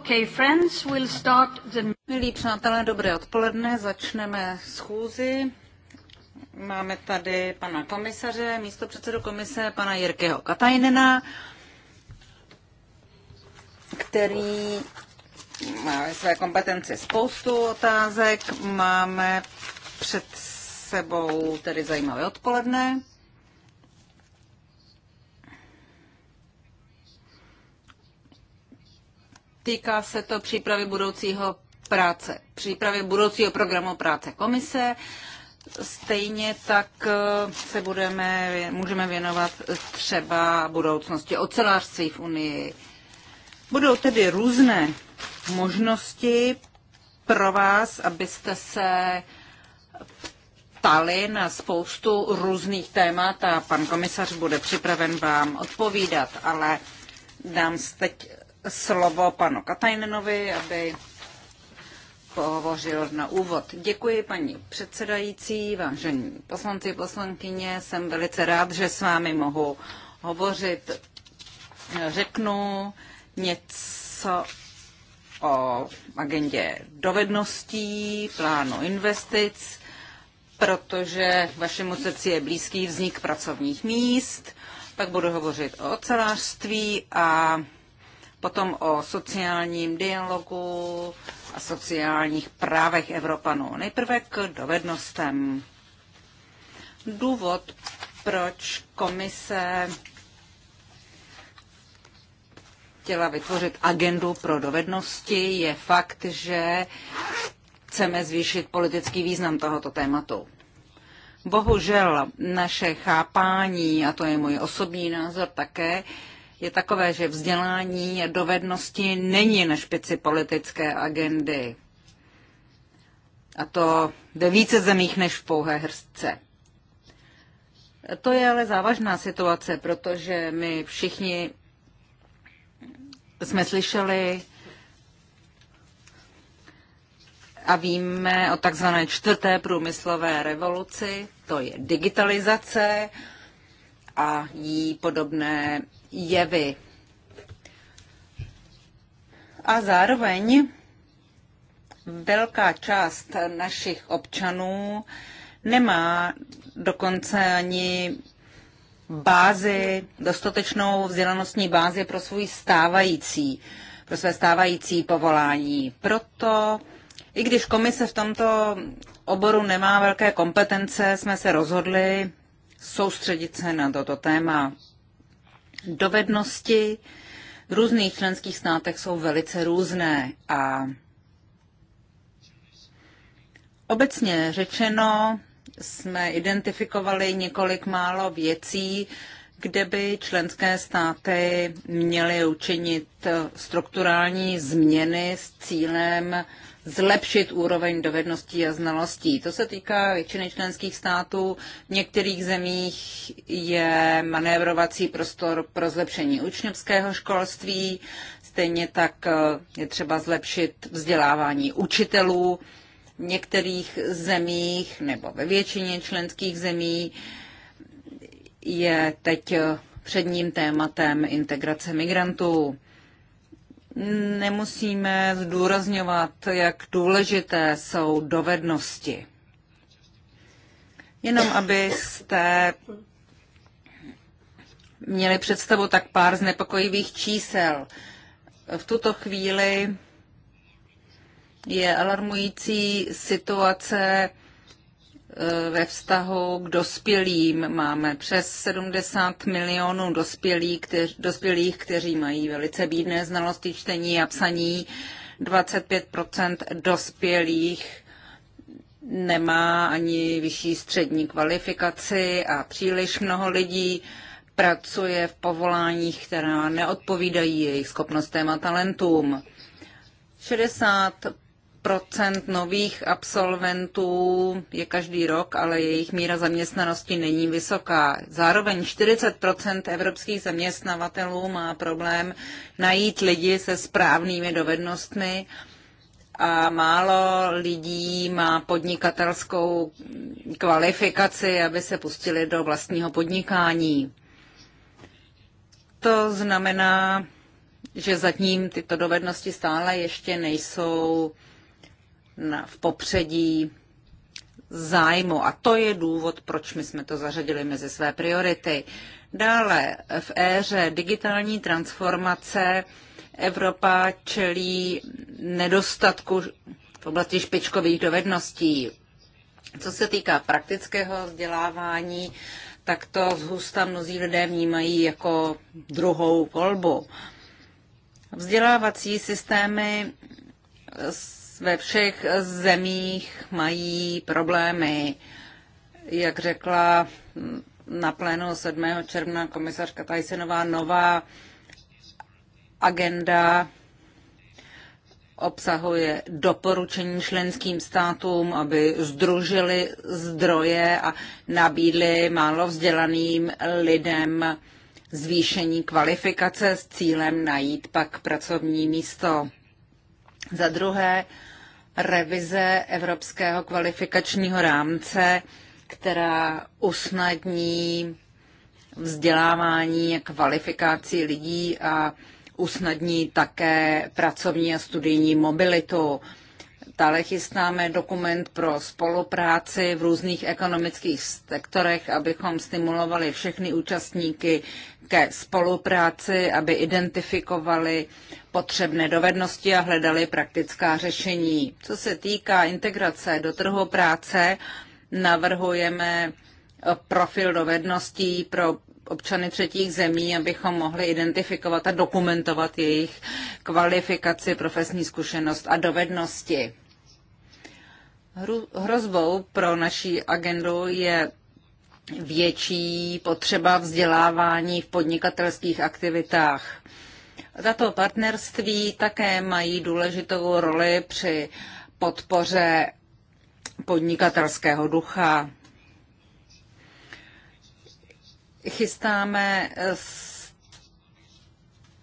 Okay, friends, we'll start the... Milí přátelé, dobré odpoledne, začneme schůzi. Máme tady pana komisaře, místo předsedu komise, pana Jirkého Katajnena, který má ve své kompetenci spoustu otázek. Máme před sebou tedy zajímavé odpoledne. Týká se to přípravy budoucího práce, přípravy budoucího programu práce komise. Stejně tak eh, se budeme, můžeme věnovat třeba budoucnosti ocelářství v Unii. Budou tedy různé možnosti pro vás, abyste se ptali na spoustu různých témat a pan komisař bude připraven vám odpovídat, ale dám teď slovo panu Katajnenovi, aby pohovořil na úvod. Děkuji, paní předsedající, vážení poslanci, poslankyně. Jsem velice rád, že s vámi mohu hovořit. Řeknu něco o agendě dovedností, plánu investic, protože vašemu srdci je blízký vznik pracovních míst. Pak budu hovořit o ocelářství a potom o sociálním dialogu a sociálních právech Evropanů. Nejprve k dovednostem. Důvod, proč komise chtěla vytvořit agendu pro dovednosti, je fakt, že chceme zvýšit politický význam tohoto tématu. Bohužel naše chápání, a to je můj osobní názor také, je takové, že vzdělání dovednosti není na špici politické agendy. A to ve více zemích než v pouhé hrstce. To je ale závažná situace, protože my všichni jsme slyšeli a víme o takzvané čtvrté průmyslové revoluci, to je digitalizace a jí podobné jevy. A zároveň velká část našich občanů nemá dokonce ani bázi, dostatečnou vzdělanostní bázi pro svůj stávající, pro své stávající povolání. Proto, i když komise v tomto oboru nemá velké kompetence, jsme se rozhodli soustředit se na toto téma. Dovednosti v různých členských státech jsou velice různé a obecně řečeno jsme identifikovali několik málo věcí, kde by členské státy měly učinit strukturální změny s cílem zlepšit úroveň dovedností a znalostí. To se týká většiny členských států. V některých zemích je manévrovací prostor pro zlepšení učňovského školství, stejně tak eh, je třeba zlepšit vzdělávání učitelů. V některých zemích nebo ve většině členských zemí je teď eh, předním tématem integrace migrantů. Nemusíme zdůrazňovat, jak důležité jsou dovednosti. Jenom abyste měli představu tak pár znepokojivých čísel. V tuto chvíli je alarmující situace Eh, ve vztahu k dospělým. Máme přes 70 milionů dospělých, kteř, dospělých, kteří mají velice bídné znalosti čtení a psaní. 25 dospělých nemá ani vyšší střední kvalifikaci a příliš mnoho lidí pracuje v povoláních, která neodpovídají jejich schopnostem a talentům. 60 procent nových absolventů je každý rok, ale jejich míra zaměstnanosti není vysoká. Zároveň 40 evropských zaměstnavatelů má problém najít lidi se správnými dovednostmi a málo lidí má podnikatelskou kvalifikaci, aby se pustili do vlastního podnikání. To znamená, že zatím tyto dovednosti stále ještě nejsou na, v popředí zájmu. A to je důvod, proč my jsme to zařadili mezi své priority. Dále v éře digitální transformace Evropa čelí nedostatku v oblasti špičkových dovedností. Co se týká praktického vzdělávání, tak to zhusta mnozí lidé vnímají jako druhou volbu. Vzdělávací systémy ve všech zemích mají problémy. Jak řekla na plénu 7. června komisařka Tajsenová, nová agenda obsahuje doporučení členským státům, aby združili zdroje a nabídli málo vzdělaným lidem zvýšení kvalifikace s cílem najít pak pracovní místo. Za druhé, revize Evropského kvalifikačního rámce, která usnadní vzdělávání a kvalifikaci lidí a usnadní také pracovní a studijní mobilitu. Dále chystáme dokument pro spolupráci v různých ekonomických sektorech, abychom stimulovali všechny účastníky ke spolupráci, aby identifikovali potřebné dovednosti a hledali praktická řešení. Co se týká integrace do trhu práce, navrhujeme profil dovedností pro občany třetích zemí, abychom mohli identifikovat a dokumentovat jejich kvalifikaci, profesní zkušenost a dovednosti. Hrozbou pro naší agendu je větší potřeba vzdělávání v podnikatelských aktivitách. Tato partnerství také mají důležitou roli při podpoře podnikatelského ducha. Chystáme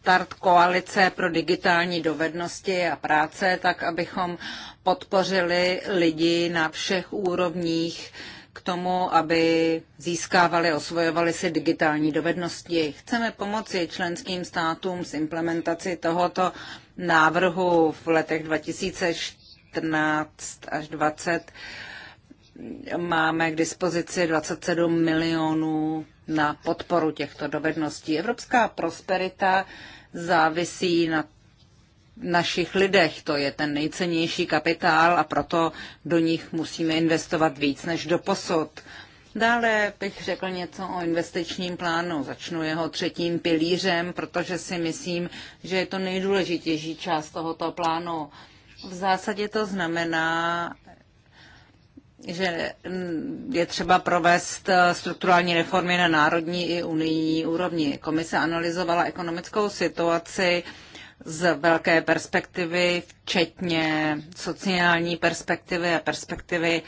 start koalice pro digitální dovednosti a práce, tak abychom podpořili lidi na všech úrovních k tomu, aby získávali, osvojovali si digitální dovednosti. Chceme pomoci členským státům s implementací tohoto návrhu v letech 2014 až 20. máme k dispozici 27 milionů na podporu těchto dovedností. Evropská prosperita závisí na našich lidech. To je ten nejcennější kapitál a proto do nich musíme investovat víc než do posud. Dále bych řekl něco o investičním plánu. Začnu jeho třetím pilířem, protože si myslím, že je to nejdůležitější část tohoto plánu. V zásadě to znamená, že je třeba provést strukturální reformy na národní i unijní úrovni. Komise analyzovala ekonomickou situaci z velké perspektivy, včetně sociální perspektivy a perspektivy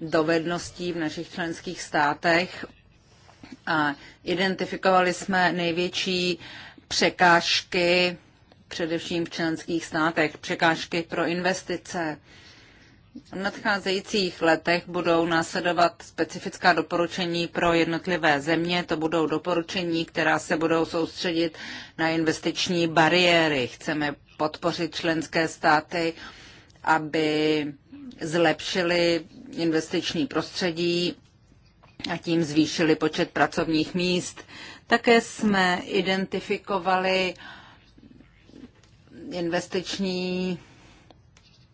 dovedností v našich členských státech. A identifikovali jsme největší překážky, především v členských státech, překážky pro investice. V nadcházejících letech budou následovat specifická doporučení pro jednotlivé země. To budou doporučení, která se budou soustředit na investiční bariéry. Chceme podpořit členské státy, aby zlepšili investiční prostředí a tím zvýšili počet pracovních míst. Také jsme identifikovali investiční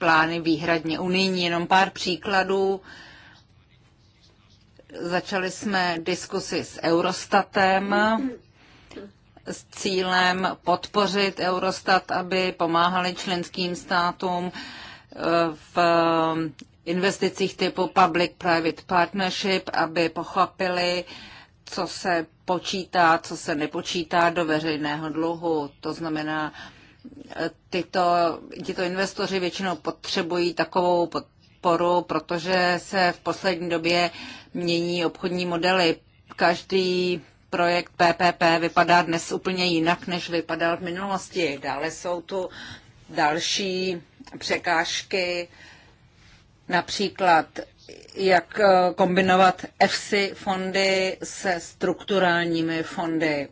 plány výhradně unijní. Jenom pár příkladů. Začali jsme diskusy s Eurostatem s cílem podpořit Eurostat, aby pomáhali členským státům eh, v investicích typu public-private partnership, aby pochopili, co se počítá, co se nepočítá do veřejného dluhu. To znamená, tyto, tyto investoři většinou potřebují takovou podporu, protože se v poslední době mění obchodní modely. Každý projekt PPP vypadá dnes úplně jinak, než vypadal v minulosti. Dále jsou tu další překážky, například jak kombinovat EFSI fondy se strukturálními fondy.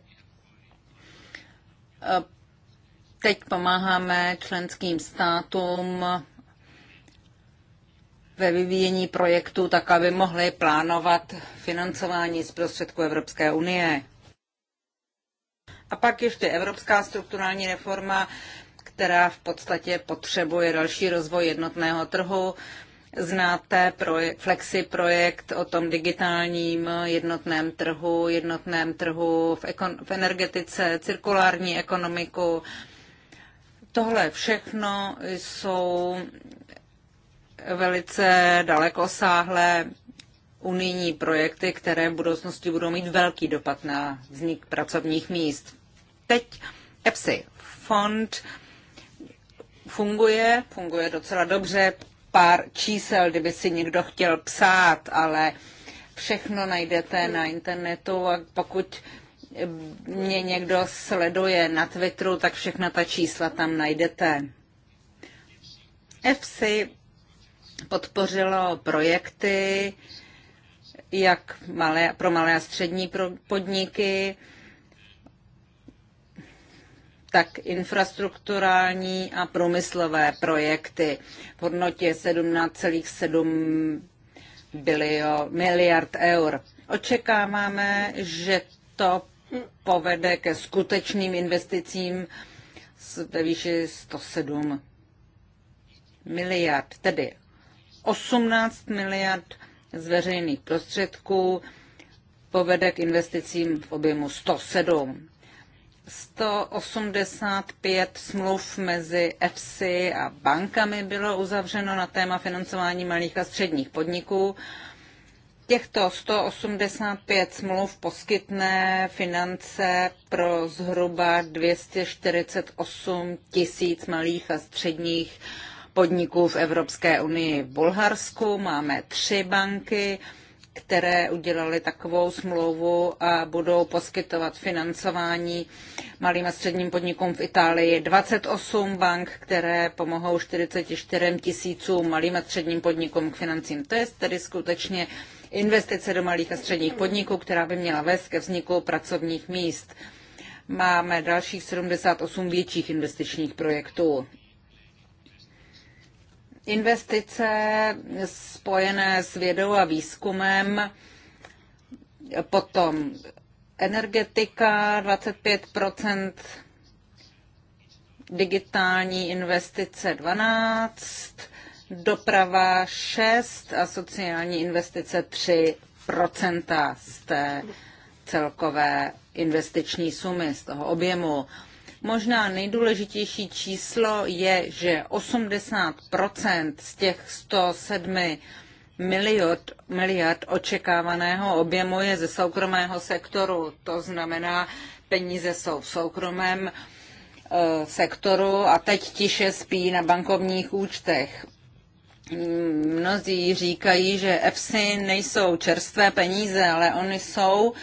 Teď pomáháme členským státům ve vyvíjení projektu tak, aby mohli plánovat financování z prostředků Evropské unie. A pak ještě Evropská strukturální reforma, která v podstatě potřebuje další rozvoj jednotného trhu. Znáte projekt, Flexi projekt o tom digitálním jednotném trhu, jednotném trhu v, ekon, v energetice, cirkulární ekonomiku, Tohle všechno jsou velice dalekosáhlé unijní projekty, které v budoucnosti budou mít velký dopad na vznik pracovních míst. Teď EPSI fond funguje, funguje docela dobře, pár čísel, kdyby si někdo chtěl psát, ale všechno najdete na internetu a pokud mě někdo sleduje na Twitteru, tak všechna ta čísla tam najdete. FC podpořilo projekty jak malé, pro malé a střední podniky, tak infrastrukturální a průmyslové projekty v hodnotě 17,7 bilio, miliard eur. Očekáváme, že to povede ke skutečným investicím ve výši 107 miliard, tedy 18 miliard z veřejných prostředků povede k investicím v objemu 107. 185 smluv mezi EFSI a bankami bylo uzavřeno na téma financování malých a středních podniků Těchto 185 smluv poskytne finance pro zhruba 248 tisíc malých a středních podniků v Evropské unii. V Bulharsku máme tři banky, které udělali takovou smlouvu a budou poskytovat financování malým a středním podnikům v Itálii. 28 bank, které pomohou 44 tisícům malým a středním podnikům k financím. To je tedy skutečně investice do malých a středních podniků, která by měla vést ke vzniku pracovních míst. Máme dalších 78 větších investičních projektů. Investice spojené s vědou a výzkumem, potom energetika 25 digitální investice 12 doprava 6 a sociální investice 3 z té celkové investiční sumy, z toho objemu. Možná nejdůležitější číslo je, že 80 z těch 107 miliard, miliard očekávaného objemu je ze soukromého sektoru. To znamená, peníze jsou v soukromém eh, sektoru a teď tiše spí na bankovních účtech. Mnozí říkají, že EFSI nejsou čerstvé peníze, ale oni jsou,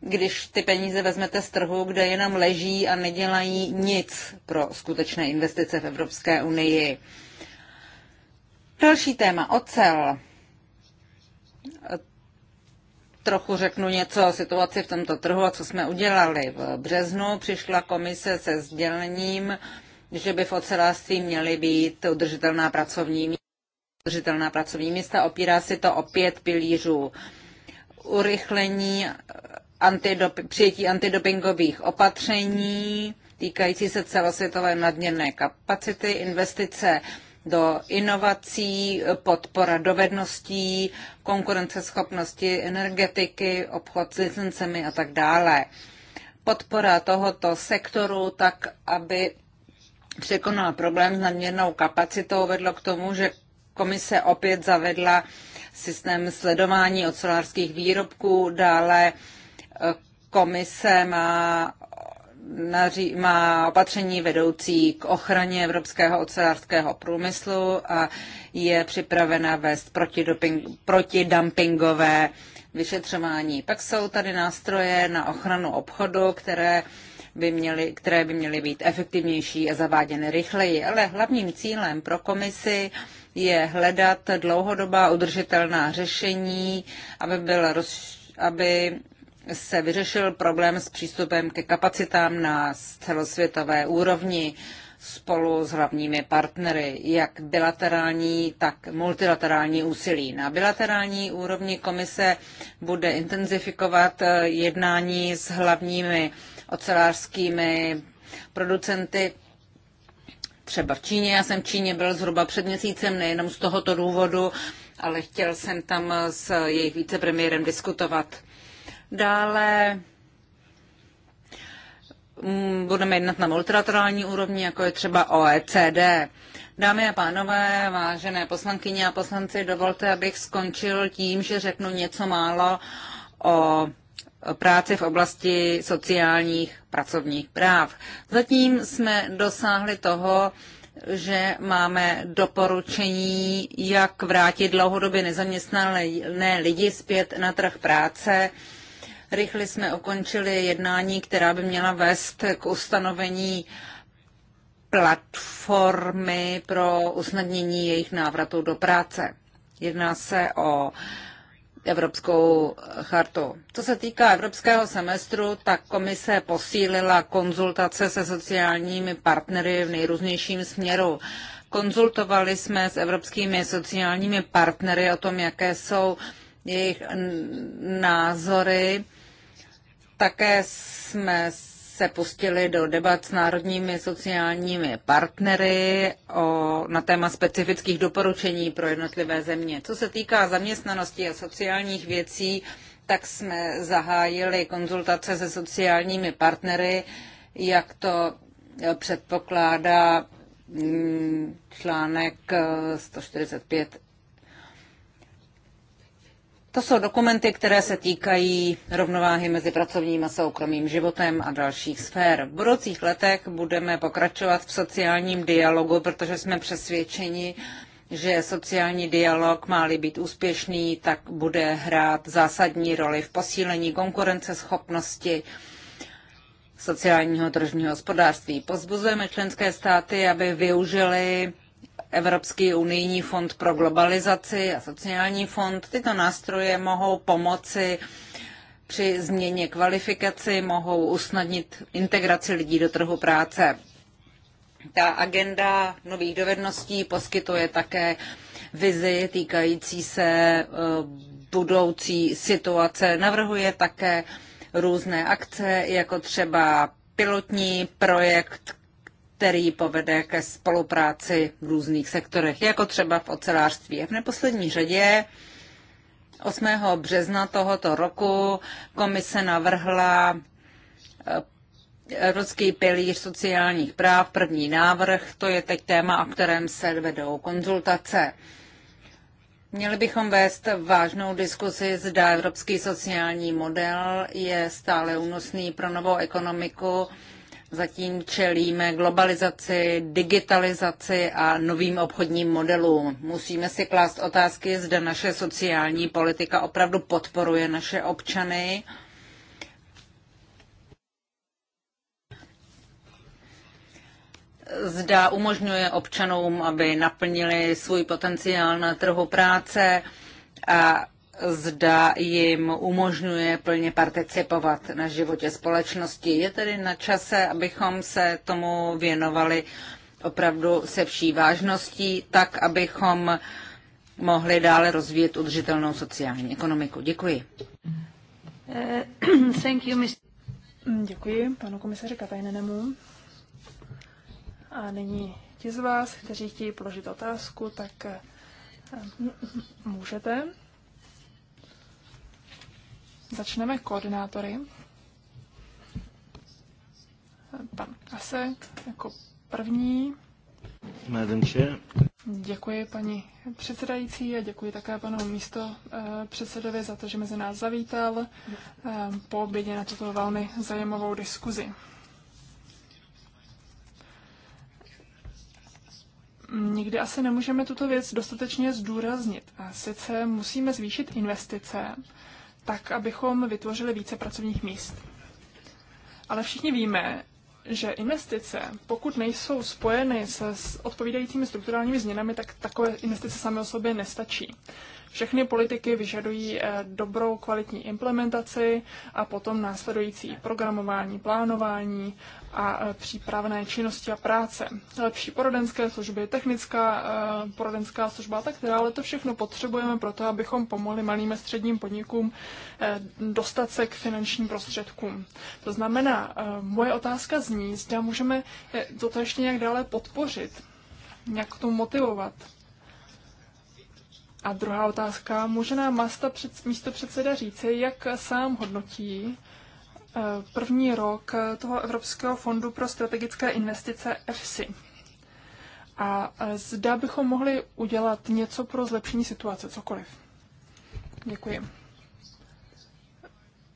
když ty peníze vezmete z trhu, kde jenom leží a nedělají nic pro skutečné investice v Evropské unii. Další téma, ocel. Trochu řeknu něco o situaci v tomto trhu a co jsme udělali. V březnu přišla komise se sdělením, že by v ocelářství měly být udržitelná pracovní místa udržitelná pracovní místa, opírá se to o pět pilířů. Urychlení antidop- přijetí antidopingových opatření týkající se celosvětové nadměrné kapacity, investice do inovací, podpora dovedností, konkurenceschopnosti energetiky, obchod s licencemi a tak dále. Podpora tohoto sektoru tak, aby překonala problém s nadměrnou kapacitou, vedlo k tomu, že komise opět zavedla systém sledování ocelářských výrobků, dále eh, komise má, má opatření vedoucí k ochraně evropského ocelářského průmyslu a je připravena vést protidumpingové vyšetřování. Pak jsou tady nástroje na ochranu obchodu, které by měly, které by měly být efektivnější a zaváděny rychleji. Ale hlavním cílem pro komisi je hledat dlouhodobá udržitelná řešení, aby, byl roz, aby se vyřešil problém s přístupem ke kapacitám na celosvětové úrovni spolu s hlavními partnery, jak bilaterální, tak multilaterální úsilí. Na bilaterální úrovni komise bude intenzifikovat eh, jednání s hlavními ocelářskými producenty třeba v Číně. Já jsem v Číně byl zhruba před měsícem, nejenom z tohoto důvodu, ale chtěl jsem tam s jejich vicepremiérem diskutovat. Dále mm, budeme jednat na multilaterální úrovni, jako je třeba OECD. Dámy a pánové, vážené poslankyně a poslanci, dovolte, abych skončil tím, že řeknu něco málo o práce v oblasti sociálních pracovních práv. Zatím jsme dosáhli toho, že máme doporučení, jak vrátit dlouhodobě nezaměstnané lidi zpět na trh práce. Rychle jsme ukončili jednání, která by měla vést k ustanovení platformy pro usnadnění jejich návratu do práce. Jedná se o uh, Evropskou chartu. Co se týká evropského semestru, tak komise posílila konzultace se sociálními partnery v nejrůznějším směru. Konzultovali jsme s evropskými sociálními partnery o tom, jaké jsou jejich názory. Také jsme se pustili do debat s národními sociálními partnery o, na téma specifických doporučení pro jednotlivé země. Co se týká zaměstnanosti a sociálních věcí, tak jsme zahájili konzultace se sociálními partnery, jak to eh, předpokládá mm, článek 145 eh, to jsou dokumenty, které se týkají rovnováhy mezi pracovním a soukromým životem a dalších sfér. V budoucích letech budeme pokračovat v sociálním dialogu, protože jsme přesvědčeni, že sociální dialog má-li být úspěšný, tak bude hrát zásadní roli v posílení konkurenceschopnosti sociálního tržního hospodářství. Pozbuzujeme členské státy, aby využili Evropský unijní fond pro globalizaci a sociální fond. Tyto nástroje mohou pomoci při změně kvalifikaci, mohou usnadnit integraci lidí do trhu práce. Ta agenda nových dovedností poskytuje také vizi týkající se eh, budoucí situace. Navrhuje také různé akce, jako třeba pilotní projekt který povede ke spolupráci v různých sektorech, jako třeba v ocelářství. v neposlední řadě 8. března tohoto roku komise navrhla eh, Evropský pilíř sociálních práv, první návrh, to je teď téma, o kterém se vedou konzultace. Měli bychom vést vážnou diskusi, zda evropský sociální model je stále únosný pro novou ekonomiku, Zatím čelíme globalizaci, digitalizaci a novým obchodním modelům. Musíme si klást otázky, zda naše sociální politika opravdu podporuje naše občany. Zda umožňuje občanům, aby naplnili svůj potenciál na trhu práce a zda jim umožňuje plně participovat na životě společnosti. Je tedy na čase, abychom se tomu věnovali opravdu se vší vážností, tak abychom mohli dále rozvíjet udržitelnou sociální ekonomiku. Děkuji. Eh, thank you, Mr. Děkuji panu komisaři Katajnenemu. A nyní ti z vás, kteří chtějí položit otázku, tak eh, můžete. Začneme koordinátory. Pan Kasek jako první. Děkuji paní předsedající a děkuji také panu místo eh, předsedovi za to, že mezi nás zavítal eh, po obědě na tuto velmi zajímavou diskuzi. Nikdy asi nemůžeme tuto věc dostatečně zdůraznit. A sice musíme zvýšit investice tak abychom vytvořili více pracovních míst. Ale všichni víme, že investice, pokud nejsou spojeny se s odpovídajícími strukturálními změnami, tak takové investice samé o sobě nestačí. Všechny politiky vyžadují eh, dobrou kvalitní implementaci a potom následující programování, plánování a eh, přípravné činnosti a práce. Lepší poradenské služby, technická eh, poradenská služba a tak dále. To všechno potřebujeme pro to, abychom pomohli malým a středním podnikům dostat se k finančním prostředkům. To znamená, moje otázka zní, zda můžeme toto ještě nějak dále podpořit, nějak k tomu motivovat. A druhá otázka, může nám masta před, místo předseda říci, jak sám hodnotí eh, první rok toho Evropského fondu pro strategické investice EFSI. A eh, zda bychom mohli udělat něco pro zlepšení situace, cokoliv. Děkuji.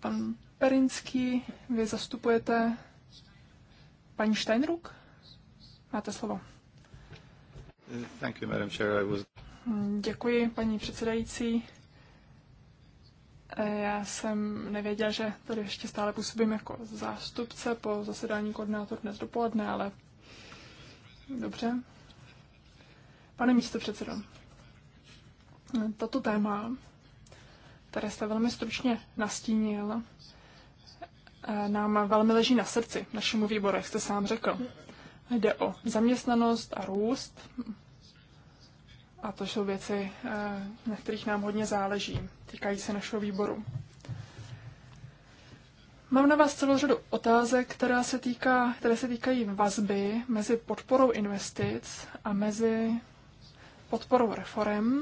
Pan Perinský, vy zastupujete paní Steinruck? Máte slovo. Thank you, Madam Chair. I was... Děkuji, paní předsedající. E, já jsem nevěděl, že tady ještě stále působím jako zástupce po zasedání koordinátor dnes dopoledne, ale dobře. Pane místo předsedo, toto téma, které jste velmi stručně nastínil, e, nám velmi leží na srdci, našemu výboru, jak jste sám řekl. Jde o zaměstnanost a růst, a to jsou věci, eh, na kterých nám hodně záleží. Týkají se našeho výboru. Mám na vás celou řadu otázek, která se týká, které se týkají vazby mezi podporou investic a mezi podporou reform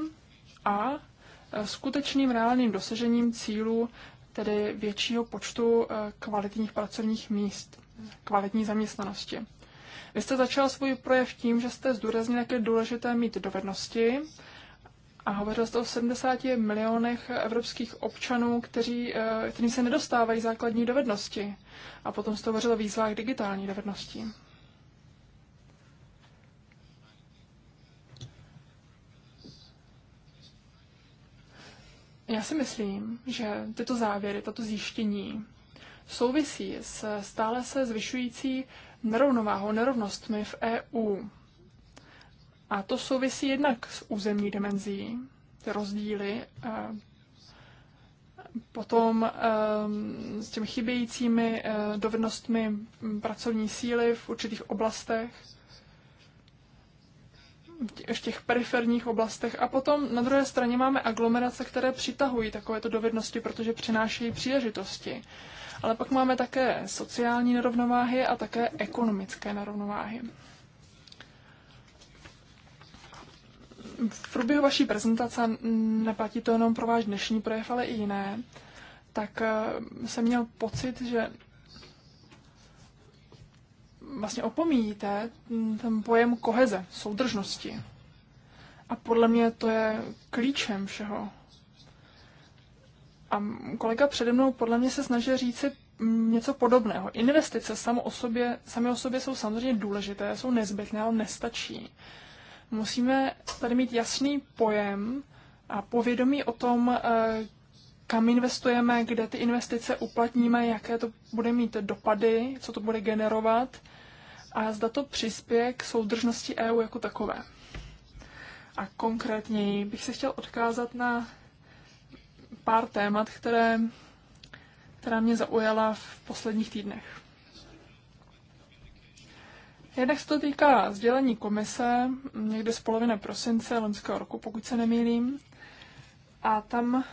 a eh, skutečným reálným dosažením cílů, tedy většího počtu eh, kvalitních pracovních míst, kvalitní zaměstnanosti. Vy jste začal svůj projev tím, že jste zdůraznil, jak je důležité mít dovednosti a hovořil jste o 70 milionech evropských občanů, kteří, eh, kterým se nedostávají základní dovednosti. A potom jste hovořil o výzvách digitální dovedností. Já si myslím, že tyto závěry, tato zjištění souvisí s stále se zvyšující nerovnováhou, nerovnostmi v EU. A to souvisí jednak s územní dimenzí, ty rozdíly, eh, potom eh, s těmi chybějícími eh, dovednostmi pracovní síly v určitých oblastech, v těch periferních oblastech. A potom na druhé straně máme aglomerace, které přitahují takovéto dovednosti, protože přinášejí příležitosti ale pak máme také sociální nerovnováhy a také ekonomické nerovnováhy. V průběhu vaší prezentace, neplatí to jenom pro váš dnešní projev, ale i jiné, tak eh, jsem měl pocit, že vlastně opomíjíte hm, ten pojem koheze, soudržnosti. A podle mě to je klíčem všeho. A kolega přede mnou podle mě se snažil říci mm, něco podobného. Investice samo o sobě, sami o sobě jsou samozřejmě důležité, jsou nezbytné, ale nestačí. Musíme tady mít jasný pojem a povědomí o tom, eh, kam investujeme, kde ty investice uplatníme, jaké to bude mít dopady, co to bude generovat a zda to přispěje k soudržnosti EU jako takové. A konkrétněji bych se chtěl odkázat na pár témat, které, která mě zaujala v posledních týdnech. Jednak se to týká sdělení komise někde z poloviny prosince loňského roku, pokud se nemýlím. A tam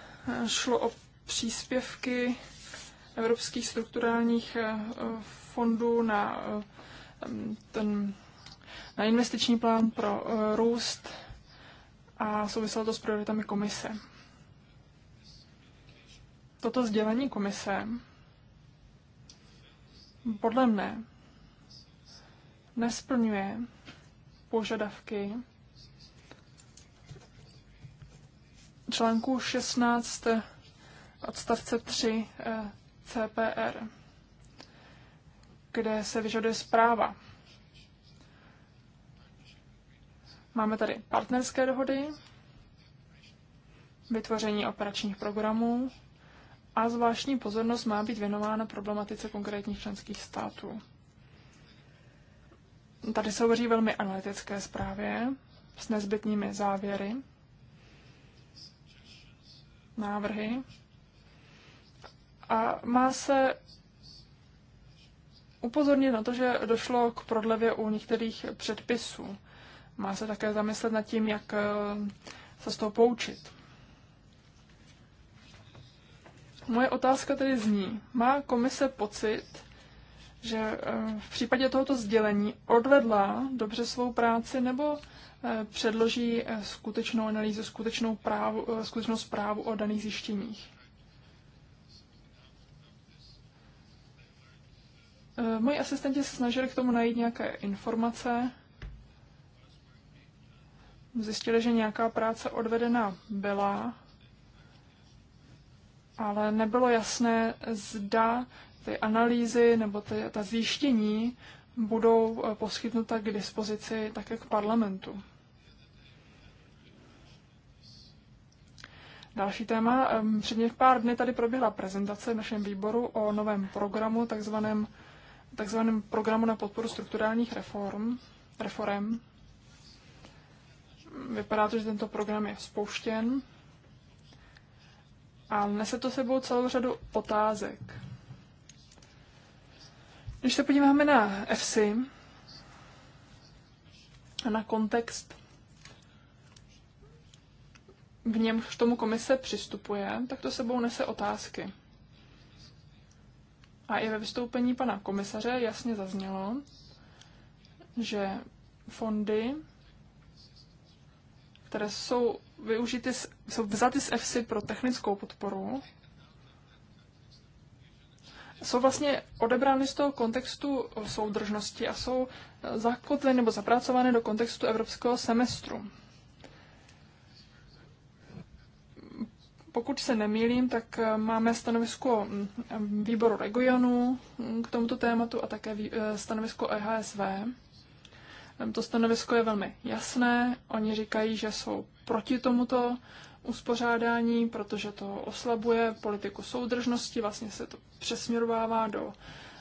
šlo o příspěvky evropských strukturálních eh, fondů na, eh, ten, na investiční plán pro eh, růst a souviselo to s prioritami komise. Toto sdělení komise podle mne nesplňuje požadavky článku 16 odstavce 3 eh, CPR, kde se vyžaduje zpráva. Máme tady partnerské dohody, vytvoření operačních programů, a zvláštní pozornost má být věnována problematice konkrétních členských států. Tady se hovoří velmi analytické zprávě s nezbytnými závěry, návrhy a má se upozornit na to, že došlo k prodlevě u některých předpisů. Má se také zamyslet nad tím, jak eh, se z toho poučit. Moje otázka tedy zní, má komise pocit, že eh, v případě tohoto sdělení odvedla dobře svou práci nebo eh, předloží eh, skutečnou analýzu, skutečnou, právu, skutečnou zprávu o daných zjištěních. Moji asistenti se snažili k tomu najít nějaké informace. Zjistili, že nějaká práce odvedena byla, ale nebylo jasné, zda ty analýzy nebo ty, ta zjištění budou eh, poskytnuta k dispozici také k parlamentu. Další téma. Ehm, před něk pár dny tady proběhla prezentace v našem výboru o novém programu, takzvaném, takzvaném programu na podporu strukturálních reform, reform. Vypadá to, že tento program je spouštěn a nese to sebou celou řadu otázek. Když se podíváme na FC a na kontext, v něm k tomu komise přistupuje, tak to sebou nese otázky. A i ve vystoupení pana komisaře jasně zaznělo, že fondy, které jsou využity, jsou vzaty z EFSI pro technickou podporu, jsou vlastně odebrány z toho kontextu soudržnosti a jsou eh, zakotveny nebo zapracovány do kontextu evropského semestru. Pokud se nemýlím, tak eh, máme stanovisko mm, mm, výboru regionu mm, k tomuto tématu a také eh, stanovisko EHSV. To stanovisko je velmi jasné. Oni říkají, že jsou proti tomuto uspořádání, protože to oslabuje politiku soudržnosti, vlastně se to přesměrovává do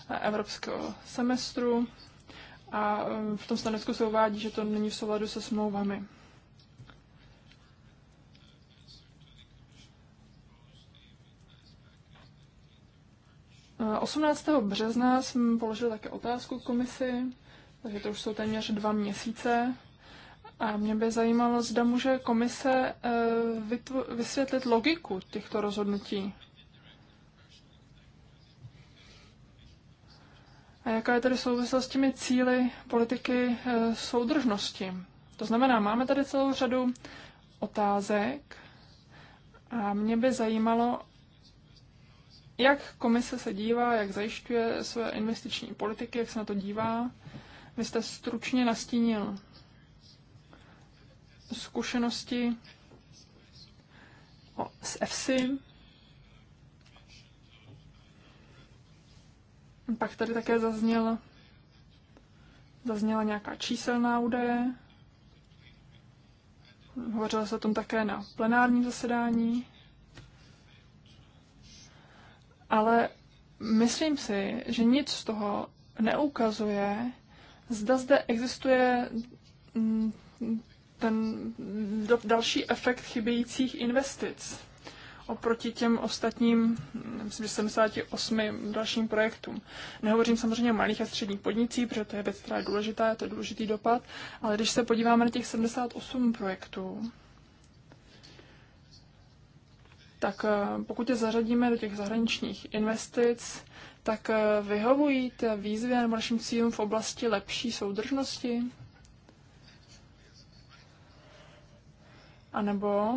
eh, evropského semestru a v tom stanovisku se uvádí, že to není v souladu se smlouvami. Uh, eh, 18. března jsem položil také otázku komisi takže to už jsou téměř dva měsíce. A mě by zajímalo, zda může komise eh, vysvětlit logiku těchto rozhodnutí. A jaká je tedy souvislost s těmi cíly politiky eh, soudržnosti? To znamená, máme tady celou řadu otázek a mě by zajímalo, jak komise se dívá, jak zajišťuje své investiční politiky, jak se na to dívá. Vy jste stručně nastínil zkušenosti s EFSI. Pak tady také zazněl, zazněla nějaká číselná údaje. Hovořilo se o tom také na plenárním zasedání. Ale myslím si, že nic z toho neukazuje, Zda zde existuje mm, ten další efekt chybějících investic oproti těm ostatním, myslím, že 78 dalším projektům. Nehovořím samozřejmě o malých a středních podnicích, protože to je věc, která je důležitá, je to důležitý dopad, ale když se podíváme na těch 78 projektů, tak eh, pokud je zařadíme do těch zahraničních investic, tak eh, vyhovují té výzvy nebo našim cílům v oblasti lepší soudržnosti? A nebo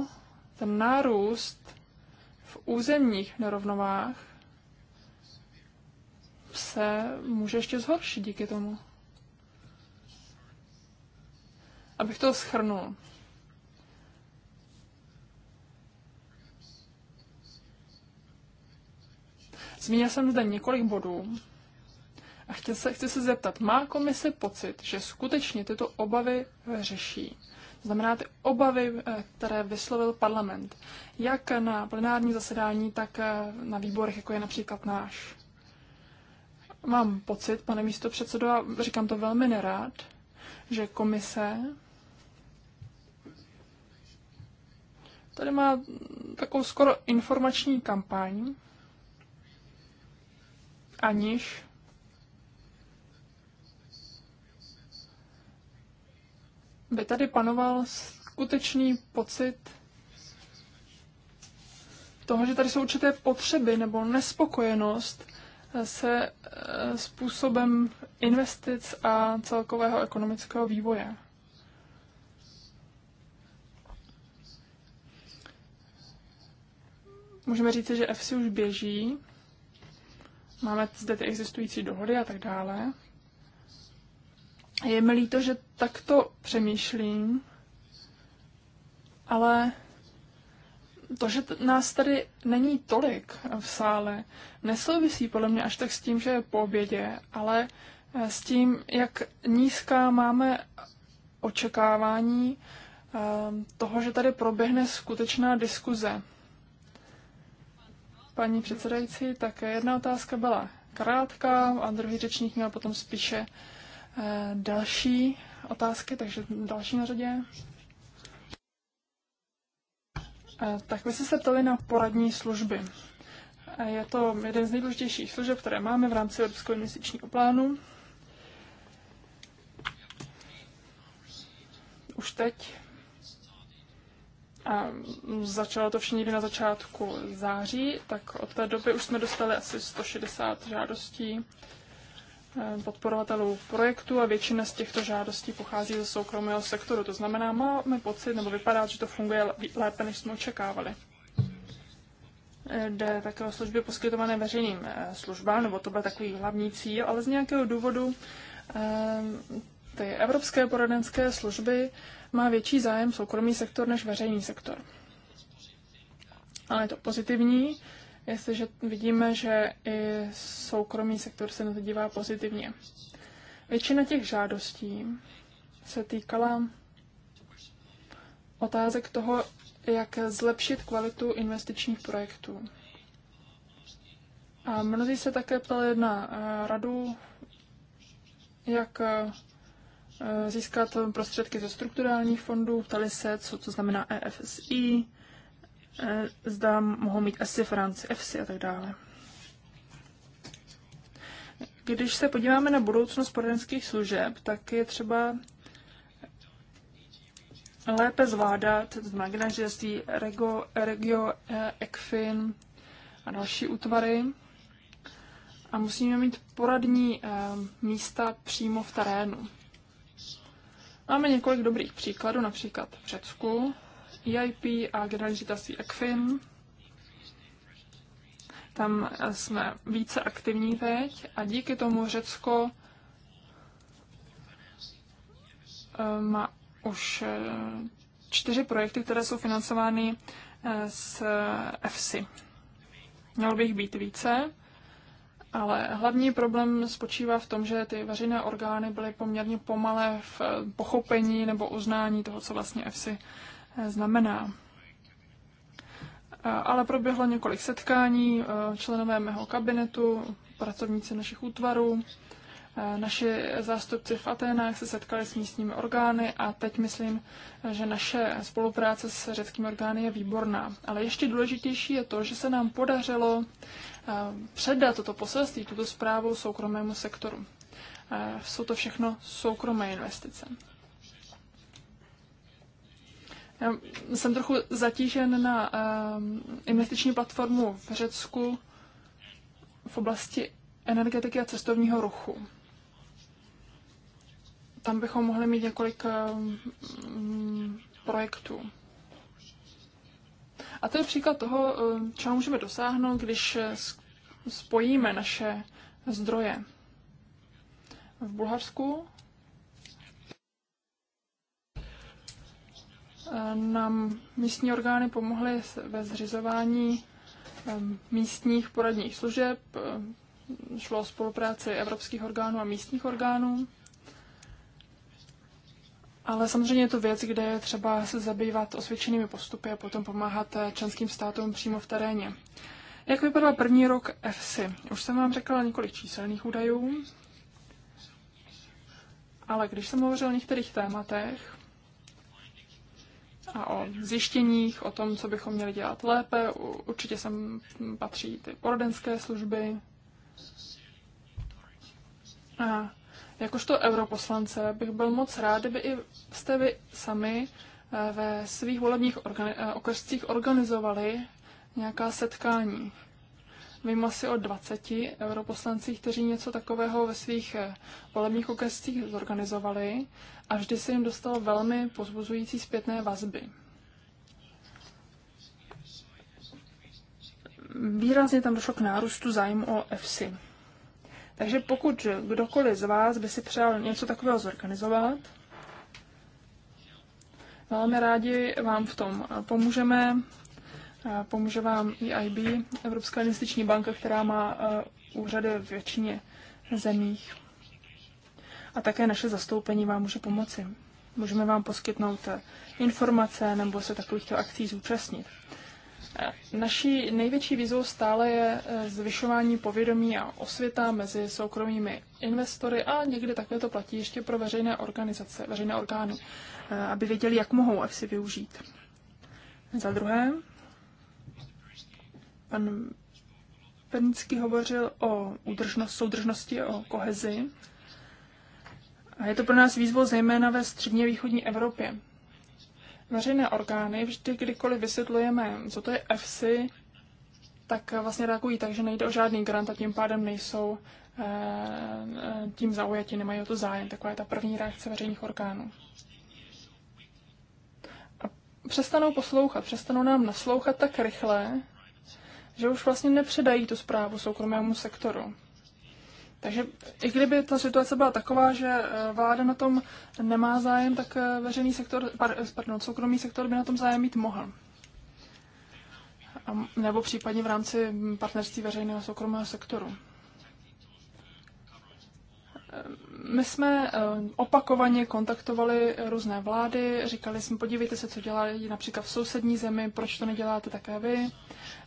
ten nárůst v územních nerovnovách se může ještě zhoršit díky tomu. Abych to schrnul. Zmínil jsem zde několik bodů a chci se, chci se zeptat, má komise pocit, že skutečně tyto obavy řeší? To znamená ty obavy, eh, které vyslovil parlament, jak na plenární zasedání, tak eh, na výborech, jako je například náš. Mám pocit, pane místo předsedo, a říkám to velmi nerád, že komise tady má takovou skoro informační kampaň, aniž by tady panoval skutečný pocit toho, že tady jsou určité potřeby nebo nespokojenost se eh, způsobem investic a celkového ekonomického vývoje. Můžeme říct, že FC už běží Máme zde ty existující dohody a tak dále. Je mi líto, že takto přemýšlím, ale to, že nás tady není tolik v sále, nesouvisí podle mě až tak s tím, že je po obědě, ale eh, s tím, jak nízká máme očekávání eh, toho, že tady proběhne skutečná diskuze paní předsedající. Tak jedna otázka byla krátká a druhý řečník měl potom spíše eh, další otázky, takže další na řadě. Eh, tak vy jste se ptali na poradní služby. Eh, je to jeden z nejdůležitějších služeb, které máme v rámci Evropského měsíčního plánu. Už teď a začalo to všichni na začátku září, tak od té doby už jsme dostali asi 160 žádostí eh, podporovatelů projektu a většina z těchto žádostí pochází ze soukromého sektoru. To znamená, máme pocit, nebo vypadá, že to funguje lépe, než jsme očekávali. Eh, jde také o služby poskytované veřejným eh, službám, nebo to byl takový hlavní cíl, ale z nějakého důvodu ty evropské poradenské služby má větší zájem soukromý sektor než veřejný sektor. Ale je to pozitivní, jestliže vidíme, že i soukromý sektor se na to dívá pozitivně. Většina těch žádostí se týkala otázek toho, jak zlepšit kvalitu investičních projektů. A mnozí se také ptali na eh, radu, jak eh, Eh, získat eh, prostředky ze strukturálních fondů. Ptali se, co to znamená EFSI, eh, zda mohou mít ESI v rámci EFSI a tak dále. Když se podíváme na budoucnost poradenských služeb, tak je třeba lépe zvládat, to znamená Rego, Regio, ECFIN a další útvary. A musíme mít poradní místa přímo v terénu. Máme několik dobrých příkladů, například v Řecku, EIP a generální ředitelství ECFIN. Tam jsme více aktivní teď a díky tomu Řecko eh, má už eh, čtyři projekty, které jsou financovány eh, z EFSI. Mělo by jich být více ale hlavní problém spočívá v tom, že ty veřejné orgány byly poměrně pomalé v eh, pochopení nebo uznání toho, co vlastně EFSI eh, znamená. Eh, ale proběhlo několik setkání, členové mého kabinetu, pracovníci našich útvarů, Eh, naši zástupci v Aténách se setkali s místními orgány a teď myslím, že naše spolupráce s řeckými orgány je výborná. Ale ještě důležitější je to, že se nám podařilo eh, předat toto poselství, tuto zprávu soukromému sektoru. Eh, jsou to všechno soukromé investice. Já jsem trochu zatížen na investiční platformu v Řecku v oblasti energetiky a cestovního ruchu tam bychom mohli mít několik mm, projektů. A to je příklad toho, eh, čeho můžeme dosáhnout, když eh, spojíme naše zdroje. V Bulharsku eh, nám místní orgány pomohly ve zřizování místních poradních služeb, šlo o spolupráci evropských orgánů a místních orgánů. Ale samozřejmě je to věc, kde je třeba se zabývat osvědčenými postupy a potom pomáhat eh, členským státům přímo v teréně. Jak vypadal první rok EFSI? Už jsem vám řekla několik číselných údajů, ale když jsem hovořil o některých tématech a o zjištěních, o tom, co bychom měli dělat lépe, určitě sem patří ty poradenské služby. A Jakožto europoslance bych byl moc rád, kdyby i jste vy sami eh, ve svých volebních organi- eh, okrscích organizovali nějaká setkání. Vím asi o 20 europoslancích, kteří něco takového ve svých eh, volebních okrescích zorganizovali a vždy se jim dostalo velmi pozbuzující zpětné vazby. Výrazně tam došlo k nárůstu zájmu o EFSI. Takže pokud kdokoliv z vás by si přál něco takového zorganizovat, velmi rádi vám v tom pomůžeme. Pomůže vám EIB, Evropská investiční banka, která má e, úřady v většině zemích. A také naše zastoupení vám může pomoci. Můžeme vám poskytnout e, informace nebo se takovýchto akcí zúčastnit. Naší největší výzvou stále je eh, zvyšování povědomí a osvěta mezi soukromými investory a někdy také to platí ještě pro veřejné organizace, veřejné orgány, eh, aby věděli, jak mohou si využít. Za druhé, pan Pernický hovořil o udržnost, soudržnosti, o kohezi. A je to pro nás výzvou zejména ve středně východní Evropě veřejné orgány vždy, kdykoliv vysvětlujeme, co to je EFSI, tak vlastně reagují tak, že nejde o žádný grant a tím pádem nejsou eh, eh, tím zaujati, nemají o to zájem. Taková je ta první reakce veřejných orgánů. A přestanou poslouchat, přestanou nám naslouchat tak rychle, že už vlastně nepředají tu zprávu soukromému sektoru. Takže i kdyby ta situace byla taková, že eh, vláda na tom nemá zájem, tak eh, veřejný sektor, eh, pardon, soukromý sektor by na tom zájem mít mohl. Nebo případně v rámci hm, partnerství veřejného soukromého sektoru. My jsme opakovaně kontaktovali různé vlády, říkali jsme, podívejte se, co dělají například v sousední zemi, proč to neděláte také vy.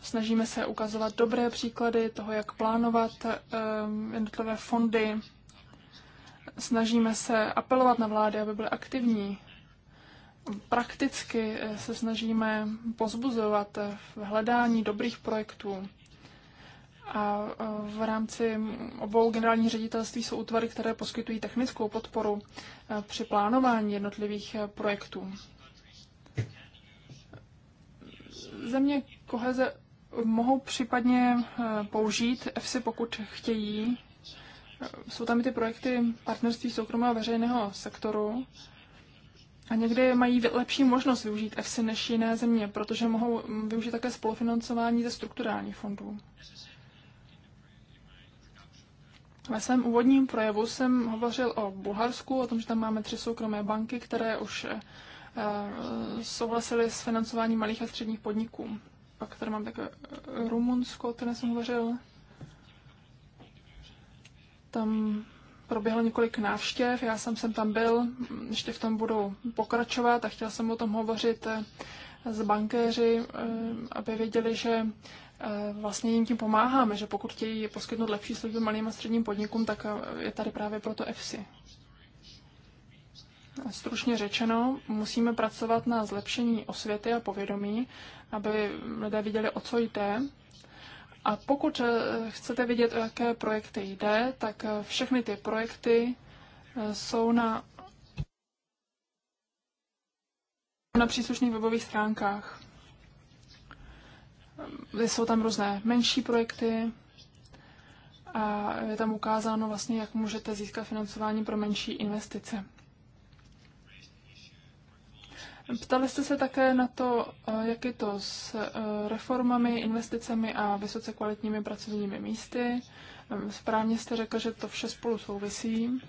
Snažíme se ukazovat dobré příklady toho, jak plánovat ehm, jednotlivé fondy. Snažíme se apelovat na vlády, aby byly aktivní. Prakticky eh, se snažíme pozbuzovat eh, v hledání dobrých projektů. A eh, v rámci obou generálních ředitelství jsou útvary, které poskytují technickou podporu při plánování jednotlivých projektů. Země koheze mohou případně eh, použít EFSI, pokud chtějí. Jsou tam i ty projekty partnerství soukromého a veřejného sektoru. A někdy mají lepší možnost využít EFSI než jiné země, protože mohou mm, využít také spolufinancování ze strukturálních fondů. Ve svém úvodním projevu jsem hovořil o Bulharsku, o tom, že tam máme tři soukromé banky, které už eh, eh, souhlasily s financováním malých a středních podniků pak tady mám také eh, Rumunsko, o které jsem hovořil. Tam proběhlo několik návštěv, já jsem sem tam byl, ještě v tom budu pokračovat a chtěl jsem o tom hovořit eh, s bankéři, eh, aby věděli, že vlastně jim tím pomáháme, že pokud chtějí poskytnout lepší služby malým a středním podnikům, tak je tady právě proto EFSI. Stručně řečeno, musíme pracovat na zlepšení osvěty a povědomí, aby lidé viděli, o co jde. A pokud eh, chcete vidět, o jaké projekty jde, tak eh, všechny ty projekty eh, jsou na, na příslušných webových stránkách. Jsou tam různé menší projekty, a je tam ukázáno vlastně, jak můžete získat financování pro menší investice. Ptali jste se také na to, eh, jak je to s eh, reformami, investicemi a vysoce kvalitními pracovními místy. Ehm, správně jste řekl, že to vše spolu souvisí.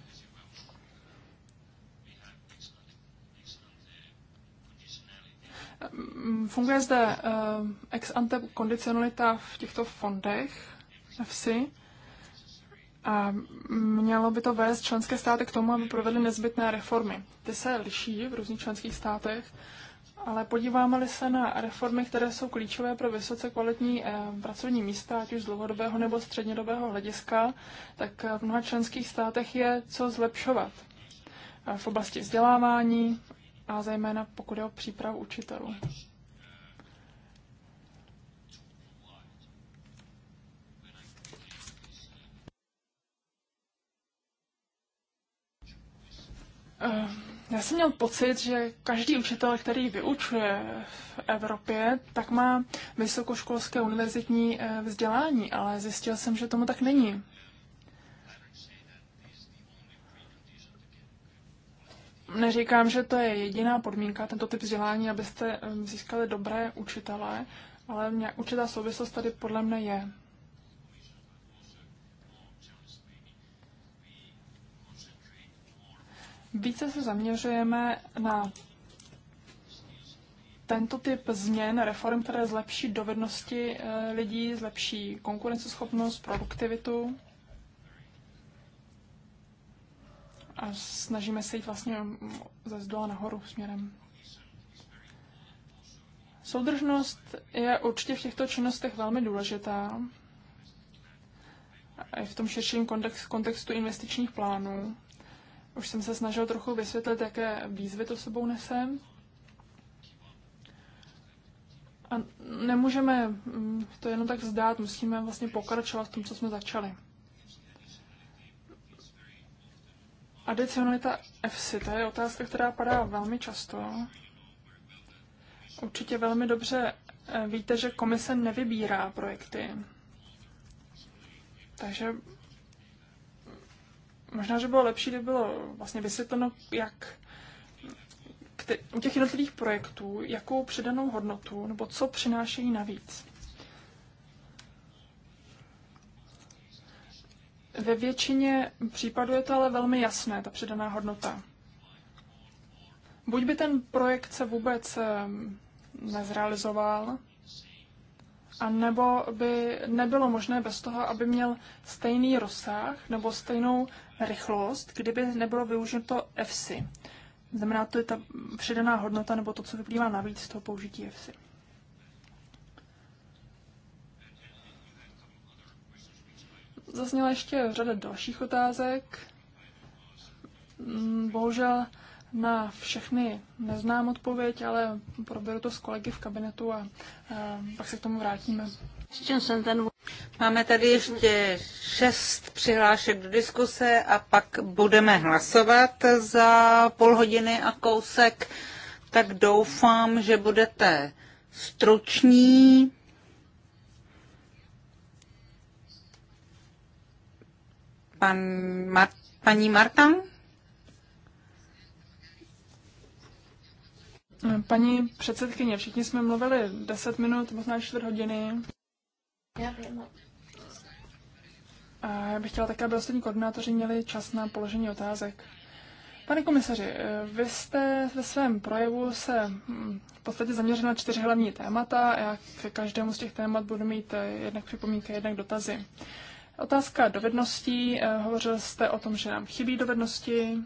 Ehm, funguje zde ehm, ex ante kondicionalita v těchto fondech EFSI. A mělo by to vést členské státy k tomu, aby provedly nezbytné reformy. Ty se liší v různých členských státech, ale podíváme-li se na reformy, které jsou klíčové pro vysoce kvalitní eh, pracovní místa, ať už z dlouhodobého nebo střednědobého hlediska, tak eh, v mnoha členských státech je co zlepšovat eh, v oblasti vzdělávání a zejména pokud je o přípravu učitelů. Eh, já jsem měl pocit, že každý učitel, který vyučuje v Evropě, tak má vysokoškolské univerzitní eh, vzdělání, ale zjistil jsem, že tomu tak není. Neříkám, že to je jediná podmínka, tento typ vzdělání, abyste eh, získali dobré učitele, ale určitá souvislost tady podle mne je. Více se zaměřujeme na tento typ změn, reform, které zlepší dovednosti eh, lidí, zlepší konkurenceschopnost, produktivitu. A snažíme se jít vlastně ze zdola nahoru směrem. Soudržnost je určitě v těchto činnostech velmi důležitá. I v tom širším kontextu investičních plánů. Už jsem se snažil trochu vysvětlit, jaké výzvy to sebou nesem. A nemůžeme mm, to jenom tak vzdát, musíme vlastně pokračovat v tom, co jsme začali. Adicionalita EFSI, to je otázka, která padá velmi často. Určitě velmi dobře eh, víte, že komise nevybírá projekty. Takže Možná, že bylo lepší, kdyby bylo vlastně vysvětleno, jak u těch jednotlivých projektů, jakou přidanou hodnotu nebo co přinášejí navíc. Ve většině případů je to ale velmi jasné, ta přidaná hodnota. Buď by ten projekt se vůbec nezrealizoval, a nebo by nebylo možné bez toho, aby měl stejný rozsah nebo stejnou rychlost, kdyby nebylo využito FSI, Znamená to je ta předaná hodnota nebo to, co vyplývá navíc z toho použití FSI. Zazněla ještě řada dalších otázek. Mm, bohužel na všechny neznám odpověď, ale proberu to s kolegy v kabinetu a, a eh, pak se k tomu vrátíme Máme tady ještě šest přihlášek do diskuse a pak budeme hlasovat za půl hodiny a kousek, tak doufám, že budete struční. Pan Mar- paní Marta? Paní předsedkyně, všichni jsme mluvili 10 minut, možná 4 hodiny. No. A já bych chtěla také, aby ostatní koordinátoři měli čas na položení otázek. Pane komisaři, eh, vy jste ve svém projevu se hm, v podstatě zaměřil na čtyři hlavní témata. Já k každému z těch témat budu mít eh, jednak připomínky, jednak dotazy. Otázka dovedností. Eh, hovořil jste o tom, že nám chybí dovednosti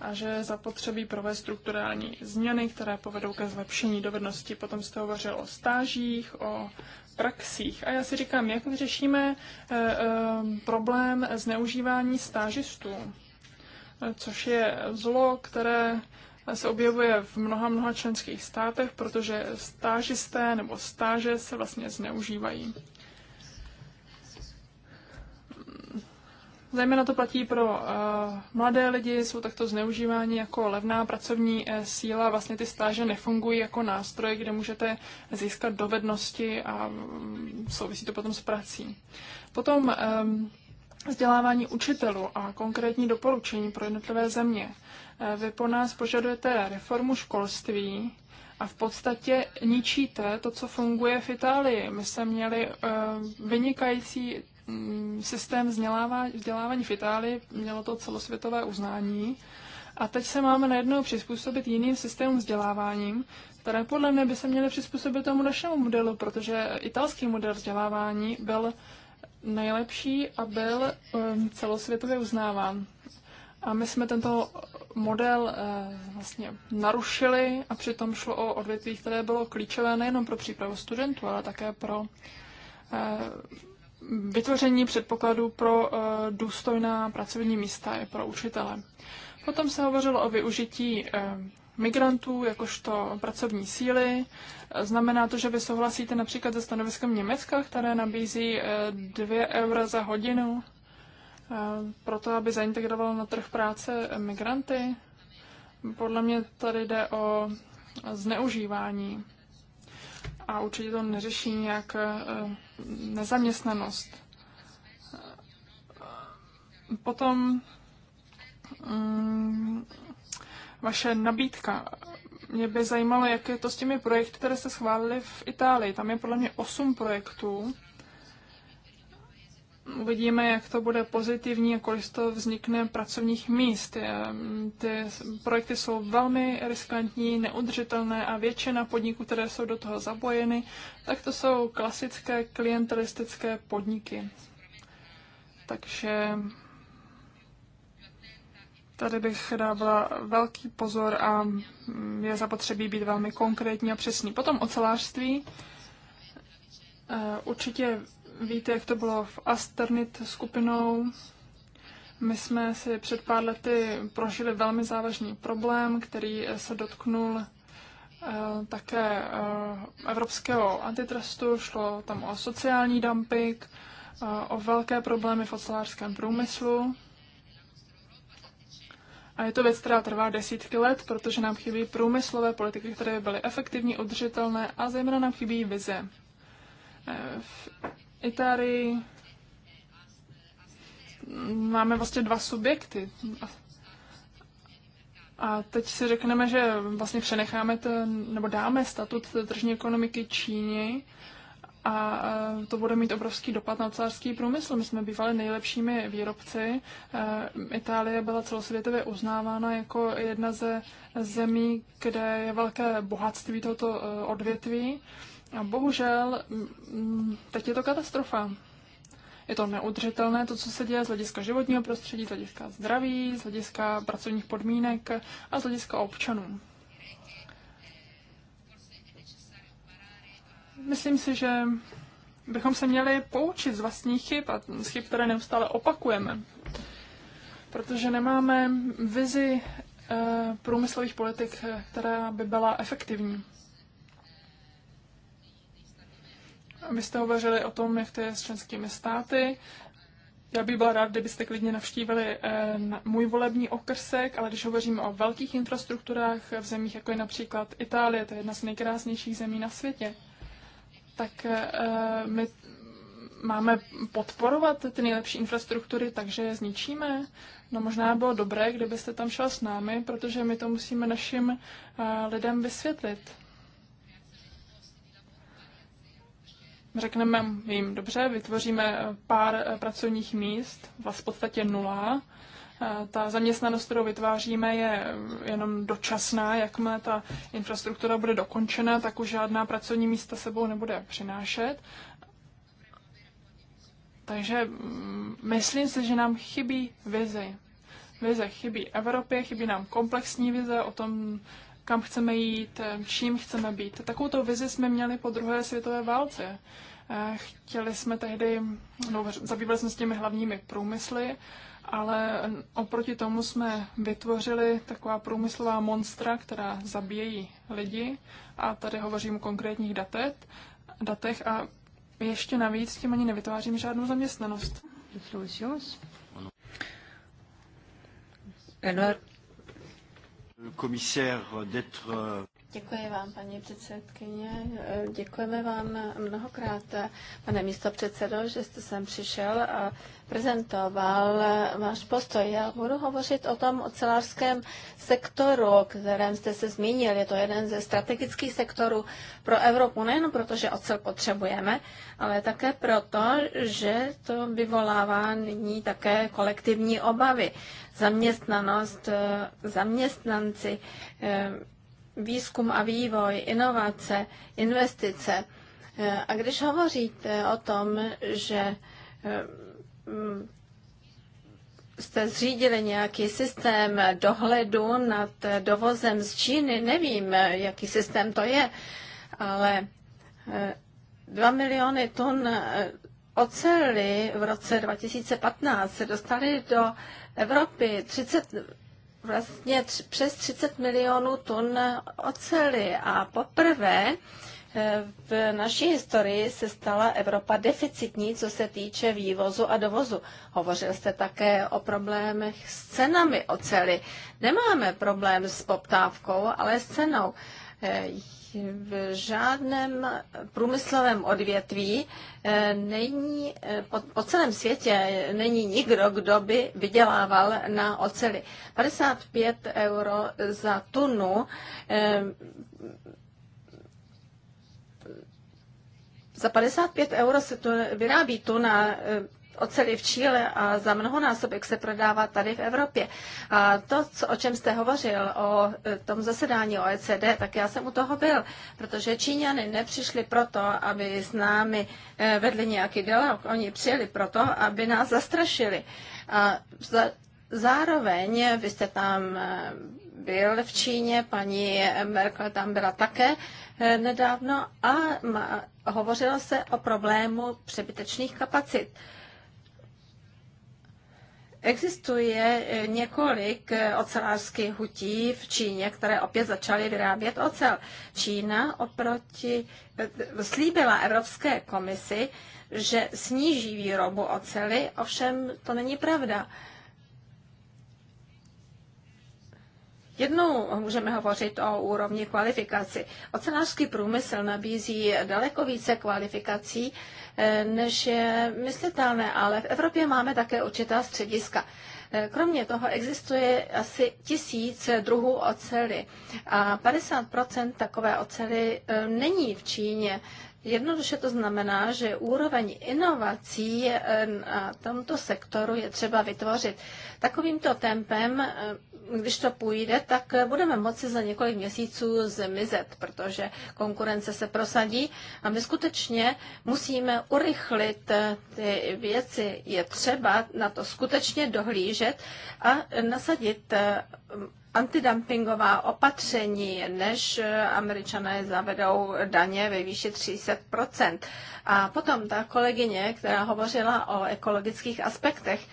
a že zapotřebí provést strukturální změny, které povedou ke zlepšení dovedností. Potom jste hovořil o stážích, o praxích. A já si říkám, jak vyřešíme eh, eh, problém zneužívání stážistů, což je zlo, které se objevuje v mnoha, mnoha členských státech, protože stážisté nebo stáže se vlastně zneužívají. Zajména to platí pro uh, mladé lidi, jsou takto zneužíváni jako levná pracovní uh, síla. Vlastně ty stáže nefungují jako nástroj, kde můžete získat dovednosti a um, souvisí to potom s prací. Potom um, vzdělávání učitelů a konkrétní doporučení pro jednotlivé země. Uh, vy po nás požadujete reformu školství, a v podstatě ničíte to, co funguje v Itálii. My jsme měli uh, vynikající Mm, systém vzdělávání v Itálii mělo to celosvětové uznání. A teď se máme najednou přizpůsobit jiným systémům vzděláváním, které podle mě by se měly přizpůsobit tomu našemu modelu, protože italský model vzdělávání byl nejlepší a byl um, celosvětově uznáván. A my jsme tento model uh, vlastně narušili a přitom šlo o odvětví, které bylo klíčové nejenom pro přípravu studentů, ale také pro eh, vytvoření předpokladů pro eh, důstojná pracovní místa i pro učitele. Potom se hovořilo o využití eh, migrantů jakožto pracovní síly. Eh, znamená to, že vy souhlasíte například se stanoviskem Německa, které nabízí 2 eura za hodinu pro to, aby zaintegrovalo na trh práce migranty? Podle mě tady jde o zneužívání a určitě to neřeší nějak eh, nezaměstnanost. Potom mm, vaše nabídka. Mě by zajímalo, jak je to s těmi projekty, které jste schválili v Itálii. Tam je podle mě osm projektů uvidíme, jak to bude pozitivní a kolik z toho vznikne pracovních míst. Eh, ty projekty jsou velmi riskantní, neudržitelné a většina podniků, které jsou do toho zabojeny, tak to jsou klasické klientelistické podniky. Takže tady bych dávala velký pozor a je zapotřebí být velmi konkrétní a přesný. Potom ocelářství. Eh, určitě Víte, jak to bylo v Asternit skupinou. My jsme si před pár lety prožili velmi závažný problém, který se dotknul eh, také eh, evropského antitrustu. Šlo tam o sociální dumping, eh, o velké problémy v ocelářském průmyslu. A je to věc, která trvá desítky let, protože nám chybí průmyslové politiky, které by byly efektivní, udržitelné a zejména nám chybí vize. Itálii máme vlastně dva subjekty. A teď si řekneme, že vlastně přenecháme to nebo dáme statut tržní ekonomiky Číně a to bude mít obrovský dopad na ocelářský průmysl. My jsme bývali nejlepšími výrobci. E, Itálie byla celosvětově uznávána jako jedna ze zemí, kde je velké bohatství tohoto e, odvětví. A bohužel, mm, teď je to katastrofa. Je to neudržitelné, to, co se děje z hlediska životního prostředí, z hlediska zdraví, z hlediska pracovních podmínek a z hlediska občanů. Myslím si, že bychom se měli poučit z vlastních chyb a z chyb, které neustále opakujeme. Protože nemáme vizi eh, průmyslových politik, eh, která by byla efektivní. Vy jste hovořili o tom, jak to je s členskými státy. Já bych byla rád, kdybyste klidně navštívili eh, můj volební okrsek, ale když hovoříme o velkých infrastrukturách v zemích, jako je například Itálie, to je jedna z nejkrásnějších zemí na světě, tak eh, my máme podporovat ty nejlepší infrastruktury, takže je zničíme. No možná bylo dobré, kdybyste tam šel s námi, protože my to musíme našim eh, lidem vysvětlit. Řekneme jim, dobře, vytvoříme eh, pár eh, pracovních míst, v podstatě nula. Eh, ta zaměstnanost, kterou vytváříme, je jenom dočasná. Jakmile ta infrastruktura bude dokončena, tak už žádná pracovní místa sebou nebude přinášet. Takže mm, myslím si, že nám chybí vizi. Vize chybí Evropě, chybí nám komplexní vize o tom, kam chceme jít, eh, čím chceme být. Takovou vizi jsme měli po druhé světové válce. Eh, chtěli jsme tehdy, no, zabývali jsme se těmi hlavními průmysly, ale eh, oproti tomu jsme vytvořili taková průmyslová monstra, která zabíjí lidi. A tady hovořím o konkrétních datet, datech a ještě navíc tím ani nevytvářím žádnou zaměstnanost. Eduard komisér d'être... Euh, Děkuji vám, paní předsedkyně. Děkujeme vám mnohokrát, pane místo předsedo, že jste sem přišel a prezentoval váš postoj. Já budu hovořit o tom ocelářském sektoru, o kterém jste se zmínil. Je to jeden ze strategických sektorů pro Evropu, nejen proto, že ocel potřebujeme, ale také proto, že to vyvolává nyní také kolektivní obavy. Zaměstnanost, zaměstnanci, výzkum a vývoj, inovace, investice. Eh, a když hovoříte o tom, že eh, mm, jste zřídili nějaký systém dohledu nad dovozem z Číny, nevím, eh, jaký systém to je, ale 2 miliony tun oceli v roce 2015 se dostaly do Evropy, 30 vlastně přes 30 milionů tun oceli a poprvé eh, v naší historii se stala Evropa deficitní, co se týče vývozu a dovozu. Hovořil jste také o problémech s cenami oceli. Nemáme problém s poptávkou, ale s cenou. Eh, v žádném průmyslovém odvětví eh, není, eh, po, po celém světě není nikdo, kdo by vydělával na oceli. 55 euro za tunu eh, za 55 euro se tu vyrábí tuna oceli v Chile a za mnohonásobek se prodává tady v Evropě. A to, co, o čem jste hovořil, o e, tom zasedání OECD, tak já jsem u toho byl, protože Číňany nepřišli proto, aby s námi e, vedli nějaký dialog. Oni přijeli proto, aby nás zastrašili. A za, zároveň vy jste tam e, byl v Číně, paní Merkel tam byla také nedávno a hovořilo se o problému přebytečných kapacit. Existuje e, několik e, ocelářských hutí v Číně, které opět začaly vyrábět ocel. Čína oproti e, slíbila Evropské komisi, že sníží výrobu ocely, ovšem to není pravda. Jednou můžeme hovořit o úrovni kvalifikaci. Ocelářský průmysl nabízí daleko více kvalifikací Eh, než je myslitelné, ale v Evropě máme také určitá střediska. Eh, kromě toho existuje asi tisíc druhů ocely a 50 takové ocely eh, není v Číně. Jednoduše to znamená, že úroveň inovací eh, na tomto sektoru je třeba vytvořit. Takovýmto tempem, eh, když to půjde, tak eh, budeme moci za několik měsíců zmizet, protože konkurence se prosadí a my skutečně musíme urychlit ty věci. Je třeba na to skutečně dohlížet a nasadit antidumpingová opatření, než eh, američané zavedou daně ve výši 30%. A potom ta kolegyně, která hovořila o ekologických aspektech,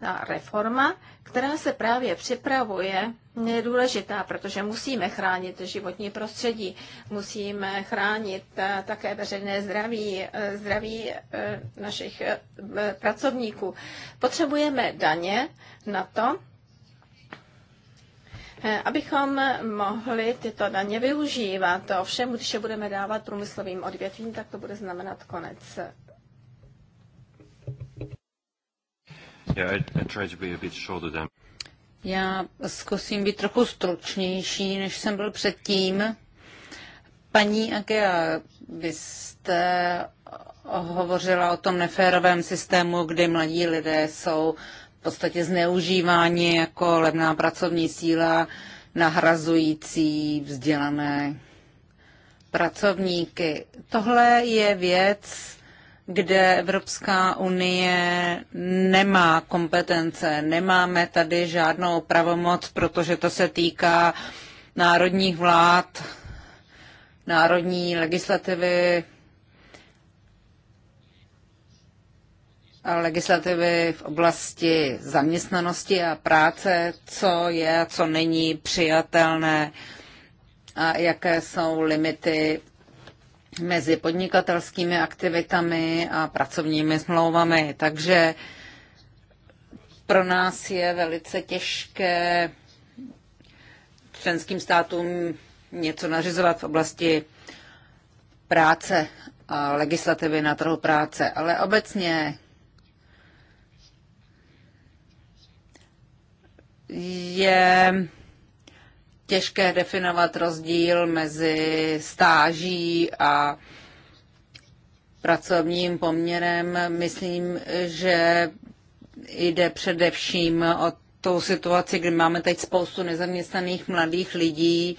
ta reforma, která se právě připravuje, je důležitá, protože musíme chránit životní prostředí, musíme chránit eh, také veřejné zdraví, eh, zdraví našich pracovníků. Potřebujeme daně na to, abychom mohli tyto daně využívat. Ovšem, když je budeme dávat průmyslovým odvětvím, tak to bude znamenat konec. Já zkusím být trochu stručnější, než jsem byl předtím. Paní Agea, vy jste hovořila o tom neférovém systému, kdy mladí lidé jsou podstatě zneužívání jako levná pracovní síla nahrazující vzdělané pracovníky. Tohle je věc, kde Evropská unie nemá kompetence. Nemáme tady žádnou pravomoc, protože to se týká národních vlád, národní legislativy, legislativy v oblasti zaměstnanosti a práce, co je a co není přijatelné a jaké jsou limity mezi podnikatelskými aktivitami a pracovními smlouvami. Takže pro nás je velice těžké členským státům něco nařizovat v oblasti práce a legislativy na trhu práce, ale obecně je těžké definovat rozdíl mezi stáží a pracovním poměrem. Myslím, že jde především o tou situaci, kdy máme teď spoustu nezaměstnaných mladých lidí,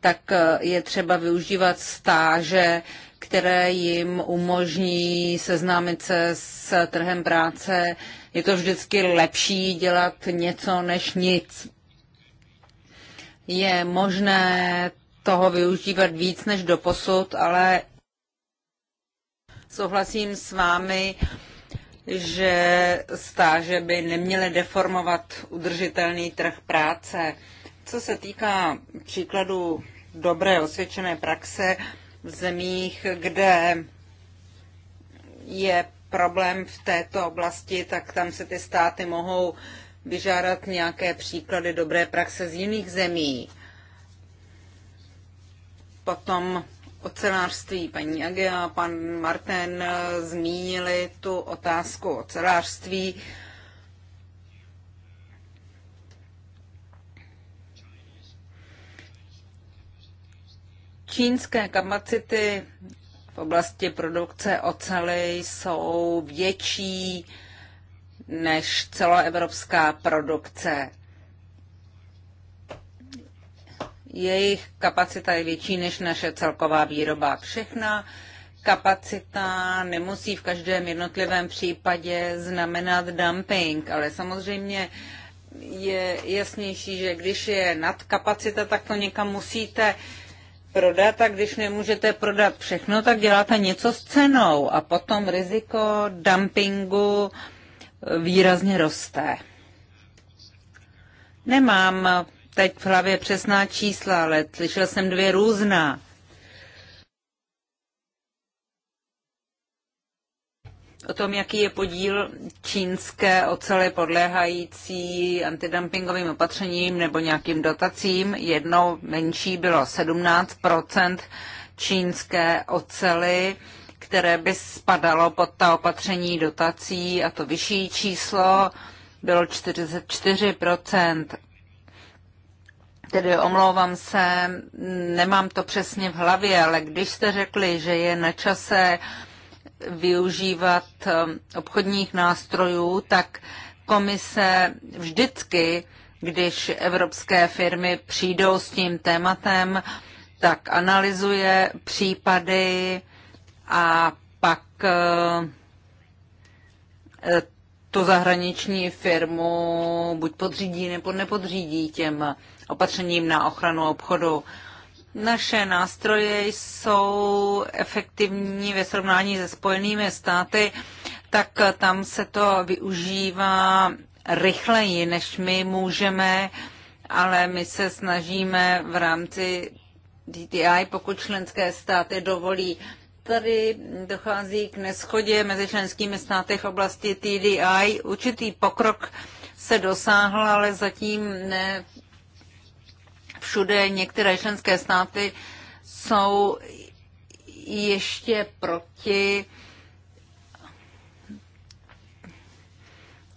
tak je třeba využívat stáže, které jim umožní seznámit se s trhem práce, je to vždycky lepší dělat něco než nic. Je možné toho využívat víc než do posud, ale souhlasím s vámi, že stáže by neměly deformovat udržitelný trh práce. Co se týká příkladu dobré osvědčené praxe v zemích, kde je problém v této oblasti, tak tam se ty státy mohou vyžádat nějaké příklady dobré praxe z jiných zemí. Potom ocelářství. Paní Agia a pan Martin eh, zmínili tu otázku ocelářství. Čínské kapacity oblasti produkce ocely jsou větší než celoevropská produkce. Jejich kapacita je větší než naše celková výroba. Všechna kapacita nemusí v každém jednotlivém případě znamenat dumping, ale samozřejmě je jasnější, že když je nadkapacita, tak to někam musíte uh, prodat a když nemůžete prodat všechno, tak děláte něco s cenou a potom riziko dumpingu výrazně roste. Nemám teď v hlavě přesná čísla, ale slyšel jsem dvě různá. o tom, jaký je podíl čínské ocely podléhající antidumpingovým opatřením nebo nějakým dotacím. Jednou menší bylo 17 čínské ocely, které by spadalo pod ta opatření dotací a to vyšší číslo bylo 44 Tedy omlouvám se, nemám to přesně v hlavě, ale když jste řekli, že je na čase uh, využívat um, obchodních nástrojů, tak komise vždycky, když evropské firmy přijdou s tím tématem, tak analyzuje případy a pak uh, tu zahraniční firmu buď podřídí nebo nepodřídí těm opatřením na ochranu obchodu. Naše nástroje jsou efektivní ve srovnání se Spojenými státy, tak tam se to využívá rychleji, než my můžeme, ale my se snažíme v rámci DTI, pokud členské státy dovolí. Tady dochází k neschodě mezi členskými státy v oblasti TDI. Určitý pokrok se dosáhl, ale zatím ne všude některé členské státy jsou ještě proti.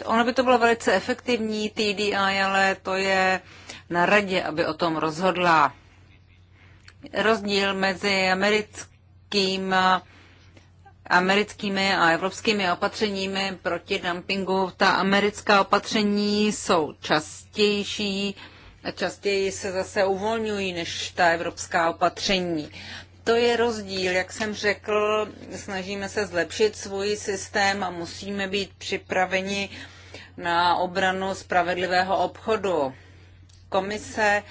Ono by to bylo velice efektivní, TDI, ale to je na radě, aby o tom rozhodla. Rozdíl mezi americkým, americkými a evropskými opatřeními proti dumpingu, ta americká opatření jsou častější, častěji se zase uvolňují než ta evropská opatření. To je rozdíl, jak jsem řekl, snažíme se zlepšit svůj systém a musíme být připraveni na obranu spravedlivého obchodu. Komise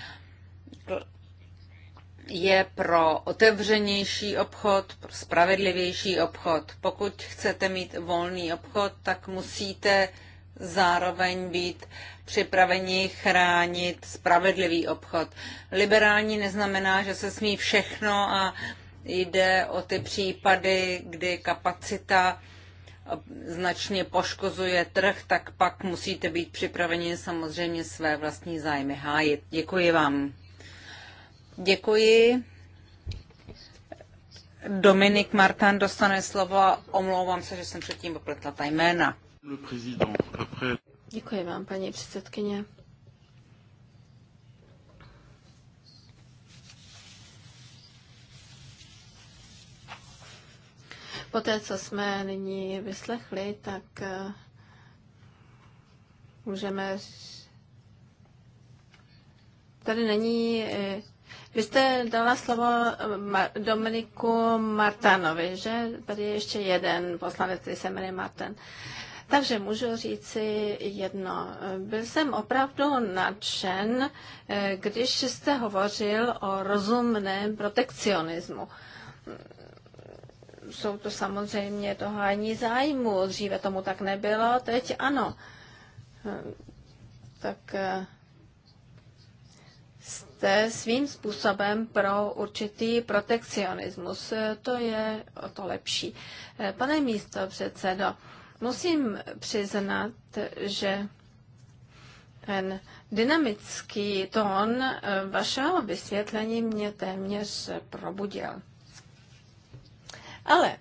je pro otevřenější obchod, pro spravedlivější obchod. Pokud chcete mít volný obchod, tak musíte zároveň být uh, připraveni chránit spravedlivý obchod. Liberální neznamená, že se smí všechno a jde o ty případy, kdy kapacita značně poškozuje trh, tak pak musíte být připraveni samozřejmě své vlastní zájmy hájit. Děkuji vám. Děkuji. Dominik Martin dostane slovo. Omlouvám se, že jsem předtím popletla ta jména. Děkuji vám, paní předsedkyně. Poté, co jsme nyní vyslechli, tak eh, můžeme. Tady není. Eh, vy jste dala slovo eh, Dominiku Martanovi, že? Tady je ještě jeden poslanec, který se jmenuje Martin. Takže můžu říci jedno. Byl jsem opravdu nadšen, když jste hovořil o rozumném protekcionismu jsou to samozřejmě dohání zájmu. Dříve tomu tak nebylo, teď ano. Tak eh, jste svým způsobem pro určitý protekcionismus. To je o to lepší. Eh, pane místo předsedo, Musím přiznat, že ten dynamický tón eh, vašeho vysvětlení mě téměř probudil. Ale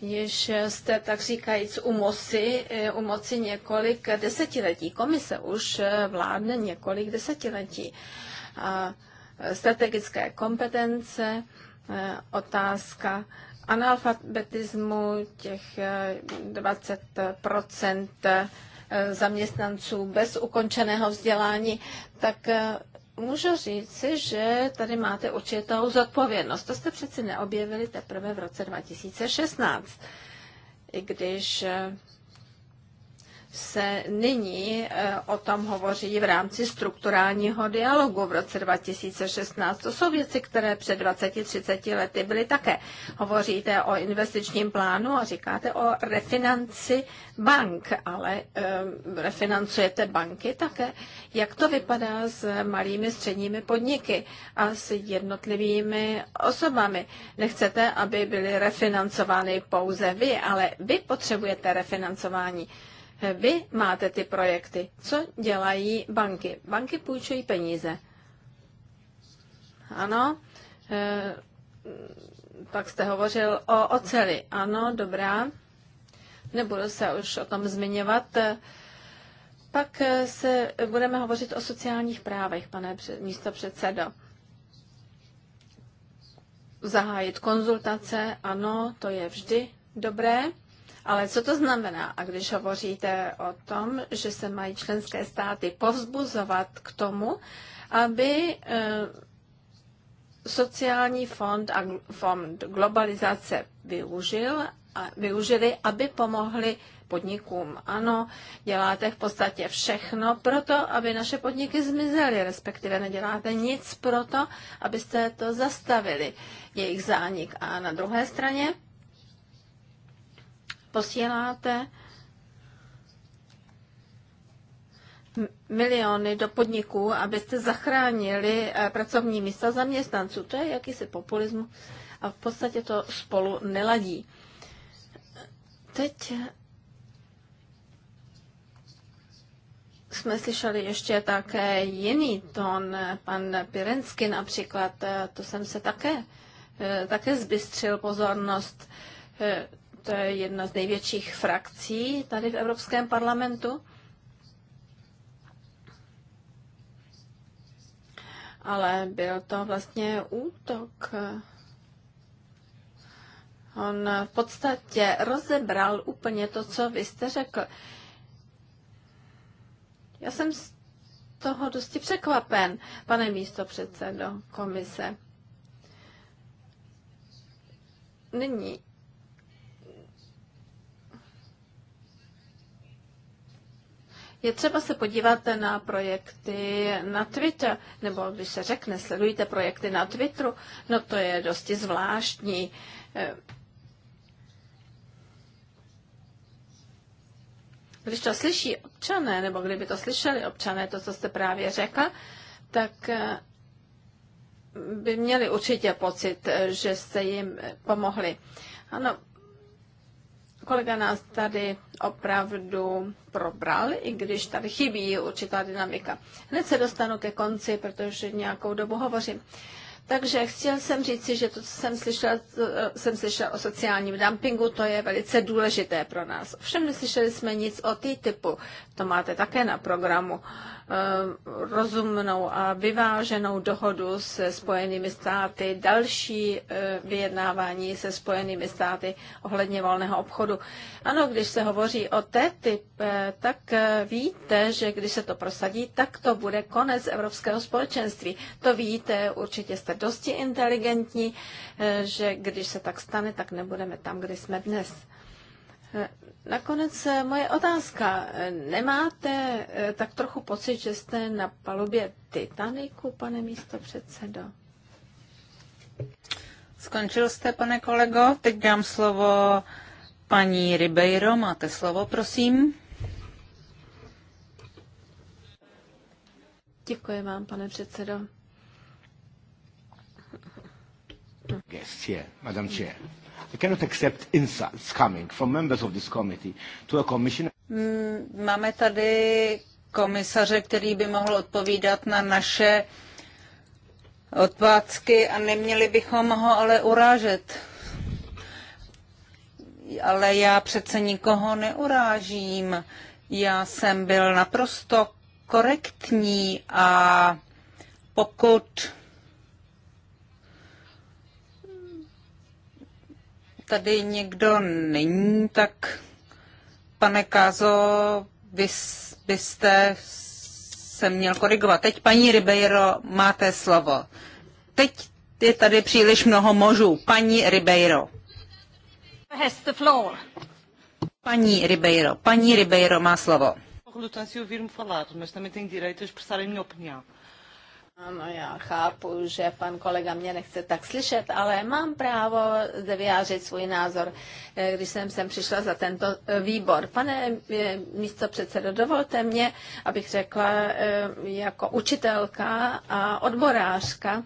již jste, tak říkajíc, u moci, eh, u moci několik desetiletí. Komise už eh, vládne několik desetiletí. A strategické kompetence, otázka analfabetismu, těch 20 eh, eh, zaměstnanců bez ukončeného vzdělání, tak eh, můžu říci, že tady máte určitou zodpovědnost. To jste přeci neobjevili teprve v roce 2016, i když se nyní eh, o tom hovoří v rámci strukturálního dialogu v roce 2016. To jsou věci, které před 20-30 lety byly také. Hovoříte o investičním plánu a říkáte o refinanci bank, ale eh, refinancujete banky také. Jak to vypadá s malými středními podniky a s jednotlivými osobami? Nechcete, aby byly refinancovány pouze vy, ale vy potřebujete refinancování. Vy máte ty projekty. Co dělají banky? Banky půjčují peníze. Ano, e, pak jste hovořil o oceli. Ano, dobrá. Nebudu se už o tom zmiňovat. Pak se budeme hovořit o sociálních právech, pane místo předsedo. Zahájit konzultace, ano, to je vždy dobré. Ale co to znamená? A když hovoříte o tom, že se mají členské státy povzbuzovat k tomu, aby eh, sociální fond a fond globalizace využil a využili, aby pomohli podnikům. Ano, děláte v podstatě všechno pro to, aby naše podniky zmizely, respektive neděláte nic pro to, abyste to zastavili, jejich zánik. A na druhé straně posíláte miliony do podniků, abyste zachránili eh, pracovní místa zaměstnanců. To je jakýsi populismus a v podstatě to spolu neladí. Teď jsme slyšeli ještě také jiný tón, pan Pirensky například, eh, to jsem se také, eh, také zbystřil pozornost to je jedna z největších frakcí tady v Evropském parlamentu. Ale byl to vlastně útok. On v podstatě rozebral úplně to, co vy jste řekl. Já jsem z toho dosti překvapen, pane místo předsedo komise. Nyní Je třeba se podívat na projekty na Twitter, nebo když se řekne, sledujte projekty na Twitteru, no to je dosti zvláštní. Eh, když to slyší občané, nebo kdyby to slyšeli občané, to, co jste právě řekla, tak eh, by měli určitě pocit, eh, že jste jim pomohli. Ano, kolega nás tady opravdu probral, i když tady chybí určitá dynamika. Hned se dostanu ke konci, protože nějakou dobu hovořím. Takže chtěl jsem říci, že to, co jsem slyšel, eh, jsem slyšel o sociálním dumpingu, to je velice důležité pro nás. Ovšem neslyšeli jsme nic o té typu. To máte také na programu. Eh, rozumnou a vyváženou dohodu se Spojenými státy, další eh, vyjednávání se Spojenými státy ohledně volného obchodu. Ano, když se hovoří o TTIP, eh, tak víte, že když se to prosadí, tak to bude konec Evropského společenství. To víte, určitě jste dosti inteligentní, že když se tak stane, tak nebudeme tam, kde jsme dnes. Nakonec eh, moje otázka. Nemáte eh, tak trochu pocit, že jste na palubě Titaniku, pane místo předsedo? Skončil jste, pane kolego. Teď dám slovo paní Ribeiro. Máte slovo, prosím. Děkuji vám, pane předsedo. Yes, yeah, madam chair. Yeah. I cannot accept insults coming from members of this committee to a commissioner. Mm, máme tady komisaře, který by mohl odpovídat na naše otvácky a neměli bychom ho ale urážet. Ale já přece nikoho neurážím. Já jsem byl naprosto korektní a pokud tady někdo není, tak pane Kázo, vy byste se měl korigovat. Teď, paní Ribeiro, máte slovo. Teď je tady příliš mnoho možů. Paní Ribeiro. Has the floor. Paní Ribeiro, paní Ribeiro má slovo. ouvir-me um falar, mas também tenho direito a expressar a minha opinião. Ano, já chápu, že pan kolega mě nechce tak slyšet, ale mám právo zde vyjářit svůj názor, eh, když jsem sem přišla za tento eh, výbor. Pane eh, místo předsedo, dovolte mě, abych řekla jako učitelka a odborářka,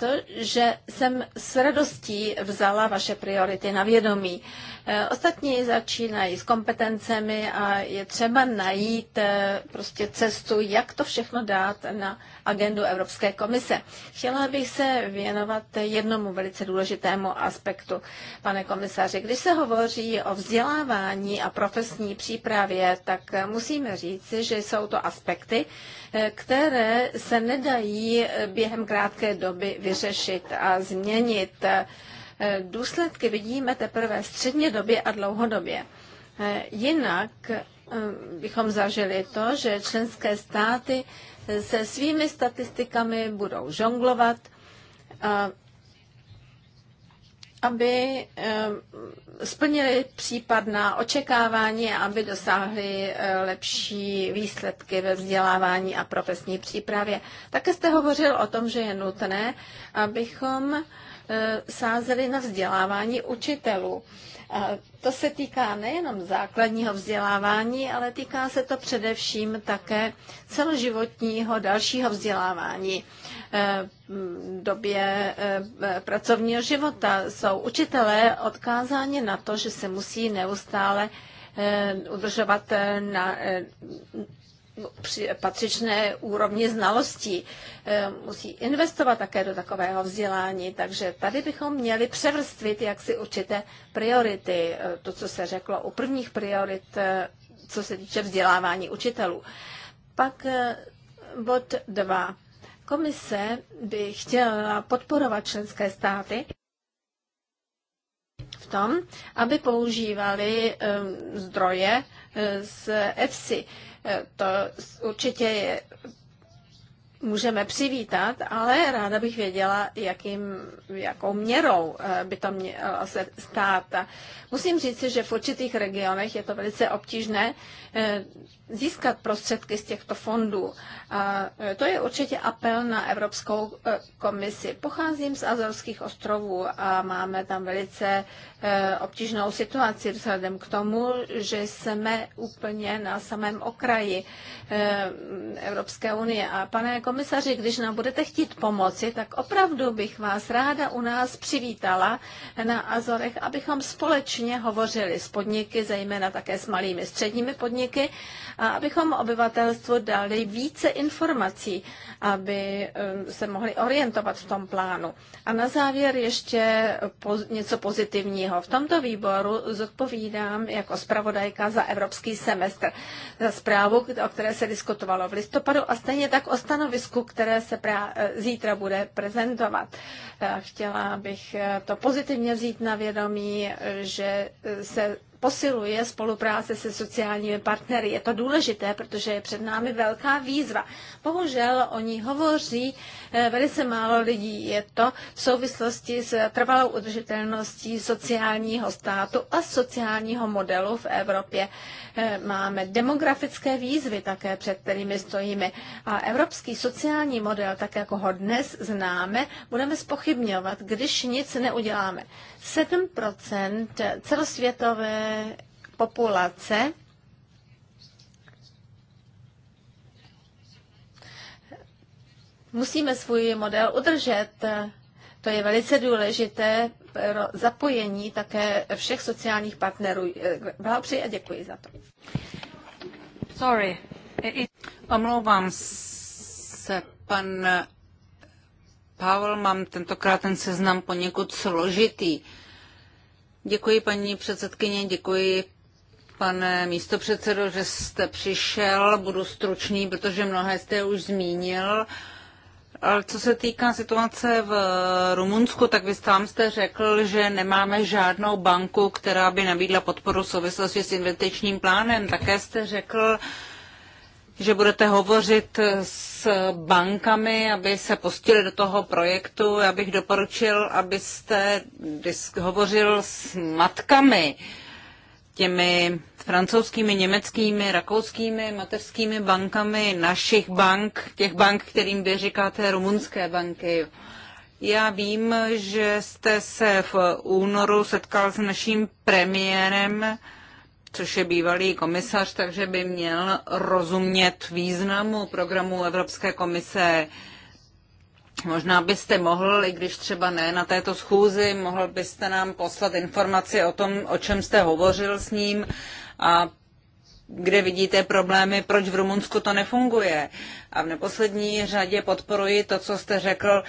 to, že jsem s radostí vzala vaše priority na vědomí. Ostatní začínají s kompetencemi a je třeba najít prostě cestu, jak to všechno dát na agendu Evropské komise. Chtěla bych se věnovat jednomu velice důležitému aspektu, pane komisaři. Když se hovoří o vzdělávání a profesní přípravě, tak musíme říci, že jsou to aspekty, které se nedají během krátké doby vyřešit a změnit. Důsledky vidíme teprve středně době a dlouhodobě. Jinak bychom zažili to, že členské státy se svými statistikami budou žonglovat, aby eh, splnili případná očekávání a aby dosáhli eh, lepší výsledky ve vzdělávání a profesní přípravě. Také jste hovořil o tom, že je nutné, abychom eh, sázeli na vzdělávání učitelů. To se týká nejenom základního vzdělávání, ale týká se to především také celoživotního dalšího vzdělávání. E, v době e, pracovního života jsou učitelé odkázáni na to, že se musí neustále e, udržovat na při patřičné úrovni znalostí. Eh, musí investovat také do takového vzdělání, takže tady bychom měli převrstvit jaksi určité priority. Eh, to, co se řeklo u prvních priorit, eh, co se týče vzdělávání učitelů. Pak bod 2. Komise by chtěla podporovat členské státy v tom, aby používali zdroje z EFSI Eh, to určitě je, můžeme přivítat, ale ráda bych věděla, jakým, jakou měrou eh, by to mělo eh, se stát. Musím říct, že v určitých regionech je to velice obtížné Eh, získat prostředky z těchto fondů. A eh, to je určitě apel na Evropskou eh, komisi. Pocházím z Azorských ostrovů a máme tam velice obtížnou situaci vzhledem k tomu, že jsme úplně na samém okraji Evropské unie. A pane komisaři, když nám budete chtít pomoci, tak opravdu bych vás ráda u nás přivítala na Azorech, abychom společně hovořili s podniky, zejména také s malými středními podniky, podniky a abychom obyvatelstvu dali více informací, aby um, se mohli orientovat v tom plánu. A na závěr ještě něco pozitivního. V tomto výboru zodpovídám jako zpravodajka za evropský semestr za zprávu, o které se diskutovalo v listopadu a stejně tak o stanovisku, které se eh, zítra bude prezentovat. Eh, chtěla bych eh, to pozitivně vzít na vědomí, že se posiluje spolupráce se sociálními partnery. Je to důležité, protože je před námi velká výzva. Bohužel o ní hovoří eh, velice málo lidí. Je to v souvislosti s trvalou udržitelností sociálního státu a sociálního modelu v Evropě. Eh, máme demografické výzvy také, před kterými stojíme. A evropský sociální model, tak jako ho dnes známe, budeme spochybňovat, když nic neuděláme. 7 celosvětové populace musíme svůj model udržet. To je velice důležité pro zapojení také všech sociálních partnerů. Blahopřeji a děkuji za to. Sorry. Omlouvám se, pan Pavel, mám tentokrát ten seznam poněkud složitý. Děkuji paní předsedkyně, děkuji pane místopředsedo, že jste přišel. Budu stručný, protože mnohé jste už zmínil. Ale co se týká situace v Rumunsku, tak vy sám jste řekl, že nemáme žádnou banku, která by nabídla podporu v souvislosti s investičním plánem. Také jste řekl, že budete hovořit s bankami, aby se pustili do toho projektu. Já bych doporučil, abyste hovořil s matkami, těmi francouzskými, německými, rakouskými, mateřskými bankami našich bank, těch bank, kterým vy říkáte rumunské banky. Já vím, že jste se v únoru setkal s naším premiérem, což je bývalý komisař, takže by měl rozumět významu programu Evropské komise. Možná byste mohl, i když třeba ne na této schůzi, mohl byste nám poslat informaci o tom, o čem jste hovořil s ním a kde vidíte problémy, proč v Rumunsku to nefunguje. A v neposlední řadě podporuji to, co jste řekl,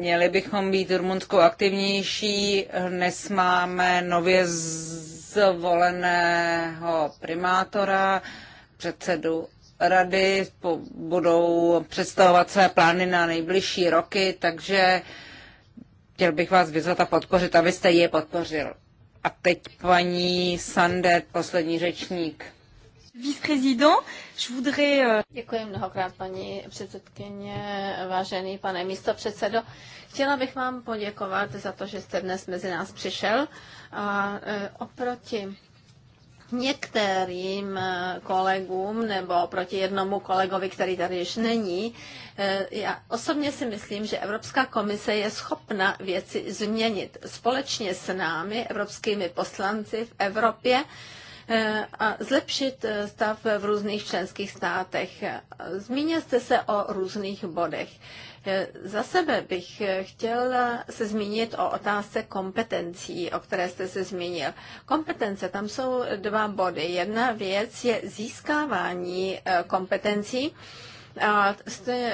měli bychom být v Rumunsku aktivnější, dnes máme nově z zvoleného primátora, předsedu rady, budou představovat své plány na nejbližší roky, takže chtěl bych vás vyzvat a podpořit, abyste je podpořil. A teď paní Sander, poslední řečník. Vice-prezident, Eh, Děkuji mnohokrát, paní předsedkyně, vážený pane místo předsedo. Chtěla bych vám poděkovat za to, že jste dnes mezi nás přišel. A eh, oproti některým eh, kolegům nebo proti jednomu kolegovi, který tady již není. Já osobně si myslím, že Evropská komise je schopna věci změnit společně s námi, evropskými poslanci v Evropě Eh, a zlepšit eh, stav v různých členských státech. Zmínil jste se o různých bodech. Eh, za sebe bych chtěl se zmínit o otázce kompetencí, o které jste se zmínil. Kompetence, tam jsou dva body. Jedna věc je získávání kompetencí. A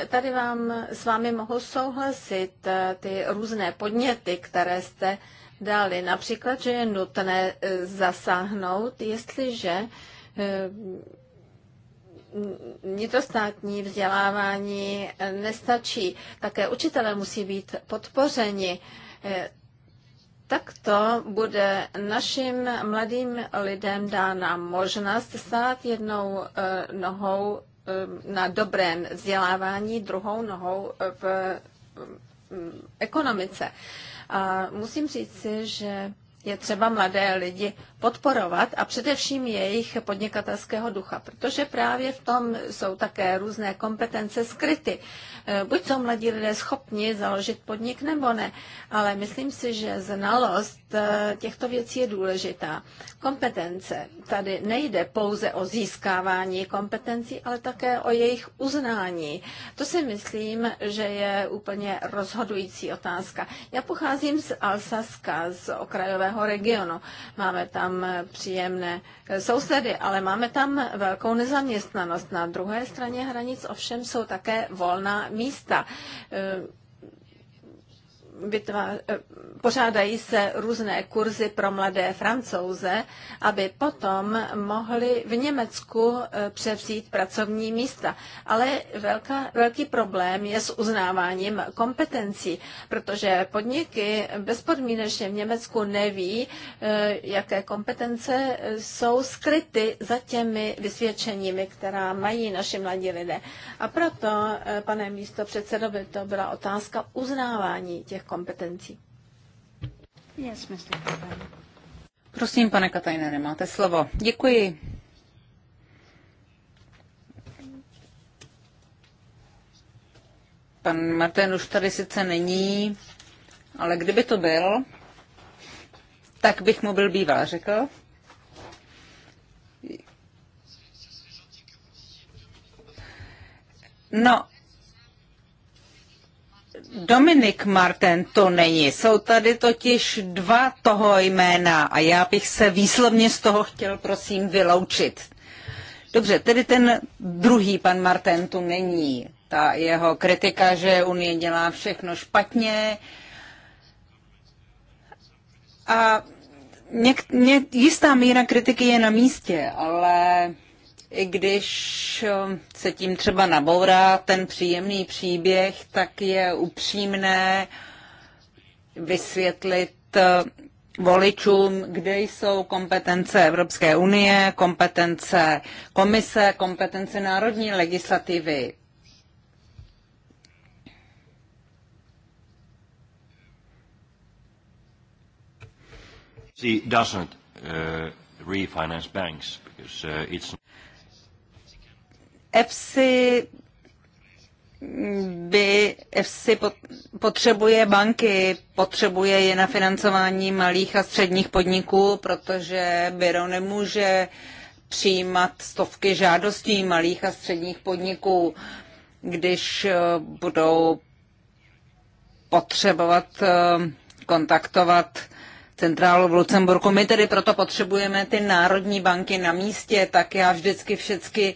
tady vám, s vámi mohu souhlasit ty různé podněty, které jste dali. Například, že je nutné e, zasáhnout, jestliže e, vnitrostátní vzdělávání e, nestačí. Také učitelé musí být podpořeni. Takto bude našim mladým lidem dána možnost stát jednou nohou na dobrém vzdělávání, druhou nohou v ekonomice. A musím říci, že je třeba mladé lidi podporovat a především jejich podnikatelského ducha, protože právě v tom jsou také různé kompetence skryty. Eh, buď jsou mladí lidé schopni založit podnik nebo ne, ale myslím si, že znalost eh, těchto věcí je důležitá. Kompetence. Tady nejde pouze o získávání kompetencí, ale také o jejich uznání. To si myslím, že je úplně rozhodující otázka. Já pocházím z Alsaska, z okrajového regionu. Máme tam tam eh, příjemné eh, sousedy, ale máme tam velkou nezaměstnanost. Na druhé straně hranic ovšem jsou také volná místa. Eh, vytvář, eh, pořádají se různé kurzy pro mladé francouze, aby potom mohli v Německu eh, převzít pracovní místa. Ale velká, velký problém je s uznáváním kompetencí, protože podniky bezpodmínečně v Německu neví, eh, jaké kompetence jsou skryty za těmi vysvědčeními, která mají naši mladí lidé. A proto, pane místo předsedovi, to byla otázka uznávání těch kompetencí. Yes, Prosím, pane Katajnere, máte slovo. Děkuji. Pan Martin už tady sice není, ale kdyby to byl, tak bych mu byl býval řekl. No, Dominik Martin to není. Jsou tady totiž dva toho jména a já bych se výslovně z toho chtěl, prosím, vyloučit. Dobře, tedy ten druhý pan Martin tu není. Ta jeho kritika, že Unie dělá všechno špatně a něk, ně, jistá míra kritiky je na místě, ale i když um, se tím třeba nabourá ten příjemný příběh, tak je upřímné vysvětlit uh, voličům, kde jsou kompetence Evropské unie, kompetence komise, kompetence národní legislativy. She doesn't uh, refinance banks because uh, it's EFSI by EFSI potřebuje banky, potřebuje je na financování malých a středních podniků, protože Biro nemůže přijímat stovky žádostí malých a středních podniků, když eh, budou potřebovat eh, kontaktovat centrálu v Lucemburku. My tedy proto potřebujeme ty národní banky na místě, tak já vždycky všechny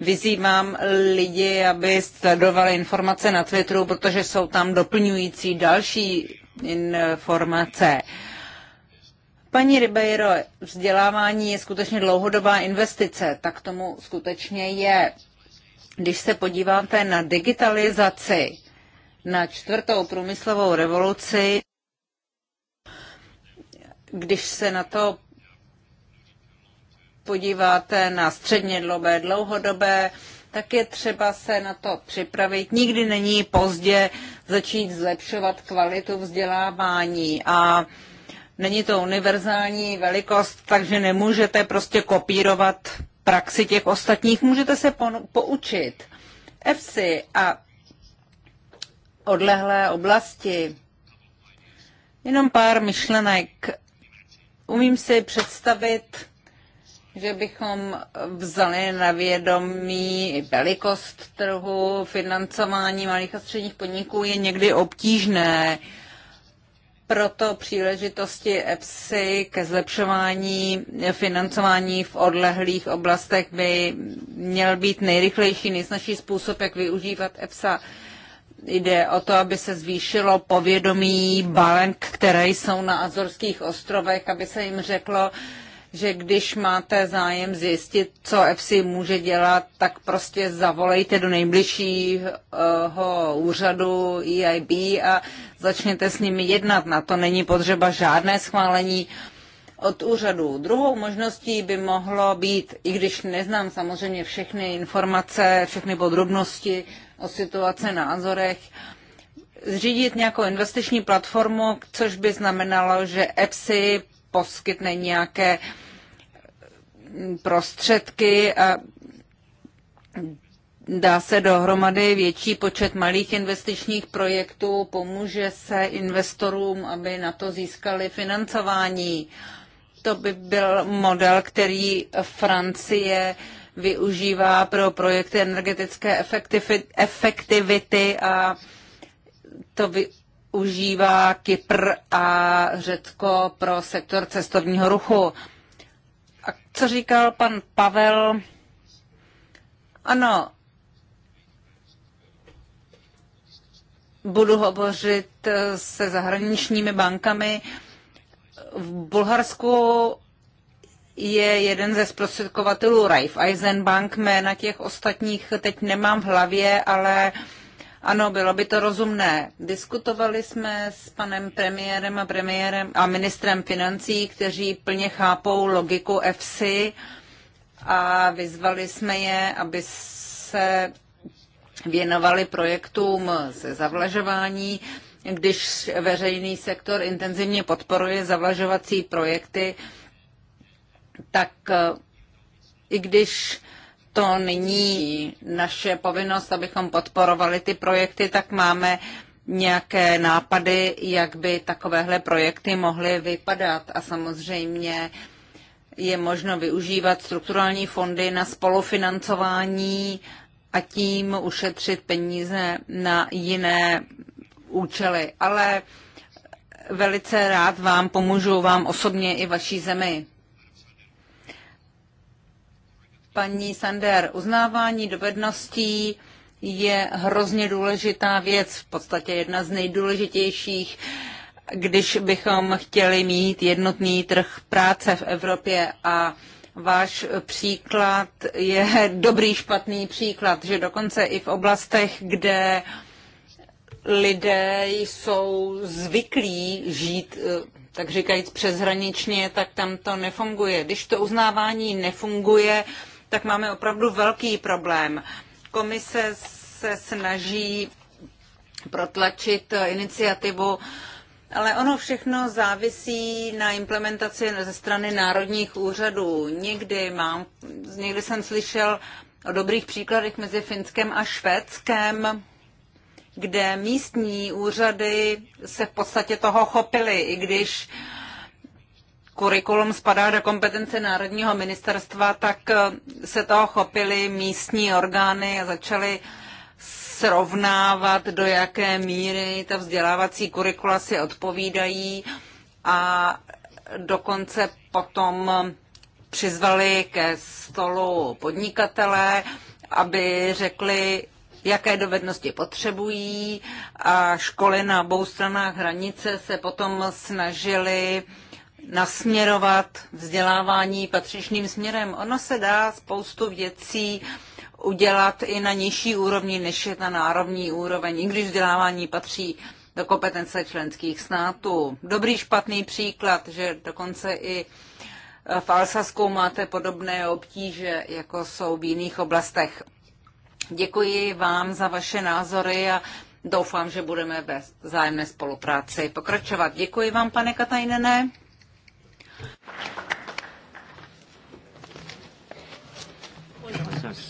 vyzývám lidi, aby sledovali informace na Twitteru, protože jsou tam doplňující další informace. Paní Ribeiro, vzdělávání je skutečně dlouhodobá investice, tak tomu skutečně je. Když se podíváte na digitalizaci, na čtvrtou průmyslovou revoluci, když se na to podíváte na střednědlobé, dlouhodobé, tak je třeba se na to připravit. Nikdy není pozdě začít zlepšovat kvalitu vzdělávání a není to univerzální velikost, takže nemůžete prostě kopírovat praxi těch ostatních, můžete se poučit. EFSI a odlehlé oblasti. Jenom pár myšlenek. Umím si představit, že bychom vzali na vědomí velikost trhu, financování malých a středních podniků je někdy obtížné. Proto příležitosti EPSI ke zlepšování financování v odlehlých oblastech by měl být nejrychlejší, nejsnažší způsob, jak využívat EPSA. Jde o to, aby se zvýšilo povědomí bank, které jsou na Azorských ostrovech, aby se jim řeklo, že když máte zájem zjistit, co FC může dělat, tak prostě zavolejte do nejbližšího úřadu EIB a začněte s nimi jednat. Na to není potřeba žádné schválení od úřadu. Druhou možností by mohlo být, i když neznám samozřejmě všechny informace, všechny podrobnosti o situace, názorech, zřídit nějakou investiční platformu, což by znamenalo, že EPSI poskytne nějaké prostředky a dá se dohromady větší počet malých investičních projektů, pomůže se investorům, aby na to získali financování. To by byl model, který Francie využívá pro projekty energetické efektivity a to by užívá Kypr a Řecko pro sektor cestovního ruchu. A co říkal pan Pavel? Ano, budu hovořit se zahraničními bankami. V Bulharsku je jeden ze zprostředkovatelů Raiffeisen Bank, jména těch ostatních teď nemám v hlavě, ale uh, ano, bylo by to rozumné. Diskutovali jsme s panem premiérem a premiérem a ministrem financí, kteří plně chápou logiku EFSI a vyzvali jsme je, aby se věnovali projektům se zavlažování. Když veřejný sektor intenzivně podporuje zavlažovací projekty, tak eh, i když to není naše povinnost, abychom podporovali ty projekty, tak máme nějaké nápady, jak by takovéhle projekty mohly vypadat. A samozřejmě je možno využívat strukturální fondy na spolufinancování a tím ušetřit peníze na jiné účely. Ale velice rád vám pomůžu, vám osobně i vaší zemi paní Sander, uznávání dovedností je hrozně důležitá věc, v podstatě jedna z nejdůležitějších, když bychom chtěli mít jednotný trh práce v Evropě a váš příklad je dobrý, špatný příklad, že dokonce i v oblastech, kde lidé jsou zvyklí žít, eh, tak říkajíc, přeshraničně, tak tam to nefunguje. Když to uznávání nefunguje, tak máme opravdu velký problém. Komise se snaží protlačit iniciativu, ale ono všechno závisí na implementaci ze strany národních úřadů. Někdy, mám, někdy jsem slyšel o dobrých příkladech mezi Finskem a Švédskem, kde místní úřady se v podstatě toho chopily, i když uh, kurikulum spadá do kompetence Národního ministerstva, tak eh, se toho chopili místní orgány a začaly srovnávat, do jaké míry ta vzdělávací kurikula si odpovídají a dokonce potom přizvali ke stolu podnikatele, aby řekli, jaké dovednosti potřebují a školy na obou stranách hranice se potom snažily uh, nasměrovat vzdělávání patřičným směrem. Ono se dá spoustu věcí udělat i na nižší úrovni, než je ta národní úroveň, i když vzdělávání patří do kompetence členských států. Dobrý špatný příklad, že dokonce i v Alsasku máte podobné obtíže, jako jsou v jiných oblastech. Děkuji vám za vaše názory a doufám, že budeme ve zájemné spolupráci pokračovat. Děkuji vám, pane Katajnené. Gracias.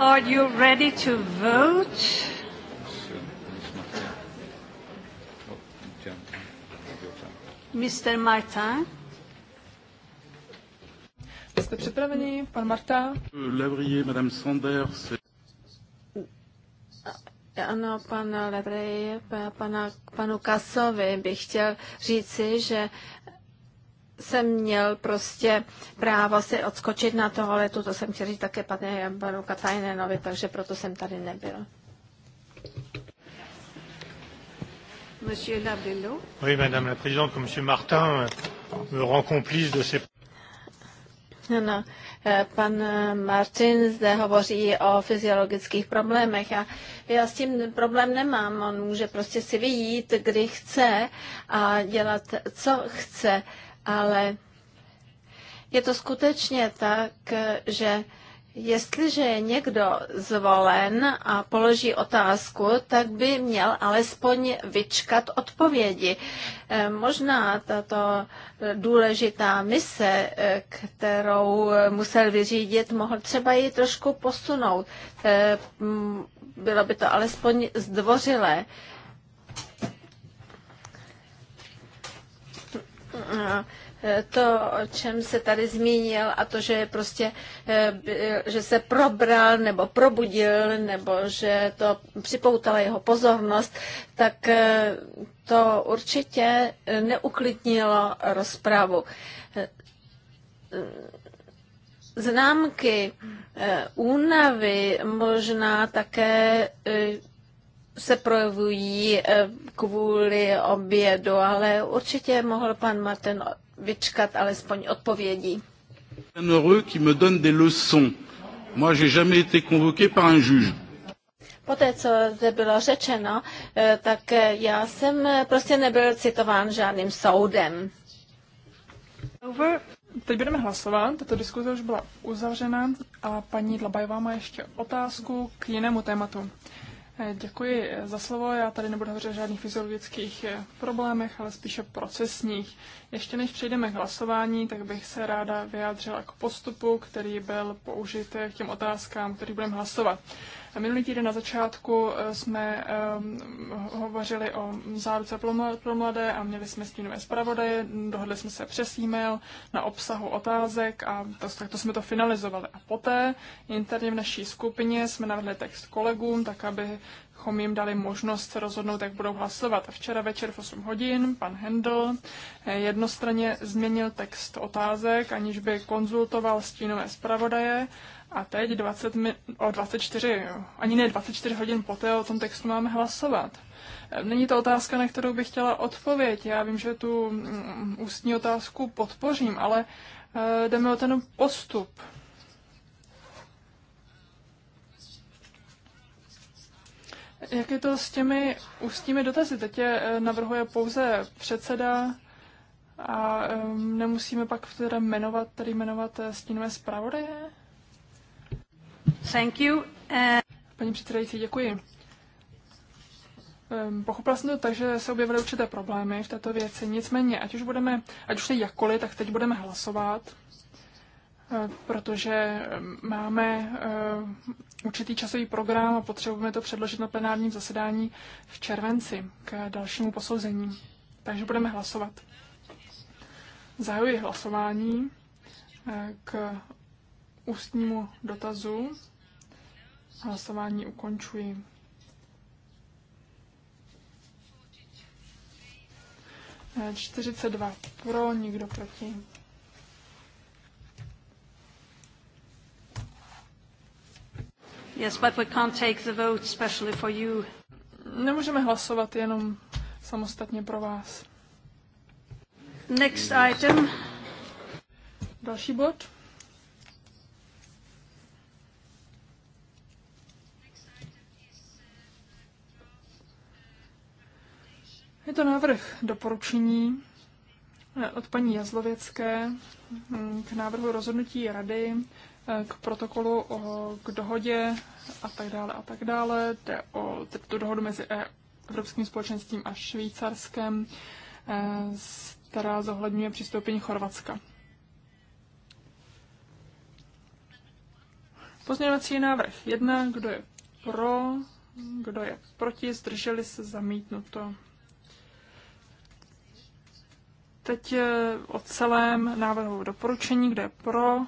Are you ready to vote? Mr. Martin. Jste připraveni, pan Marta? Levrier, Madame Sanders. Eh, ano, pan Levrier, panu Kasovi bych chtěl říci, že jsem měl prostě právo si odskočit na toaletu, to jsem chtěl říct také pane panu Katajnenovi, takže proto jsem tady nebyl. Monsieur Labello. Oui, madame la présidente, monsieur Martin euh, me rend complice de ces... Ano, no. eh, pan eh, Martin zde hovoří o fyziologických problémech a já s tím problém nemám. On může prostě si vyjít, kdy chce a dělat, co chce ale je to skutečně tak, že Jestliže je někdo zvolen a položí otázku, tak by měl alespoň vyčkat odpovědi. Eh, možná tato důležitá mise, eh, kterou musel vyřídit, mohl třeba ji trošku posunout. Eh, bylo by to alespoň zdvořilé. Eh, to, o čem se tady zmínil a to, že je prostě, eh, že se probral nebo probudil nebo že to připoutala jeho pozornost, tak eh, to určitě neuklidnilo rozpravu. Známky únavy možná také se projevují eh, kvůli obědu, ale určitě mohl pan Martin vyčkat alespoň odpovědí. Poté, co zde bylo řečeno, eh, tak eh, já jsem prostě nebyl citován žádným soudem. Teď budeme hlasovat, tato diskuze už byla uzavřena a paní Dlabajová má ještě otázku k jinému tématu. Děkuji za slovo. Já tady nebudu hovořit o žádných fyziologických problémech, ale spíše procesních. Ještě než přejdeme k hlasování, tak bych se ráda vyjádřila k postupu, který byl použit k těm otázkám, který budeme hlasovat. Minulý týden na začátku eh, jsme ehm, hovořili o záruce pro mladé a měli jsme stínové zpravodaje, dohodli jsme se přes e-mail na obsahu otázek a to, takto jsme to finalizovali. A poté interně v naší skupině jsme navrhli text kolegům, tak aby abychom jim dali možnost rozhodnout, jak budou hlasovat. Včera večer v 8 hodin pan Hendl eh, jednostranně změnil text otázek, aniž by konzultoval stínové zpravodaje a teď 20 mi- o 24, ani ne 24 hodin poté o tom textu máme hlasovat. Ehm, není to otázka, na kterou bych chtěla odpověď. Já vím, že tu mm, ústní otázku podpořím, ale eh, jdeme o ten postup. Jak je to s těmi ústními dotazy? Teď je eh, navrhuje pouze předseda a ehm, nemusíme pak tedy jmenovat, tedy jmenovat eh, stínové zpravodaje? Thank you. Eh, Paní předsedající, děkuji. Ehm, pochopila jsem to tak, že se objevily určité problémy v této věci. Nicméně, ať už budeme, ať už to jakkoliv, tak teď budeme hlasovat, eh, protože ehm, máme eh, určitý časový program a potřebujeme to předložit na plenárním zasedání v červenci k dalšímu posouzení. Takže budeme hlasovat. Zahajuji hlasování k ústnímu dotazu. Hlasování ukončuji. Ne, eh, 42 pro, nikdo proti. Yes, but we can't take the vote specially for you. Nemůžeme hlasovat jenom samostatně pro vás. Next item. Další bod. Je to návrh doporučení eh, od paní Jazlověcké hm, k návrhu rozhodnutí rady eh, k protokolu o, k dohodě a tak dále a tak dále. Jde o tu dohodu mezi e- Evropským společenstvím a Švýcarskem, eh, která zohledňuje přistoupení Chorvatska. Pozměňovací návrh jedna, Kdo je pro? Kdo je proti? Zdrželi se zamítnuto. Teď eh, o celém návrhu doporučení, kde je pro.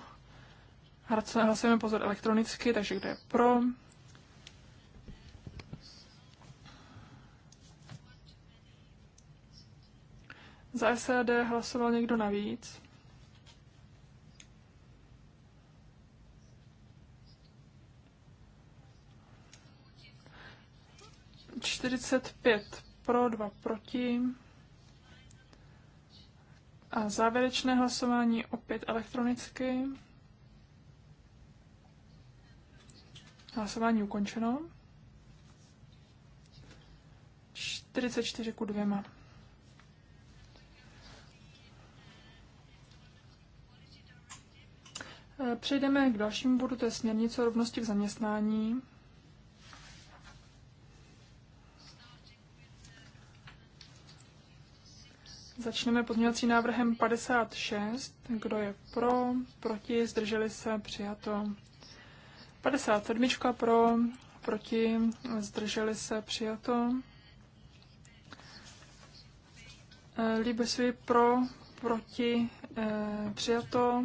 Hlasujeme pozor elektronicky, takže kde je pro. Za SED hlasoval někdo navíc. Čtyřicet pět pro, dva proti. A závěrečné hlasování opět elektronicky. Hlasování ukončeno. 44 ku 2. E, přejdeme k dalšímu bodu, to je směrnice o rovnosti v zaměstnání. Začneme pozměňovacím návrhem 56. Kdo je pro, proti, zdrželi se, přijato. 57. pro, proti, zdrželi se, přijato. Eh, Líbe si pro, proti, eh, přijato.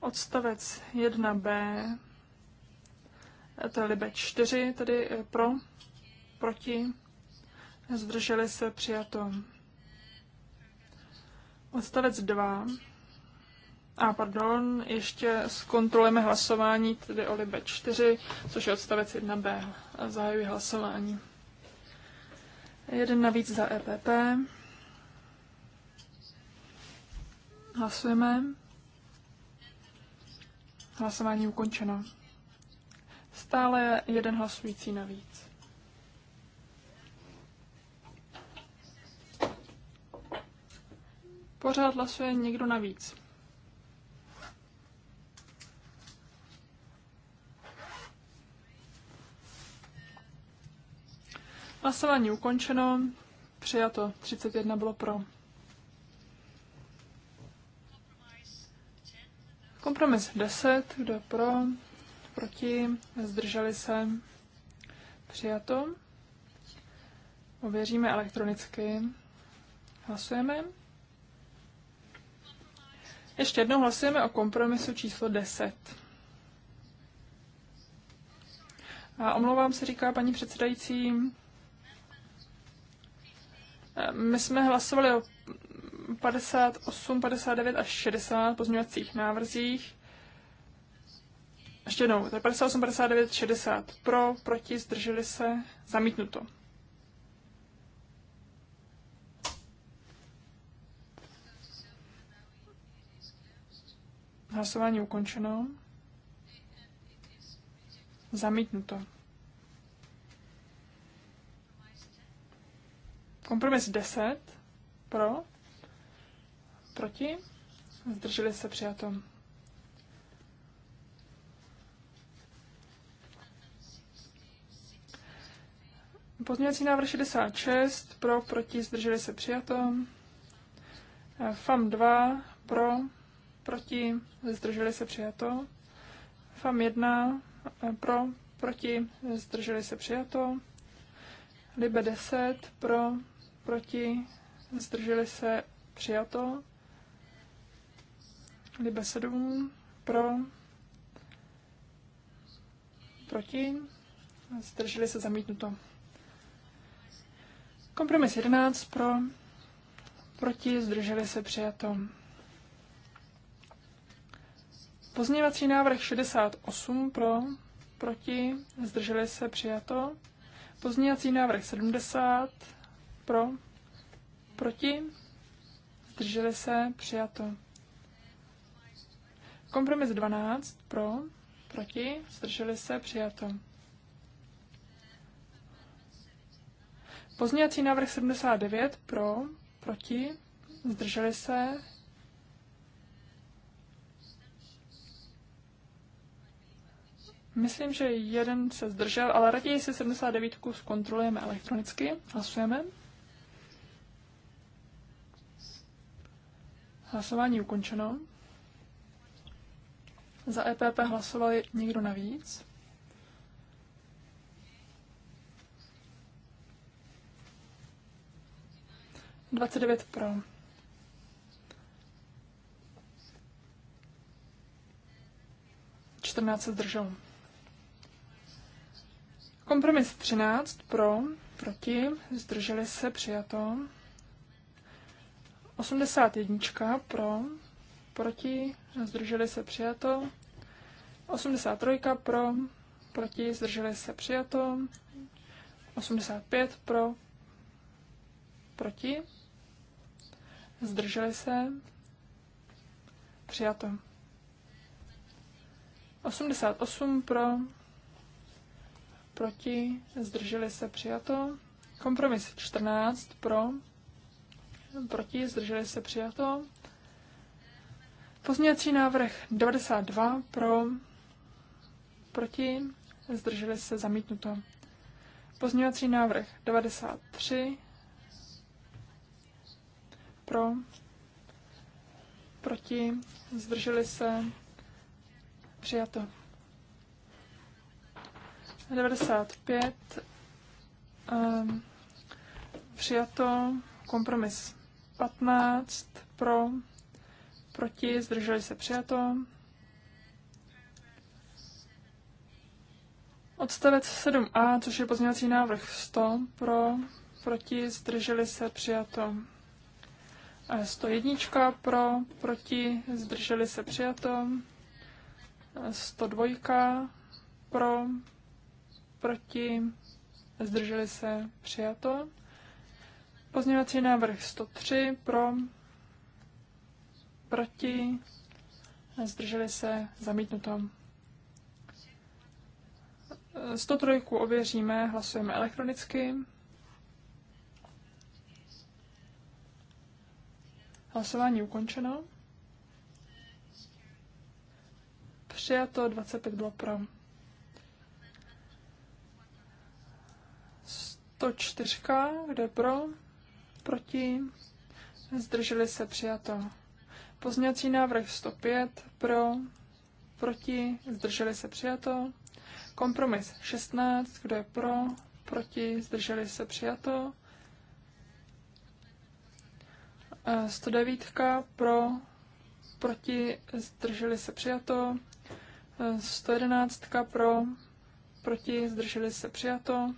Odstavec 1b, eh, to je Libe 4, tedy pro, proti, zdrželi se, přijato. Odstavec 2. A pardon, ještě zkontrolujeme hlasování, tedy o Libe 4, což je odstavec 1b. Zahajuji hlasování. Jeden navíc za EPP. Hlasujeme. Hlasování ukončeno. Stále jeden hlasující navíc. Pořád hlasuje někdo navíc. Hlasování ukončeno. Přijato. 31 bylo pro. Kompromis 10. Kdo je pro? Proti? Zdrželi se? Přijato. Ověříme elektronicky. Hlasujeme. Ještě jednou hlasujeme o kompromisu číslo 10. A omlouvám se, říká paní předsedající. Eh, my jsme hlasovali o 58, 59 až 60 pozměňovacích návrzích. Ještě jednou, to je 58, 59, 60. Pro, proti, zdrželi se, zamítnuto. Hlasování ukončeno. Zamítnuto. Kompromis 10. Pro. Proti. Zdrželi se přijato. Pozměňovací návrh 66. Pro. Proti. Zdrželi se přijato. FAM 2. Pro proti, zdrželi se přijato. FAM 1 eh, pro, proti, zdrželi se přijato. Libe 10 pro, proti, zdrželi se přijato. Libe 7 pro, proti, zdrželi se zamítnuto. Kompromis 11 pro, proti, zdrželi se přijato. Pozměňovací návrh 68 pro, proti, zdrželi se, přijato. Pozměňovací návrh 70 pro, proti, zdrželi se, přijato. Kompromis 12 pro, proti, zdrželi se, přijato. Pozměňovací návrh 79 pro, proti, zdrželi se, Myslím, že jeden se zdržel, ale raději si 79 zkontrolujeme elektronicky. Hlasujeme. Hlasování ukončeno. Za EPP hlasovali někdo navíc. Dvacet devět pro. Čtrnáct se zdrželo. Kompromis 13 pro, proti, zdrželi se, přijato. 81 pro, proti, zdrželi se, přijato. 83 pro, proti, zdrželi se, přijato. 85 pro, proti, zdrželi se, přijato. 88 pro, proti, zdrželi se přijato. Kompromis 14 pro, proti, zdrželi se přijato. Pozměňovací návrh 92 pro, proti, zdrželi se zamítnuto. Pozměňovací návrh 93 pro, proti, zdrželi se přijato. 95. Um, ehm, přijato. Kompromis 15. Pro. Proti. Zdrželi se přijato. Odstavec 7a, což je pozměňovací návrh 100, pro, proti, zdrželi se, přijato. 101 pro, proti, zdrželi se, přijato. 102 pro, proti, zdrželi se, přijato. Pozměňovací návrh 103 pro, proti, zdrželi se, zamítnuto. 103 ověříme, hlasujeme elektronicky. Hlasování ukončeno. Přijato, 25 bylo pro. 104, kde pro, proti, zdrželi se přijato. Pozměňovací návrh 105, pro, proti, zdrželi se přijato. Kompromis 16, kdo je pro, proti, zdrželi se přijato. 109 pro, proti, zdrželi se přijato. 111 pro, proti, zdrželi se přijato.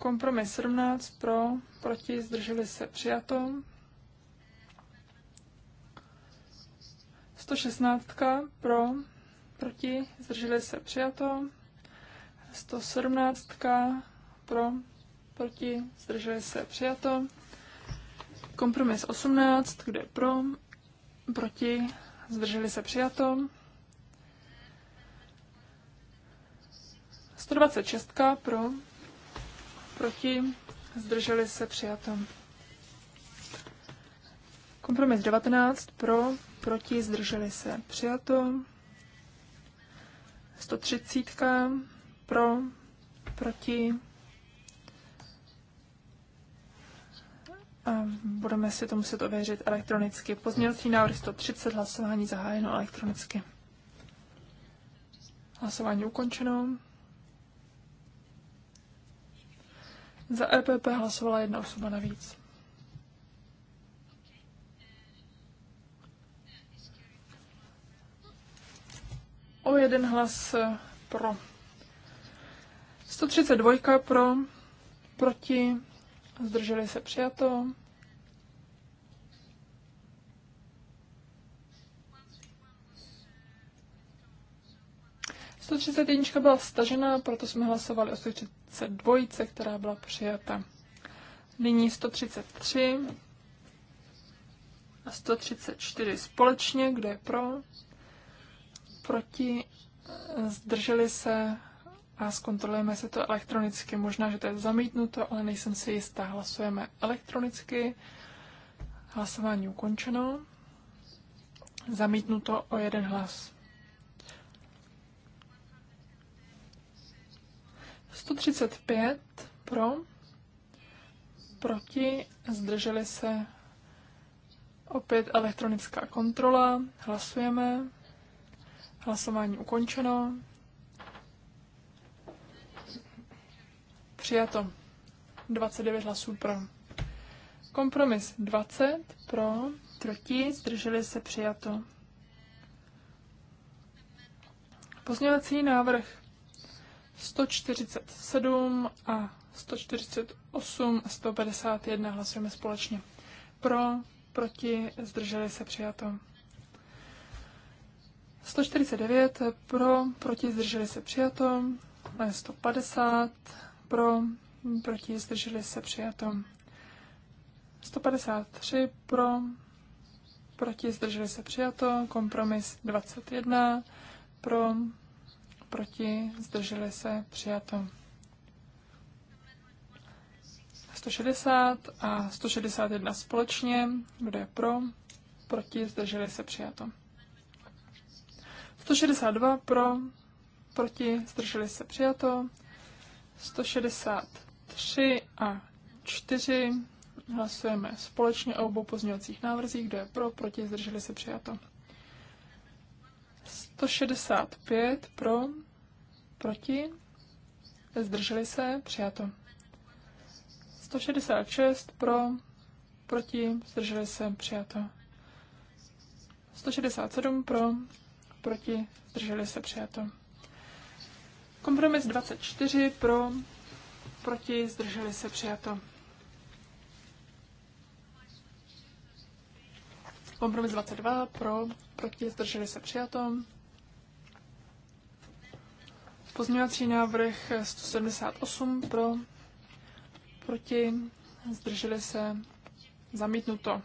Kompromis 17 pro, proti, zdrželi se přijato. 116 pro, proti, zdrželi se přijato. 117 pro, proti, zdrželi se přijato. Kompromis 18, kde pro, proti, zdrželi se přijato. 126 pro, proti, zdrželi se přijato. Kompromis 19 pro, proti, zdrželi se přijato. 130 pro, proti. A budeme si to muset ověřit elektronicky. Pozměňovací návrh 130, hlasování zahájeno elektronicky. Hlasování ukončeno. Za EPP hlasovala jedna osoba navíc. O jeden hlas eh, pro. 132 pro, proti, zdrželi se přijato. 131 byla stažena, proto jsme hlasovali o 132, která byla přijata. Nyní 133 a 134 společně, kdo je pro, proti, zdrželi se a zkontrolujeme se to elektronicky. Možná, že to je zamítnuto, ale nejsem si jistá. Hlasujeme elektronicky. Hlasování ukončeno. Zamítnuto o jeden hlas. 135 pro, proti, zdrželi se opět elektronická kontrola, hlasujeme, hlasování ukončeno, přijato 29 hlasů pro. Kompromis 20 pro, proti, zdrželi se přijato. Pozměňovací návrh 147 a 148 a 151 hlasujeme společně. Pro, proti, zdrželi se přijato. 149 pro, proti, zdrželi se přijato. 150 pro, proti, zdrželi se přijato. 153 pro, proti, zdrželi se přijato. Kompromis 21 pro, proti, zdrželi se, přijato. 160 a 161 společně, kdo je pro, proti, zdrželi se, přijato. 162 pro, proti, zdrželi se, přijato. 163 a 4 hlasujeme společně o obou pozměňovacích návrzích, kdo je pro, proti, zdrželi se, přijato. 165 pro, proti, zdrželi se, přijato. 166 pro, proti, zdrželi se, přijato. 167 pro, proti, zdrželi se, přijato. Kompromis 24 pro, proti, zdrželi se, přijato. Kompromis 22 pro, proti, zdrželi se přijato. Pozměňovací návrh 178 pro, proti, zdrželi se zamítnuto.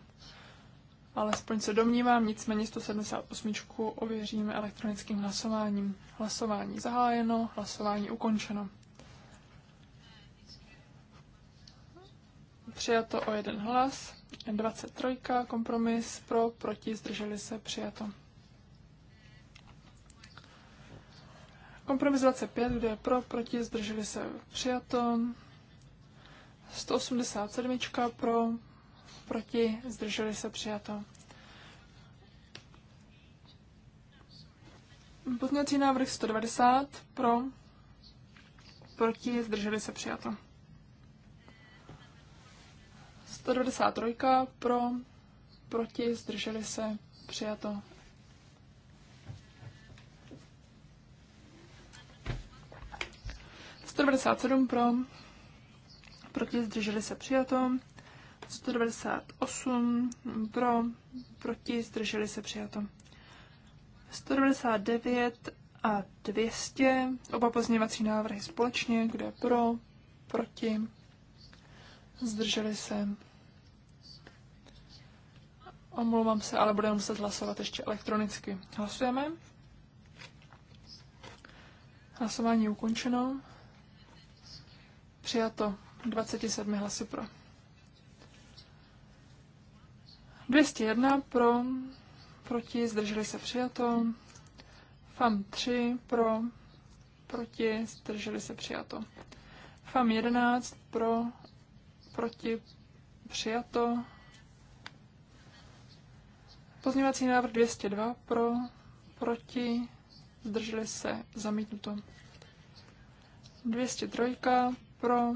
Alespoň se domnívám, nicméně 178 ověříme elektronickým hlasováním. Hlasování zahájeno, hlasování ukončeno. Přijato o jeden hlas. 23. Kompromis pro, proti, zdrželi se, přijato. Kompromis 25, kdo je pro, proti, zdrželi se, přijato. 187 pro, proti, zdrželi se, přijato. Pozměňovací návrh 190 pro, proti, zdrželi se, přijato. 193 pro, proti, zdrželi se, přijato. sedm pro, proti, zdrželi se, přijato. 198 pro, proti, zdrželi se, přijato. 199 a 200, oba pozměňovací návrhy společně, kde pro, proti, zdrželi se, Omlouvám se, ale budeme muset hlasovat ještě elektronicky. Hlasujeme. Hlasování je ukončeno. Přijato 27 hlasy pro. 201 pro, proti, zdrželi se přijato. FAM 3 pro, proti, zdrželi se přijato. FAM 11 pro, proti, přijato. Pozměňovací návrh 202 pro, proti, zdrželi se, zamítnuto. 203 pro,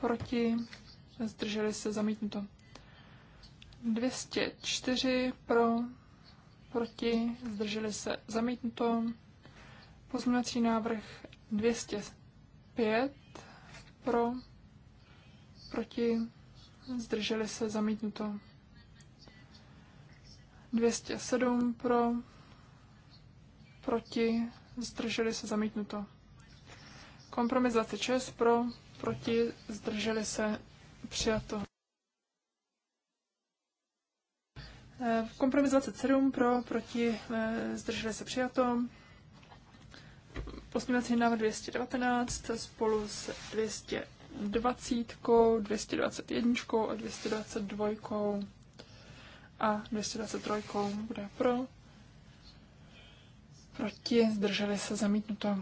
proti, zdrželi se, zamítnuto. 204 pro, proti, zdrželi se, zamítnuto. Pozměňovací návrh 205 pro, proti, zdrželi se, zamítnuto. 207 pro, proti, zdrželi se zamítnuto. Kompromis 26 pro, proti, zdrželi se přijato. Eh, kompromis 27 pro, proti, eh, zdrželi se přijato. Posměvací návrh 219 spolu s 220, 221 a 222 a 223 bude pro, proti, zdrželi se zamítnuto.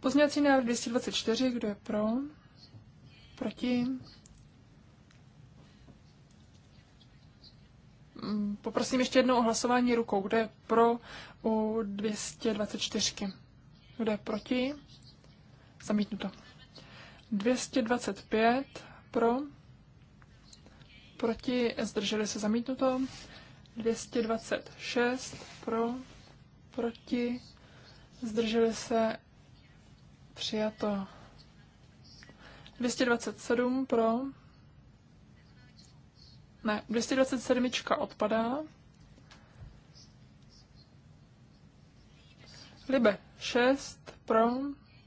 Pozměňovací návrh 224, kdo je pro, proti, mm, Poprosím ještě jednou o hlasování rukou. Kdo je pro u 224? Kdo je proti? Zamítnuto. 225 pro, proti, zdrželi se zamítnuto. 226 pro, proti, zdrželi se přijato. 227 pro, ne, 227 odpadá. Libe 6 pro,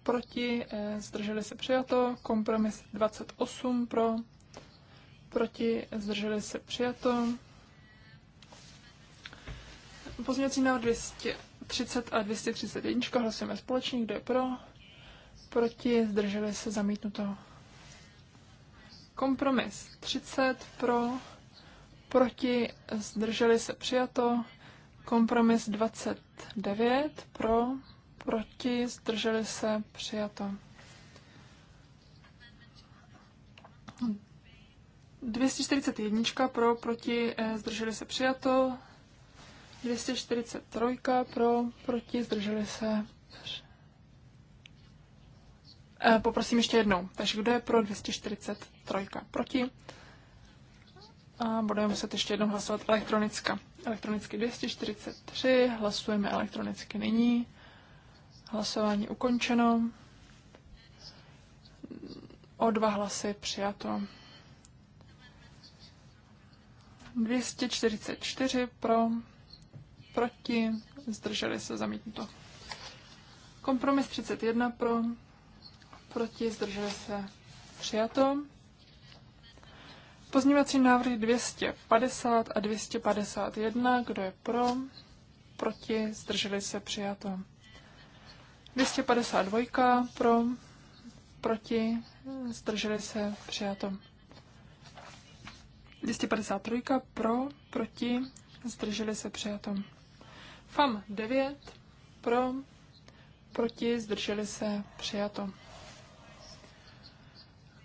proti, eh, zdrželi se přijato. Kompromis 28 pro, proti, zdrželi se přijato. Pozměňovací návrh 230 a 231, hlasujeme společně, kdo je pro, proti, zdrželi se zamítnuto. Kompromis 30 pro, proti, zdrželi se přijato. Kompromis 29 pro, proti, zdrželi se přijato. 241 eh, pro, proti, zdrželi se přijato. 243 pro, proti, zdrželi se. poprosím ještě jednou. Takže kdo je pro 243 proti? A budeme muset ještě jednou hlasovat elektronicky. Elektronicky 243, hlasujeme elektronicky nyní. Hlasování ukončeno. O dva hlasy přijato. 244 pro, proti, zdrželi se zamítnuto. Kompromis 31 pro, proti, zdrželi se přijato. Pozněvací návrhy 250 a 251, kdo je pro, proti, zdrželi se přijato. 252 pro, proti, zdrželi se přijato. 253 pro, proti, zdrželi se přijatom. FAM 9 pro, proti, zdrželi se přijatom.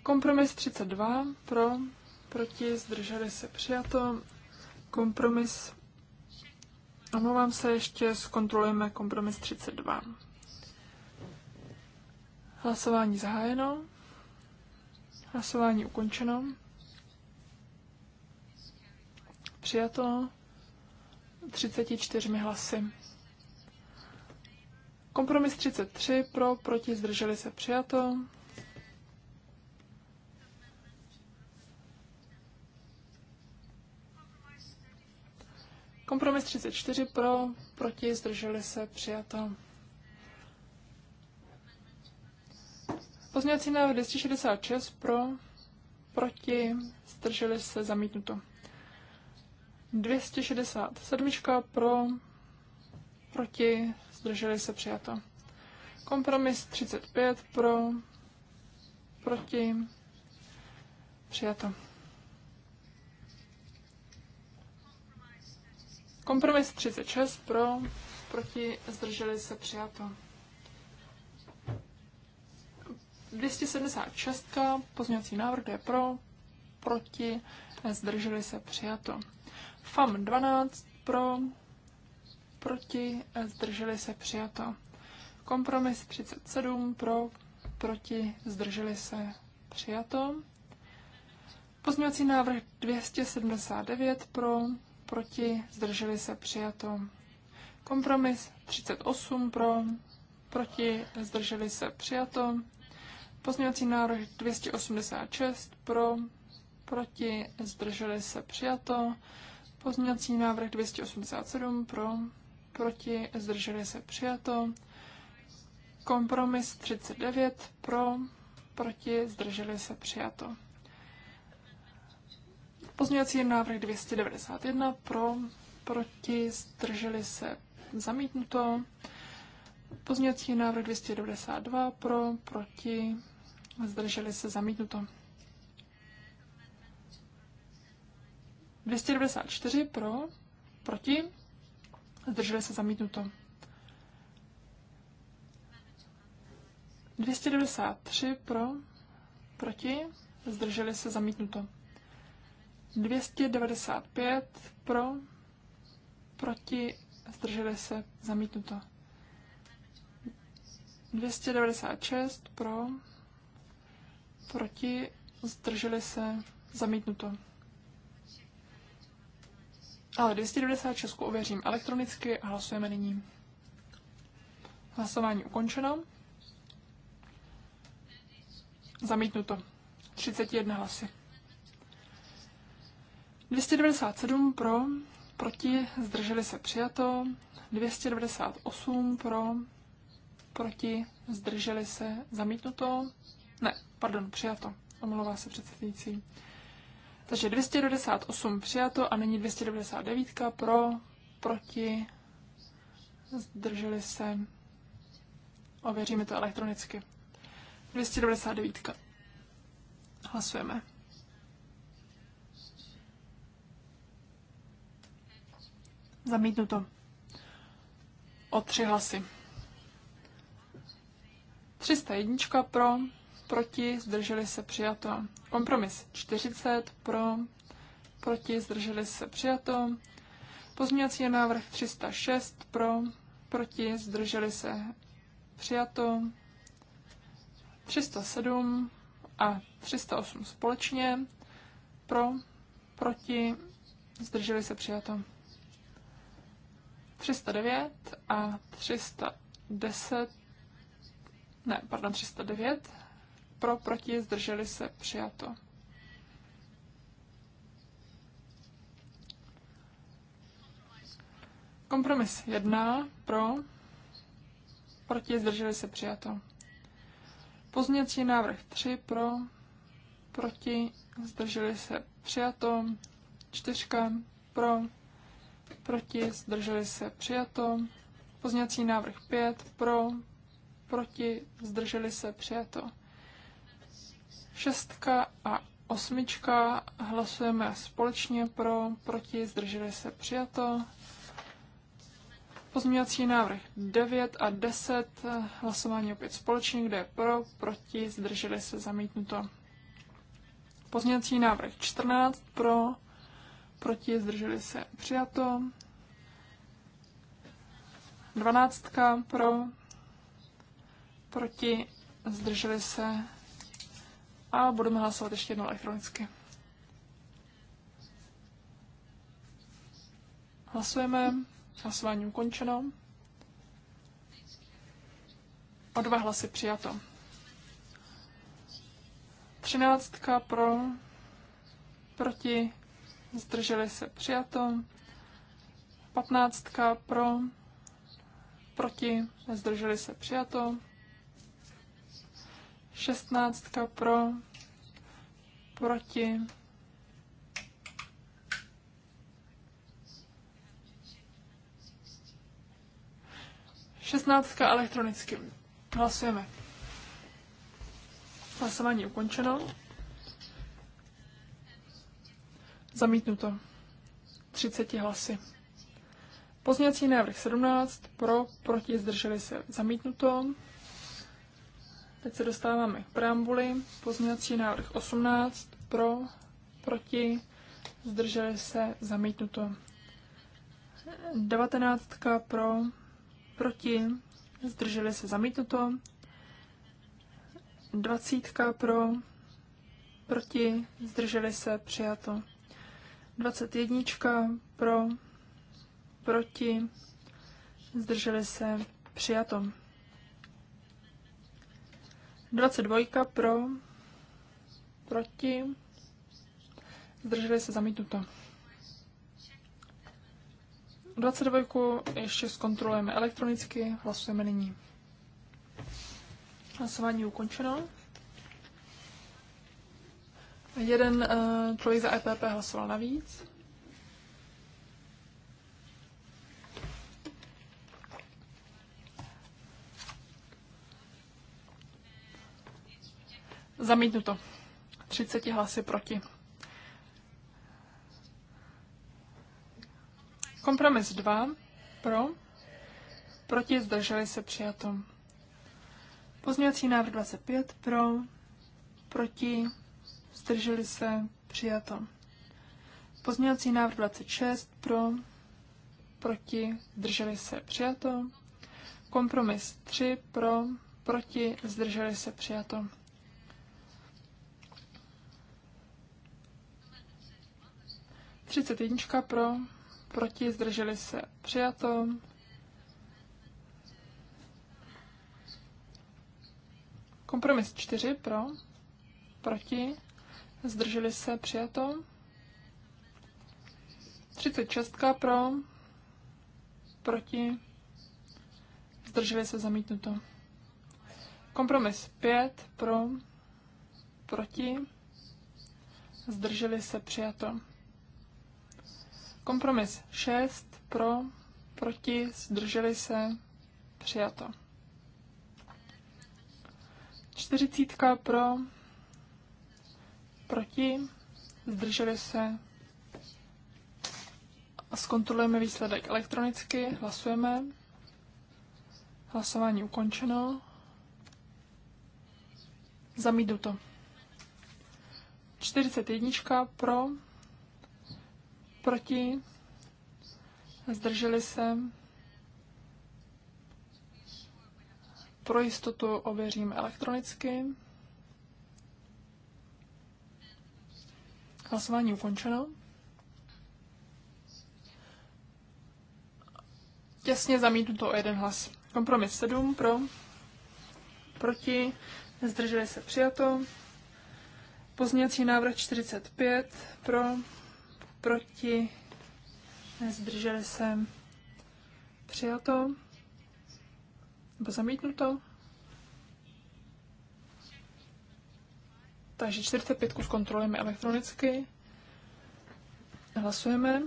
Kompromis 32 pro, proti, zdrželi se přijato. Kompromis, omlouvám se, ještě zkontrolujeme kompromis 32. Hlasování zahájeno. Hlasování ukončeno. Přijato 34 hlasy. Kompromis 33 pro, proti, zdrželi se přijato. Kompromis 34 pro, proti, zdrželi se přijato. Pozměňovací návrh 266 pro, proti, zdrželi se zamítnuto. 267 pro, proti, zdrželi se přijato. Kompromis 35 pro, proti, přijato. Kompromis 36 pro, proti, zdrželi se přijato. 276, pozměňovací návrh, je pro, proti, zdrželi se přijato. FAM 12 pro, proti, zdrželi se přijato. Kompromis 37 pro, proti, zdrželi se přijato. Pozměňovací návrh 279 pro, proti, zdrželi se přijato. Kompromis 38 pro, proti, zdrželi se přijato. Pozměňovací návrh 286 pro, proti, zdrželi se přijato. Pozměňovací návrh 287 pro, proti, zdrželi se přijato. Kompromis 39 pro, proti, zdrželi se přijato. Pozměňovací návrh 291 pro, proti, zdrželi se zamítnuto. Pozměňovací návrh 292 pro, proti, zdrželi se zamítnuto. 294 pro, proti, zdrželi se zamítnuto. 293 pro, proti, zdrželi se zamítnuto. 295 pro, proti, zdrželi se zamítnuto. 296 pro, proti, zdrželi se zamítnuto. Ale 296 ověřím elektronicky a hlasujeme nyní. Hlasování ukončeno. Zamítnuto. 31 hlasy. 297 pro, proti, zdrželi se přijato. 298 pro, proti, zdrželi se zamítnuto. Ne, pardon, přijato. Omlouvá se předsednící. Takže 298 přijato a nyní 299 pro, proti, zdrželi se. Ověříme to elektronicky. 299. Hlasujeme. Zamítnu to. O tři hlasy. 301 pro, proti, zdrželi se přijato. Kompromis 40 pro, proti, zdrželi se přijato. Pozměňovací návrh 306 pro, proti, zdrželi se přijato. 307 a 308 společně pro, proti, zdrželi se přijato. 309 a 310, ne, pardon, 309 pro, proti, zdrželi se, přijato. Kompromis 1 pro, proti, zdrželi se, přijato. Pozměňovací návrh 3 pro, proti, zdrželi se, přijato. Čtyřka pro, proti, zdrželi se, přijato. Pozměňovací návrh 5 pro, proti, zdrželi se, přijato. Šestka a osmička hlasujeme společně pro, proti, zdrželi se přijato. Pozměňovací návrh 9 a 10, hlasování opět společně, kde je pro, proti, zdrželi se zamítnuto. Pozměňovací návrh 14 pro, proti, zdrželi se přijato. 12 pro, proti, zdrželi se a budeme hlasovat ještě jednou elektronicky. Hlasujeme. Hlasování ukončeno. O dva hlasy přijato. Třináctka pro, proti, zdrželi se přijato. Patnáctka pro, proti, zdrželi se přijato šestnáctka pro, proti. Šestnáctka elektronicky. Hlasujeme. Hlasování ukončeno. Zamítnuto. 30 hlasy. Pozměňovací návrh 17 pro, proti zdrželi se. Zamítnuto. Teď se dostáváme k preambuli. Pozměňovací návrh 18 pro, proti, zdrželi se, zamítnuto. 19 pro, proti, zdrželi se, zamítnuto. 20 pro, proti, zdrželi se, přijato. 21 pro, proti, zdrželi se, přijato. 22 pro, proti, zdrželi se zamítnuto. 22 ještě zkontrolujeme elektronicky, hlasujeme nyní. Hlasování ukončeno. Jeden uh, eh, člověk za EPP hlasoval navíc. Zamítnuto. 30 hlasy proti. Kompromis 2 pro, proti zdrželi se přijatom. Pozměňovací návrh 25 pro, proti zdrželi se přijato. Pozměňovací návrh 26 pro, proti zdrželi se přijato. Kompromis 3 pro, proti zdrželi se přijato. 31 pro, proti, zdrželi se, přijato. Kompromis 4 pro, proti, zdrželi se, přijato. 36 pro, proti, zdrželi se, zamítnuto. Kompromis 5 pro, proti, zdrželi se, přijato. Kompromis 6 pro, proti, zdrželi se, přijato. 40 pro, proti, zdrželi se. A zkontrolujeme výsledek elektronicky, hlasujeme. Hlasování ukončeno. Zamítnuto. 41 pro, Proti? Zdrželi se? Pro jistotu ověřím elektronicky. Hlasování ukončeno. Těsně zamítnuto o jeden hlas. Kompromis 7 pro, proti, zdrželi se přijato. Pozměňovací návrh 45 pro, proti, nezdrželi se, přijato, nebo zamítnuto. Takže 45 zkontrolujeme elektronicky. Hlasujeme.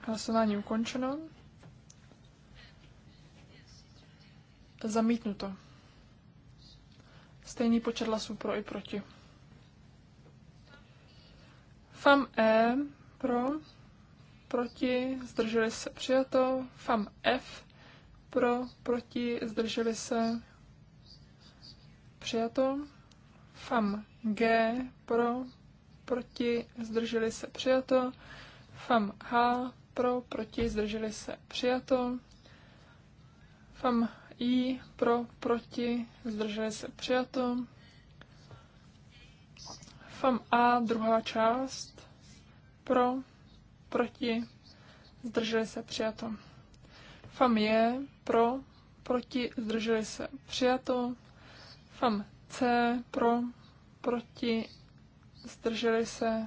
Hlasování ukončeno. Zamítnuto. Stejný počet hlasů pro i proti. FAM E pro, proti, zdrželi se přijato. FAM F pro, proti, zdrželi se přijato. FAM G pro, proti, zdrželi se přijato. FAM H pro, proti, zdrželi se přijato. FAM I pro, proti, zdrželi se přijato. FAM A, druhá část, pro, proti, zdrželi se, přijato. FAM je, pro, proti, zdrželi se, přijato. FAM C, pro, proti, zdrželi se.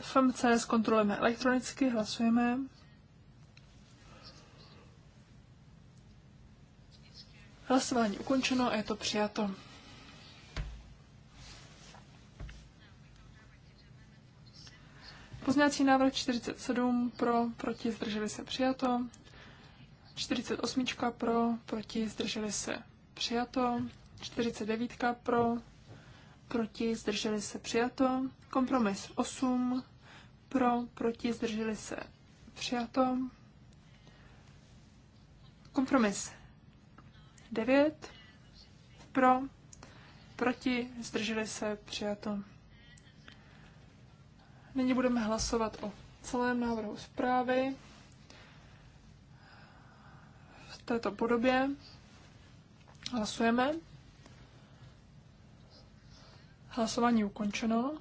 FAM C zkontrolujeme elektronicky, hlasujeme. Hlasování ukončeno a je to přijato. Pozměňovací návrh 47 pro, proti, zdrželi se přijato. 48 pro, proti, zdrželi se přijato. 49 pro, proti, zdrželi se přijato. Kompromis 8 pro, proti, zdrželi se přijato. Kompromis 9 pro, proti, zdrželi se přijato. Nyní budeme hlasovat o celém návrhu zprávy v této podobě. Hlasujeme. Hlasování ukončeno.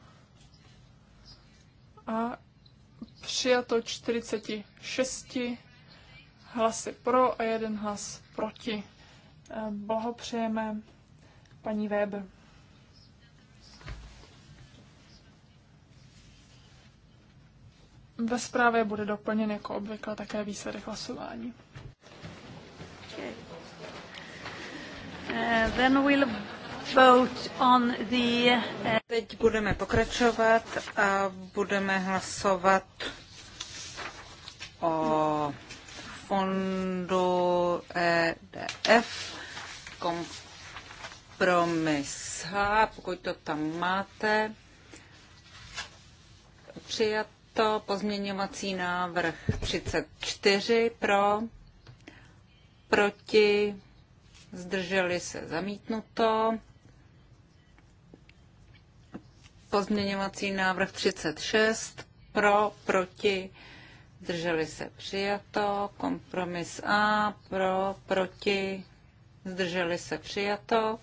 A přijato 46 hlasy pro a jeden hlas proti. Ehm, blahopřejeme paní Weber. ve zprávě bude doplněn jako obvykle také výsledek hlasování. Eh, then we'll vote on the... Eh, Teď budeme pokračovat a budeme hlasovat o fondu EDF kompromis H, pokud to tam máte. Přijat Přijato pozměňovací návrh 34 pro, proti, zdrželi se zamítnuto. Pozměňovací návrh 36 pro, proti, zdrželi se přijato. Kompromis A pro, proti, zdrželi se přijato.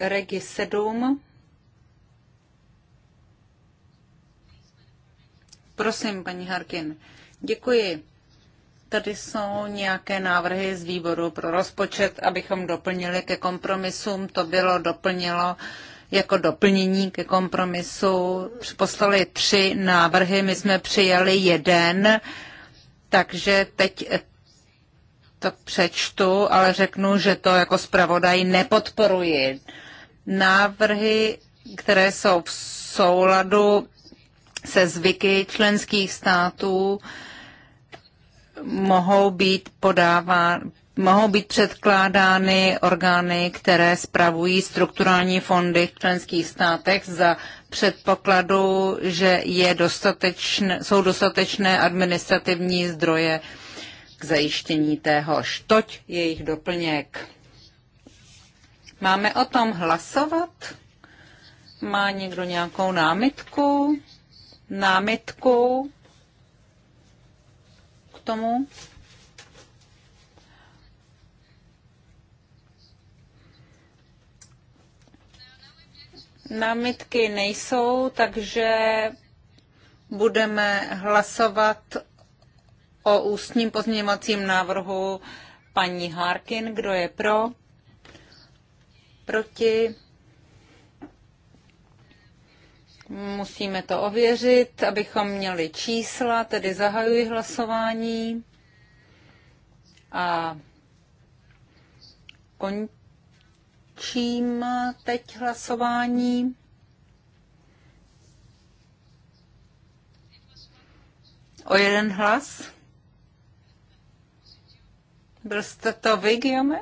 Regi 7. Prosím, paní Harkin. Děkuji. Tady jsou nějaké návrhy z výboru pro rozpočet, abychom doplnili ke kompromisům. To bylo doplnilo jako doplnění ke kompromisu. Poslali tři návrhy, my jsme přijali jeden, takže teď to přečtu, ale řeknu, že to jako zpravodaj nepodporuji návrhy, které jsou v souladu se zvyky členských států, mohou být podává, mohou být předkládány orgány, které spravují strukturální fondy v členských státech za předpokladu, že je dostatečné, jsou dostatečné administrativní zdroje k zajištění téhož. Toť jejich doplněk. Máme o tom hlasovat? Má někdo nějakou námitku? Námitku k tomu? Námitky nejsou, takže budeme hlasovat o ústním pozměňovacím návrhu paní Harkin. Kdo je pro? proti. Musíme to ověřit, abychom měli čísla, tedy zahajuji hlasování a končím teď hlasování. O jeden hlas. Byl jste to vy, Guillaume?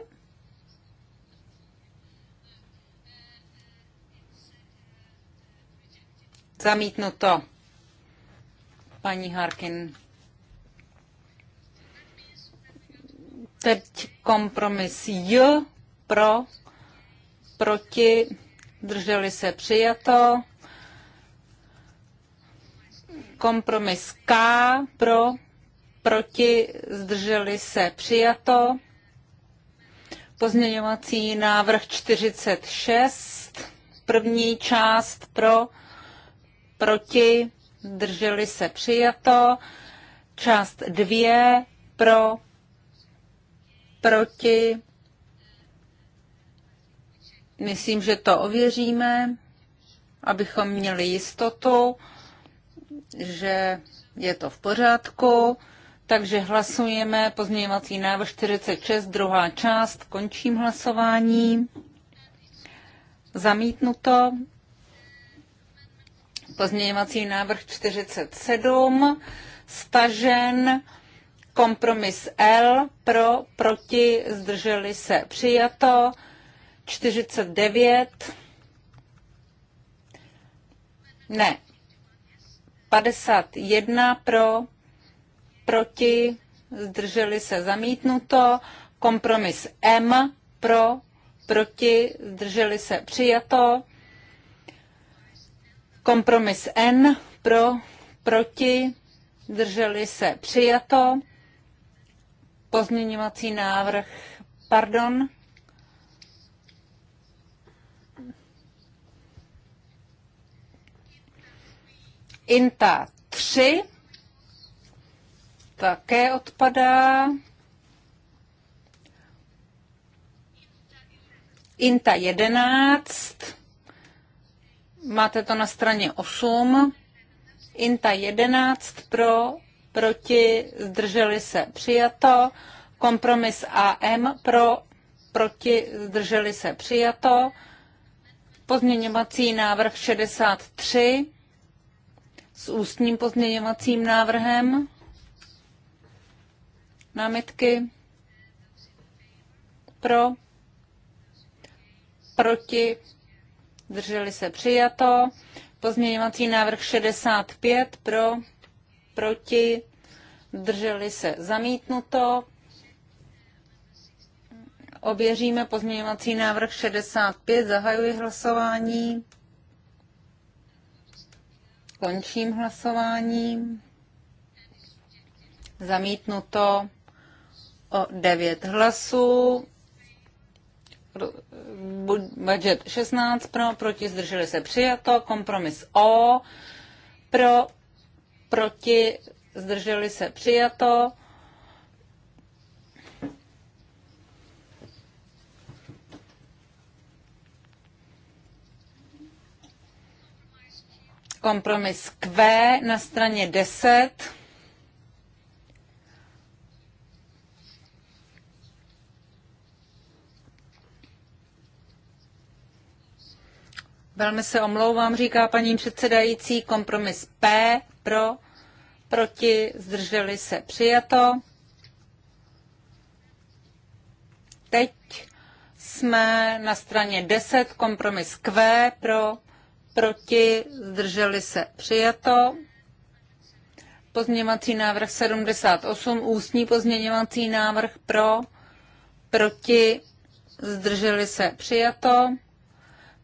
Zamítnuto. Paní Harkin. Teď kompromis J pro, proti, drželi se přijato. Kompromis K pro, proti, zdrželi se přijato. Pozměňovací návrh 46, první část pro, proti, drželi se přijato. Část dvě pro, proti. Myslím, že to ověříme, abychom měli jistotu, že je to v pořádku. Takže hlasujeme pozměňovací návrh 46, druhá část. Končím hlasování. Zamítnuto. Pozměňovací návrh 47, stažen, kompromis L, pro, proti, zdrželi se, přijato, 49, ne, 51 pro, proti, zdrželi se, zamítnuto, kompromis M, pro, proti, zdrželi se, přijato, Kompromis N pro, proti, drželi se přijato. Pozměňovací návrh, pardon, Inta 3 také odpadá. Inta 11 Máte to na straně 8. Inta 11 pro, proti, zdrželi se přijato. Kompromis AM pro, proti, zdrželi se přijato. Pozměňovací návrh 63 s ústním pozměňovacím návrhem. Námitky pro, proti, zdrželi se přijato. Pozměňovací návrh 65 pro, proti, zdrželi se zamítnuto. Ověříme pozměňovací návrh 65, zahajuji hlasování. Končím hlasování. Zamítnuto o 9 hlasů budget 16 pro, proti zdrželi se přijato, kompromis O, pro, proti zdrželi se přijato, kompromis Q na straně 10, Velmi se omlouvám, říká paní předsedající. Kompromis P pro, proti, zdrželi se přijato. Teď jsme na straně 10, kompromis Q pro, proti, zdrželi se přijato. Pozměňovací návrh 78, ústní pozměňovací návrh pro, proti, zdrželi se přijato.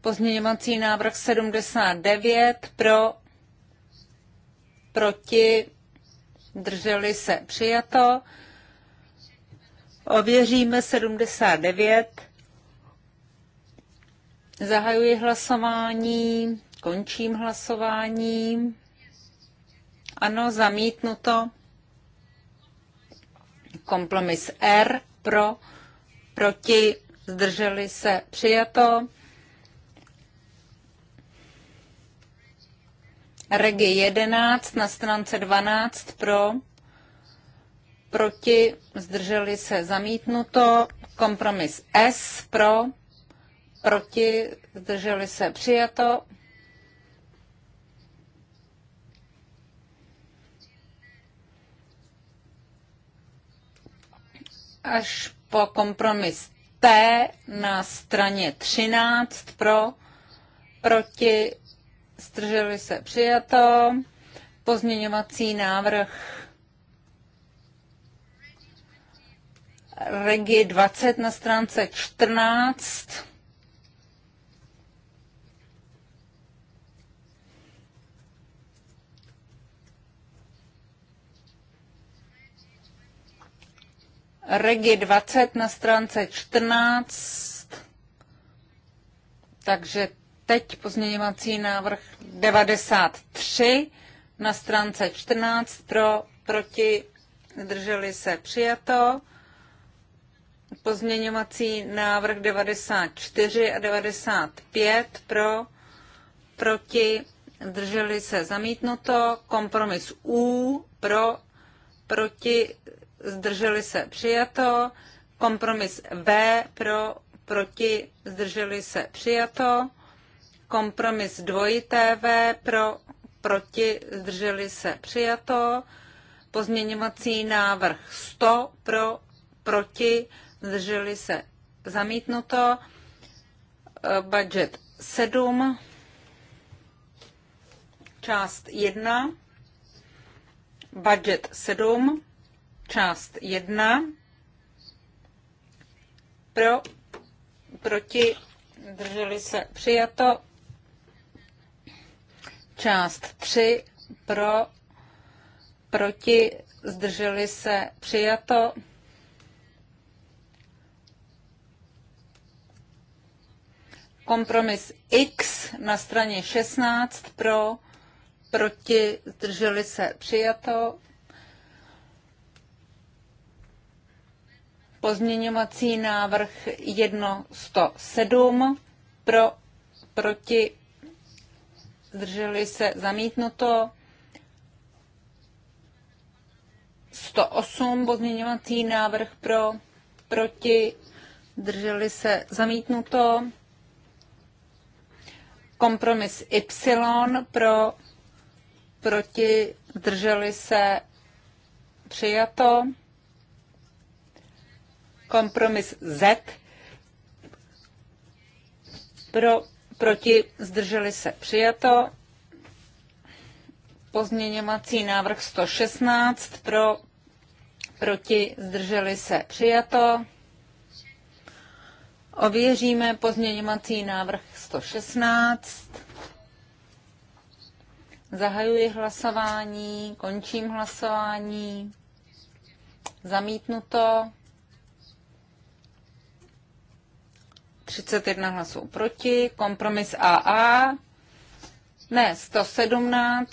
Pozměňovací návrh 79 pro, proti, drželi se přijato. Ověříme 79. Zahajuji hlasování, končím hlasování. Ano, zamítnuto. Kompromis R pro, proti, zdrželi se přijato. Regi 11 na stránce 12 pro, proti, zdrželi se zamítnuto, kompromis S pro, proti, zdrželi se přijato. Až po kompromis T na straně 13 pro, proti, zdrželi se přijato. Pozměňovací návrh Regi 20 na stránce 14. Regi 20 na stránce 14. Takže Teď pozměňovací návrh 93 na stránce 14 pro, proti, drželi se přijato. Pozměňovací návrh 94 a 95 pro, proti, drželi se zamítnuto. Kompromis U pro, proti, zdrželi se přijato. Kompromis V pro, proti, zdrželi se přijato. Kompromis dvojité V pro, proti, zdrželi se přijato. Pozměňovací návrh 100 pro, proti, zdrželi se zamítnuto. E, budget 7, část 1, budget 7, část 1, pro, proti, drželi se přijato, Část 3 pro, proti, zdrželi se, přijato. Kompromis X na straně 16 pro, proti, zdrželi se, přijato. Pozměňovací návrh 107 pro, proti, zdrželi se, zamítnuto. 108 pozměňovací návrh pro, proti, zdrželi se, zamítnuto. Kompromis Y pro, proti, zdrželi se, přijato. Kompromis Z pro, proti, zdrželi se přijato. Pozměňovací návrh 116 pro, proti, zdrželi se přijato. Ověříme pozměňovací návrh 116. Zahajuji hlasování, končím hlasování. Zamítnuto. 31 hlasů proti, kompromis AA, ne, 117,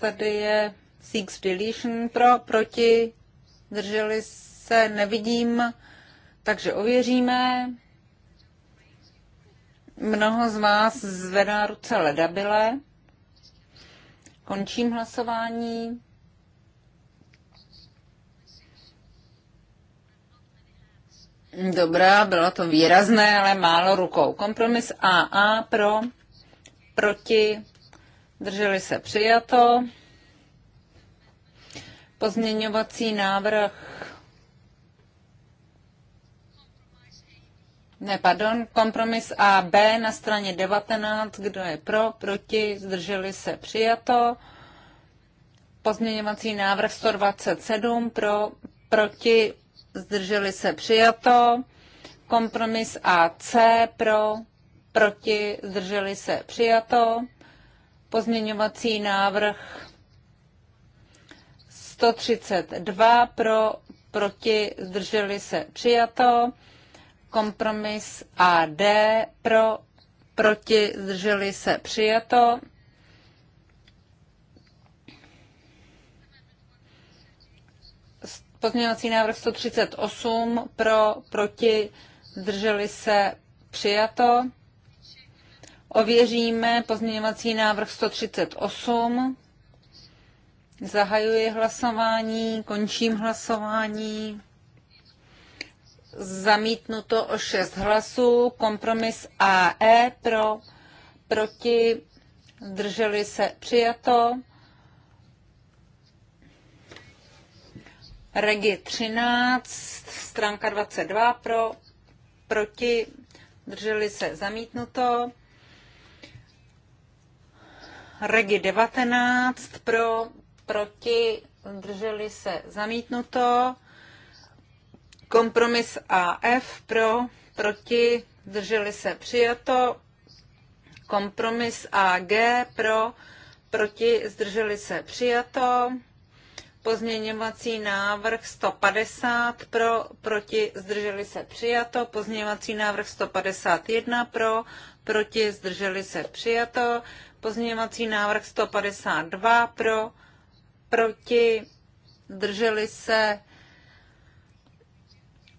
tady je six deletion pro, proti, drželi se, nevidím, takže ověříme. Mnoho z vás zvedá ruce ledabile. Končím hlasování. Dobrá, bylo to výrazné, ale málo rukou. Kompromis AA pro, proti, drželi se přijato. Pozměňovací návrh Ne, pardon, kompromis A B na straně 19, kdo je pro, proti, zdrželi se, přijato. Pozměňovací návrh 127 pro, proti, zdrželi se přijato, kompromis AC pro, proti, zdrželi se přijato, pozměňovací návrh 132 pro, proti, zdrželi se přijato, kompromis AD pro, proti, zdrželi se přijato, Pozměňovací návrh 138 pro, proti, zdrželi se, přijato. Ověříme pozměňovací návrh 138. Zahajuji hlasování, končím hlasování. Zamítnuto o 6 hlasů. Kompromis AE pro, proti, zdrželi se, přijato. Regi 13, stránka 22 pro, proti, drželi se zamítnuto. Regi 19 pro, proti, drželi se zamítnuto. Kompromis AF pro, proti, drželi se přijato. Kompromis AG pro, proti, zdrželi se přijato. Pozměňovací návrh 150 pro, proti, zdrželi se přijato. Pozměňovací návrh 151 pro, proti, zdrželi se přijato. Pozměňovací návrh 152 pro, proti, zdrželi se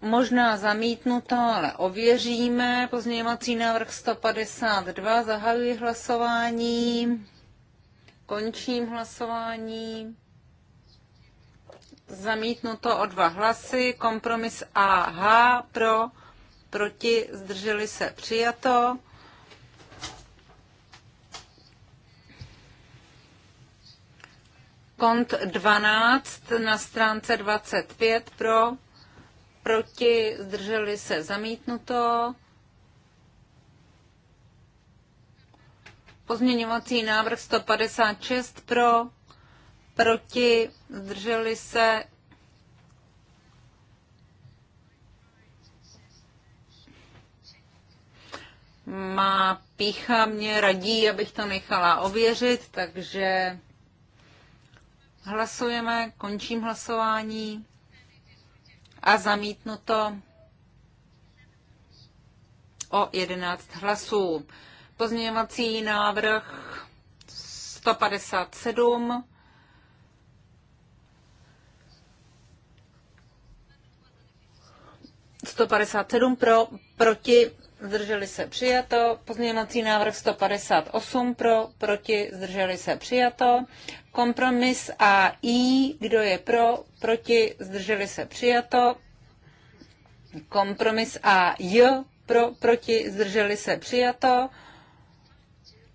možná zamítnuto, ale ověříme. Pozměňovací návrh 152, zahajuji hlasování, končím hlasování zamítnuto o dva hlasy, kompromis AH pro, proti, zdrželi se přijato. Kont 12 na stránce 25 pro, proti, zdrželi se zamítnuto. Pozměňovací návrh 156 pro, proti, zdrželi se. Má pícha mě radí, abych to nechala ověřit, takže hlasujeme, končím hlasování a to o 11 hlasů. Pozměňovací návrh 157 157 pro, proti, zdrželi se přijato. Pozměňovací návrh 158 pro, proti, zdrželi se přijato. Kompromis A I, kdo je pro, proti, zdrželi se přijato. Kompromis A J, pro, proti, zdrželi se přijato.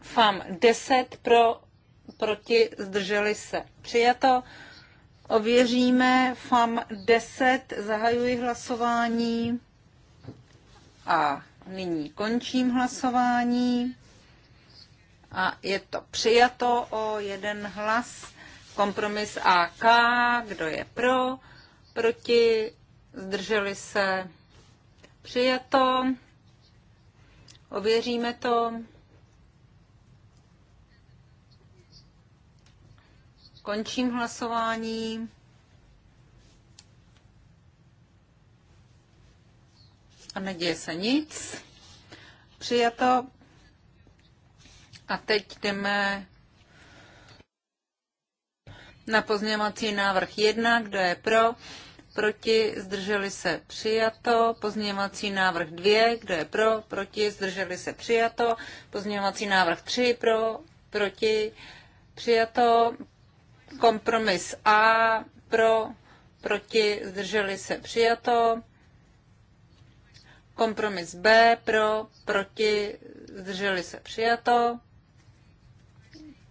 FAM 10 pro, proti, zdrželi se přijato. Ověříme FAM 10, zahajuji hlasování a nyní končím hlasování a je to přijato o jeden hlas. Kompromis AK, kdo je pro, proti, zdrželi se, přijato, ověříme to. Končím hlasování. A neděje se nic. Přijato. A teď jdeme na pozměňovací návrh 1. Kdo je pro? Proti? Zdrželi se? Přijato. Pozměňovací návrh 2. Kdo je pro? Proti? Zdrželi se? Přijato. Pozměňovací návrh 3. Pro? Proti? Přijato. Kompromis A pro, proti, zdrželi se přijato. Kompromis B pro, proti, zdrželi se přijato.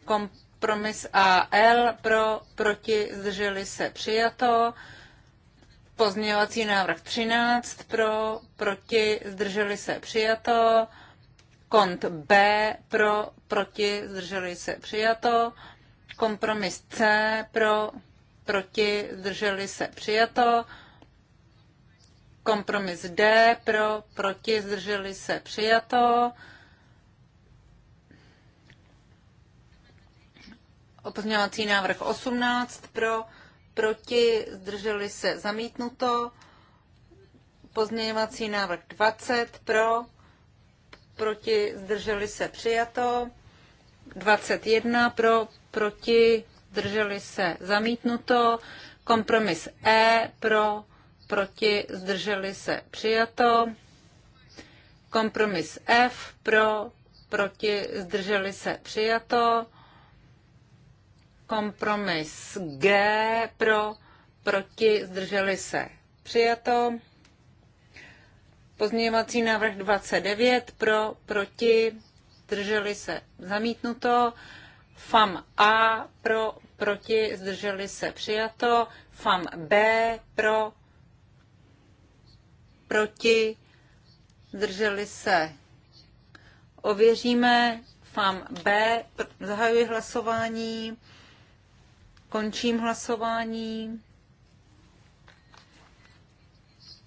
Kompromis AL pro, proti, zdrželi se přijato. Pozměňovací návrh 13 pro, proti, zdrželi se přijato. Kont B pro, proti, zdrželi se přijato. Kompromis C pro, proti, zdrželi se přijato. Kompromis D pro, proti, zdrželi se přijato. Pozměňovací návrh 18 pro, proti, zdrželi se zamítnuto. Pozměňovací návrh 20 pro, proti, zdrželi se přijato. 21 pro, proti, zdrželi se zamítnuto. Kompromis E pro, proti, zdrželi se přijato. Kompromis F pro, proti, zdrželi se přijato. Kompromis G pro, proti, zdrželi se přijato. Pozměňovací návrh 29 pro, proti, zdrželi se, zamítnuto. FAM A pro, proti, zdrželi se, přijato. FAM B pro, proti, zdrželi se. Ověříme FAM B, zahajuji hlasování, končím hlasování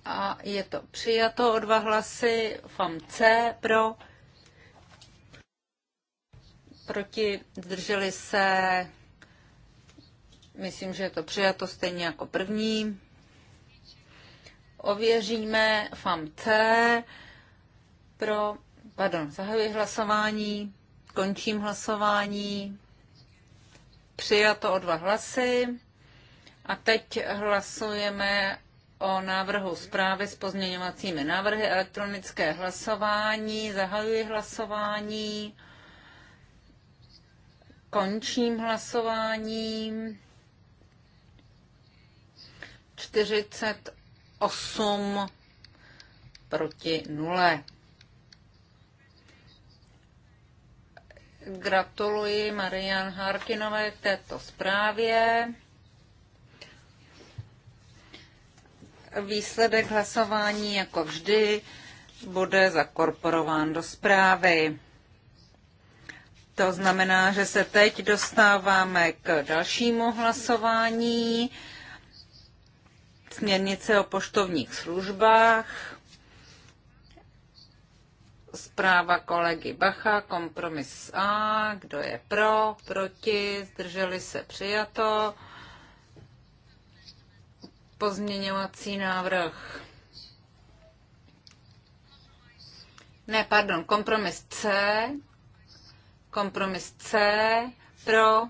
a je to přijato o dva hlasy, FAM C pro, proti, zdrželi se, myslím, že je to přijato stejně jako první. Ověříme FAM C pro, pardon, zahajuji hlasování, končím hlasování, přijato o dva hlasy. A teď hlasujeme o návrhu zprávy s pozměňovacími návrhy. Elektronické hlasování. Zahajuji hlasování. Končím hlasování. 48 proti 0. Gratuluji Marian Harkinové k této zprávě. Výsledek hlasování, jako vždy, bude zakorporován do zprávy. To znamená, že se teď dostáváme k dalšímu hlasování směrnice o poštovních službách, zpráva kolegy Bacha, kompromis A, kdo je pro, proti, zdrželi se přijato, pozměňovací návrh. Ne, pardon, kompromis C, Kompromis C pro,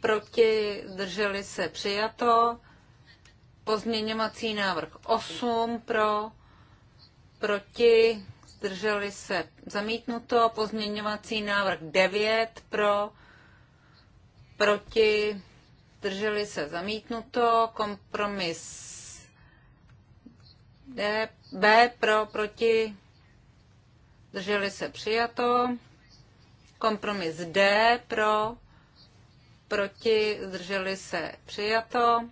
proti, drželi se přijato. Pozměňovací návrh 8 pro, proti, zdrželi se zamítnuto. Pozměňovací návrh 9 pro, proti, zdrželi se zamítnuto. Kompromis D, B pro, proti, zdrželi se přijato. Kompromis D pro, proti, zdrželi se přijato.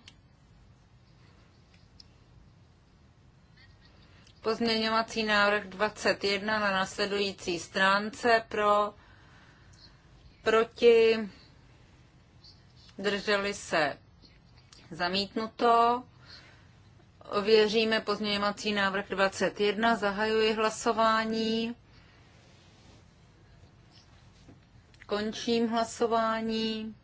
Pozměňovací návrh 21 na následující stránce pro, proti, zdrželi se zamítnuto. Ověříme pozměňovací návrh 21, zahajuji hlasování. Končím hlasování.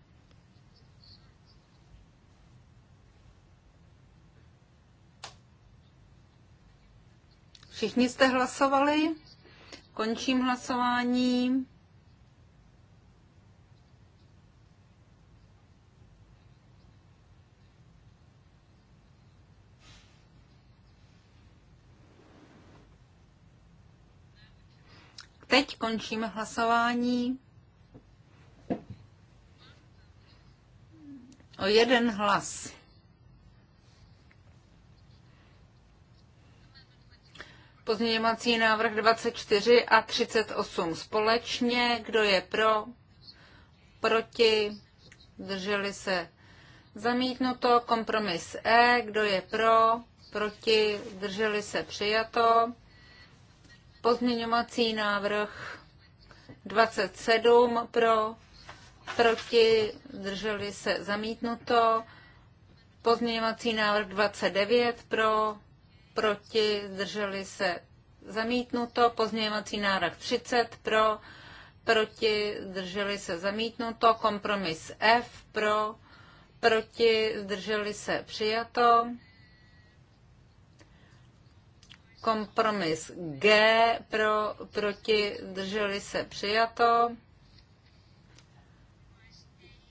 Všichni jste hlasovali? Končím hlasování. Teď končíme hlasování. O jeden hlas. Pozměňovací návrh 24 a 38 společně. Kdo je pro? Proti? Drželi se? Zamítnuto. Kompromis E. Kdo je pro? Proti? Drželi se? Přijato. Pozměňovací návrh 27 pro? proti, drželi se zamítnuto. Pozměňovací návrh 29 pro, proti, zdrželi se zamítnuto. Pozměňovací návrh 30 pro, proti, zdrželi se zamítnuto. Kompromis F pro, proti, zdrželi se přijato. Kompromis G pro, proti, zdrželi se přijato.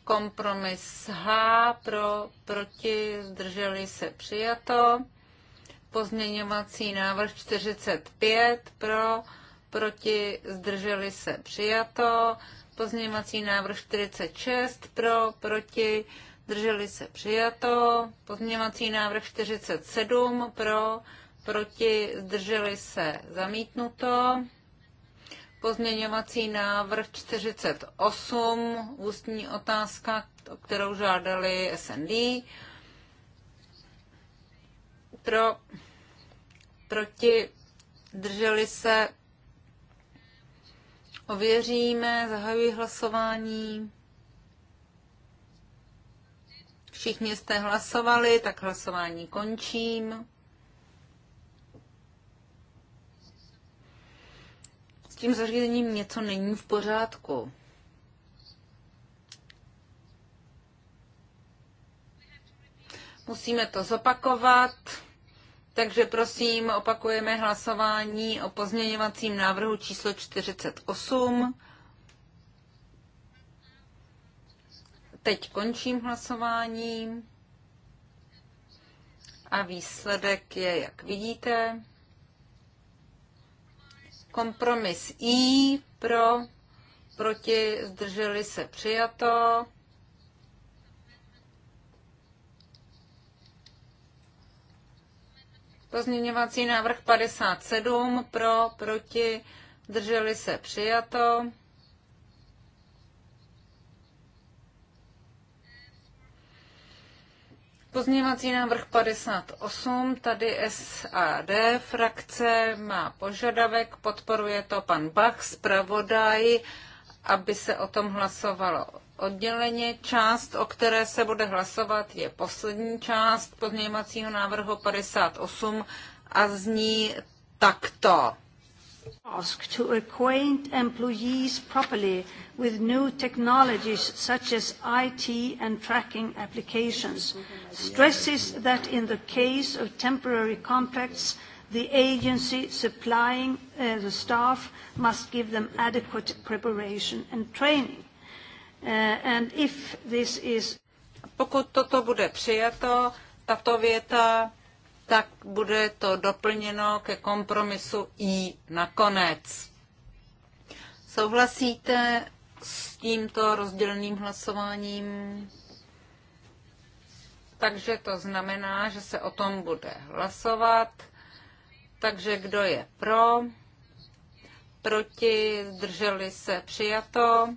Kompromis H pro, proti, zdrželi se přijato. Pozměňovací návrh 45 pro, proti, zdrželi se přijato. Pozměňovací návrh 46 pro, proti, zdrželi se přijato. Pozměňovací návrh 47 pro, proti, zdrželi se zamítnuto. Pozměňovací návrh 48, ústní otázka, kterou žádali SND. Pro, proti, drželi se, ověříme, zahajuji hlasování. Všichni jste hlasovali, tak hlasování končím. tím zařízením něco není v pořádku. Musíme to zopakovat, takže prosím, opakujeme hlasování o pozměňovacím návrhu číslo 48. Teď končím hlasování a výsledek je, jak vidíte. Kompromis I pro, proti, zdrželi se přijato. Pozměňovací návrh 57 pro, proti, zdrželi se přijato. Pozměňovací návrh 58, tady SAD frakce má požadavek, podporuje to pan Bach, zpravodaj, aby se o tom hlasovalo odděleně. Část, o které se bude hlasovat, je poslední část pozměňovacího návrhu 58 a zní takto. Ask to acquaint employees properly with new technologies such as IT and tracking applications. Stresses that in the case of temporary contracts, the agency supplying uh, the staff must give them adequate preparation and training. Uh, and if this is... Pokud toto bude přijato, tato věta tak bude to doplněno ke kompromisu I nakonec. Souhlasíte s tímto rozděleným hlasováním? Takže to znamená, že se o tom bude hlasovat. Takže kdo je pro? Proti? Zdrželi se? Přijato?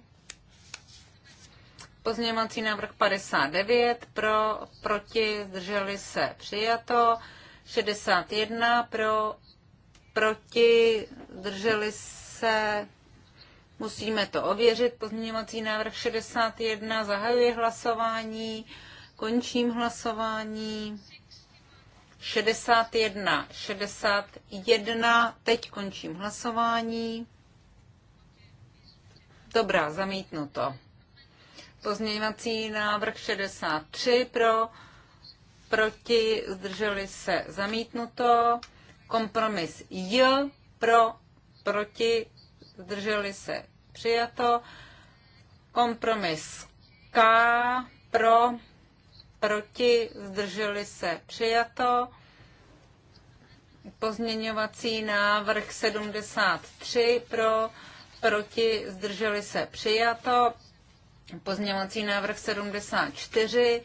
Pozměňovací návrh 59, pro, proti, zdrželi se, přijato. 61 pro, proti, drželi se, musíme to ověřit, pozměňovací návrh 61, zahajuje hlasování, končím hlasování, 61, 61, teď končím hlasování. Dobrá, zamítnuto. Pozměňovací návrh 63 pro, proti, zdrželi se zamítnuto, kompromis J, pro, proti, zdrželi se přijato, kompromis K, pro, proti, zdrželi se přijato, pozměňovací návrh 73 pro, proti, zdrželi se přijato, pozměňovací návrh 74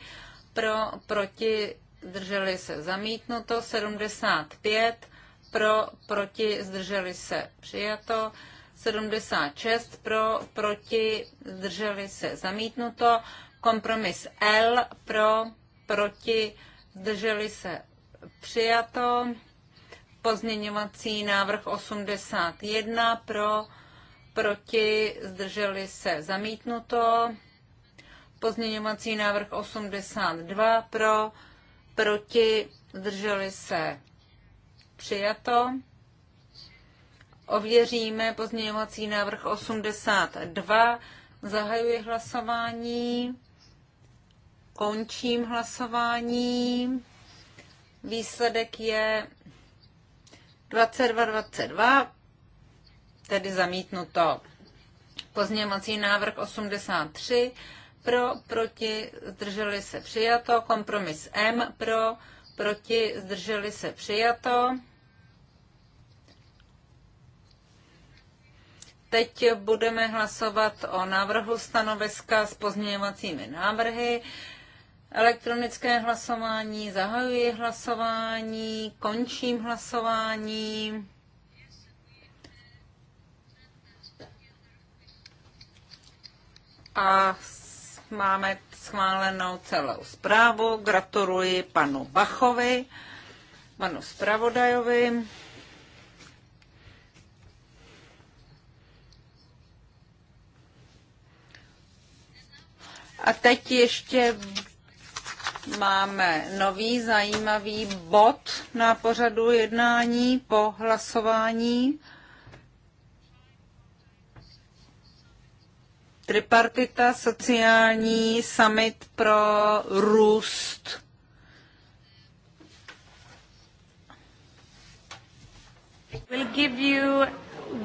pro, proti, zdrželi se zamítnuto, 75 pro, proti, zdrželi se přijato, 76 pro, proti, zdrželi se zamítnuto, kompromis L pro, proti, zdrželi se přijato, pozměňovací návrh 81 pro, proti, zdrželi se zamítnuto, Pozměňovací návrh 82 pro, proti, zdrželi se přijato. Ověříme pozměňovací návrh 82. Zahajuji hlasování. Končím hlasování. Výsledek je 22-22, tedy zamítnuto. Pozměňovací návrh 83 pro, proti, zdrželi se přijato. Kompromis M pro, proti, zdrželi se přijato. Teď budeme hlasovat o návrhu stanoviska s pozměňovacími návrhy. Elektronické hlasování, zahajuji hlasování, končím hlasování. A máme schválenou celou zprávu. Gratuluji panu Bachovi, panu zpravodajovi. A teď ještě máme nový zajímavý bod na pořadu jednání po hlasování. Tripartita, sociální summit pro růst. We'll give you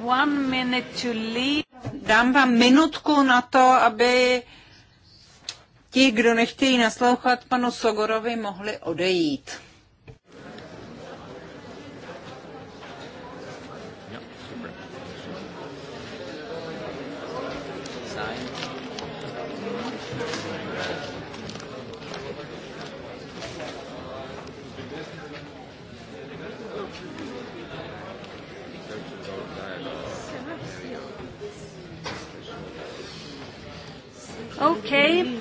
one minute to leave. Dám vám minutku na to, aby ti, kdo nechtějí naslouchat panu Sogorovi, mohli odejít.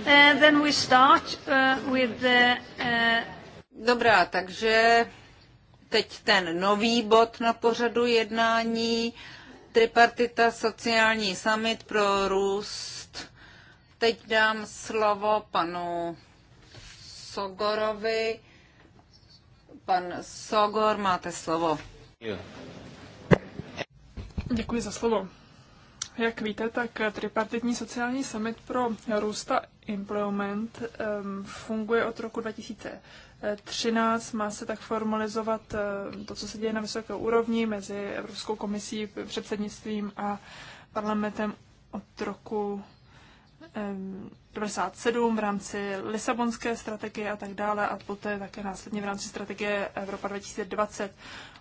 Uh, uh, uh, Dobrá, takže teď ten nový bod na pořadu jednání, tripartita sociální summit pro růst. Teď dám slovo panu Sogorovi. Pan Sogor, máte slovo. Děkuji za slovo. Jak víte, tak tripartitní sociální summit pro růsta Employment funguje od roku 2013. Má se tak formalizovat to, co se děje na vysoké úrovni mezi Evropskou komisí, předsednictvím a parlamentem od roku 2007 v rámci Lisabonské strategie a tak dále a poté také následně v rámci strategie Evropa 2020.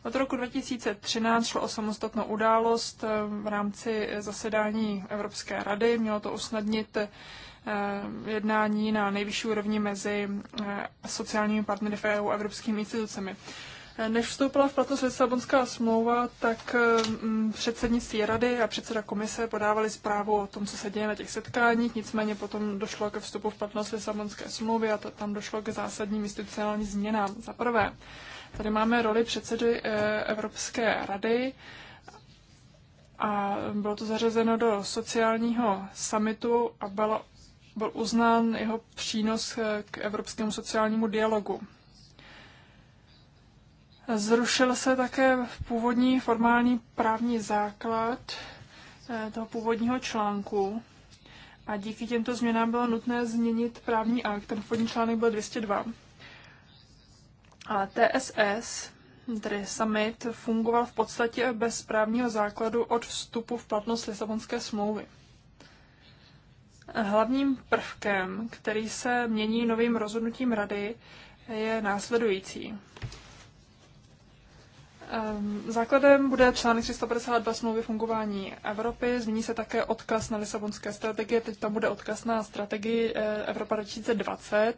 Od roku 2013 šlo o samostatnou událost v rámci zasedání Evropské rady. Mělo to usnadnit Eh, jednání na nejvyšší úrovni mezi eh, sociálními partnery v EU a evropskými institucemi. Eh, než vstoupila v platnost Lisabonská smlouva, tak předsednictví rady a předseda komise podávali zprávu o tom, co se děje na těch setkáních, nicméně potom došlo ke vstupu v platnost Lisabonské smlouvy a tam došlo k zásadním institucionálním změnám. Za prvé, tady máme roli předsedy Evropské rady a bylo to zařazeno do sociálního summitu a bylo byl uznán jeho přínos eh, k evropskému sociálnímu dialogu. Zrušil se také původní formální právní základ eh, toho původního článku a díky těmto změnám bylo nutné změnit právní akt. Ten původní článek byl 202. A TSS, tedy summit, fungoval v podstatě bez právního základu od vstupu v platnost Lisabonské smlouvy. Hlavním prvkem, který se mění novým rozhodnutím rady, je následující. Ehm, základem bude článek 352 smlouvy fungování Evropy. Změní se také odkaz na Lisabonské strategie. Teď tam bude odkaz na strategii eh, Evropa 2020.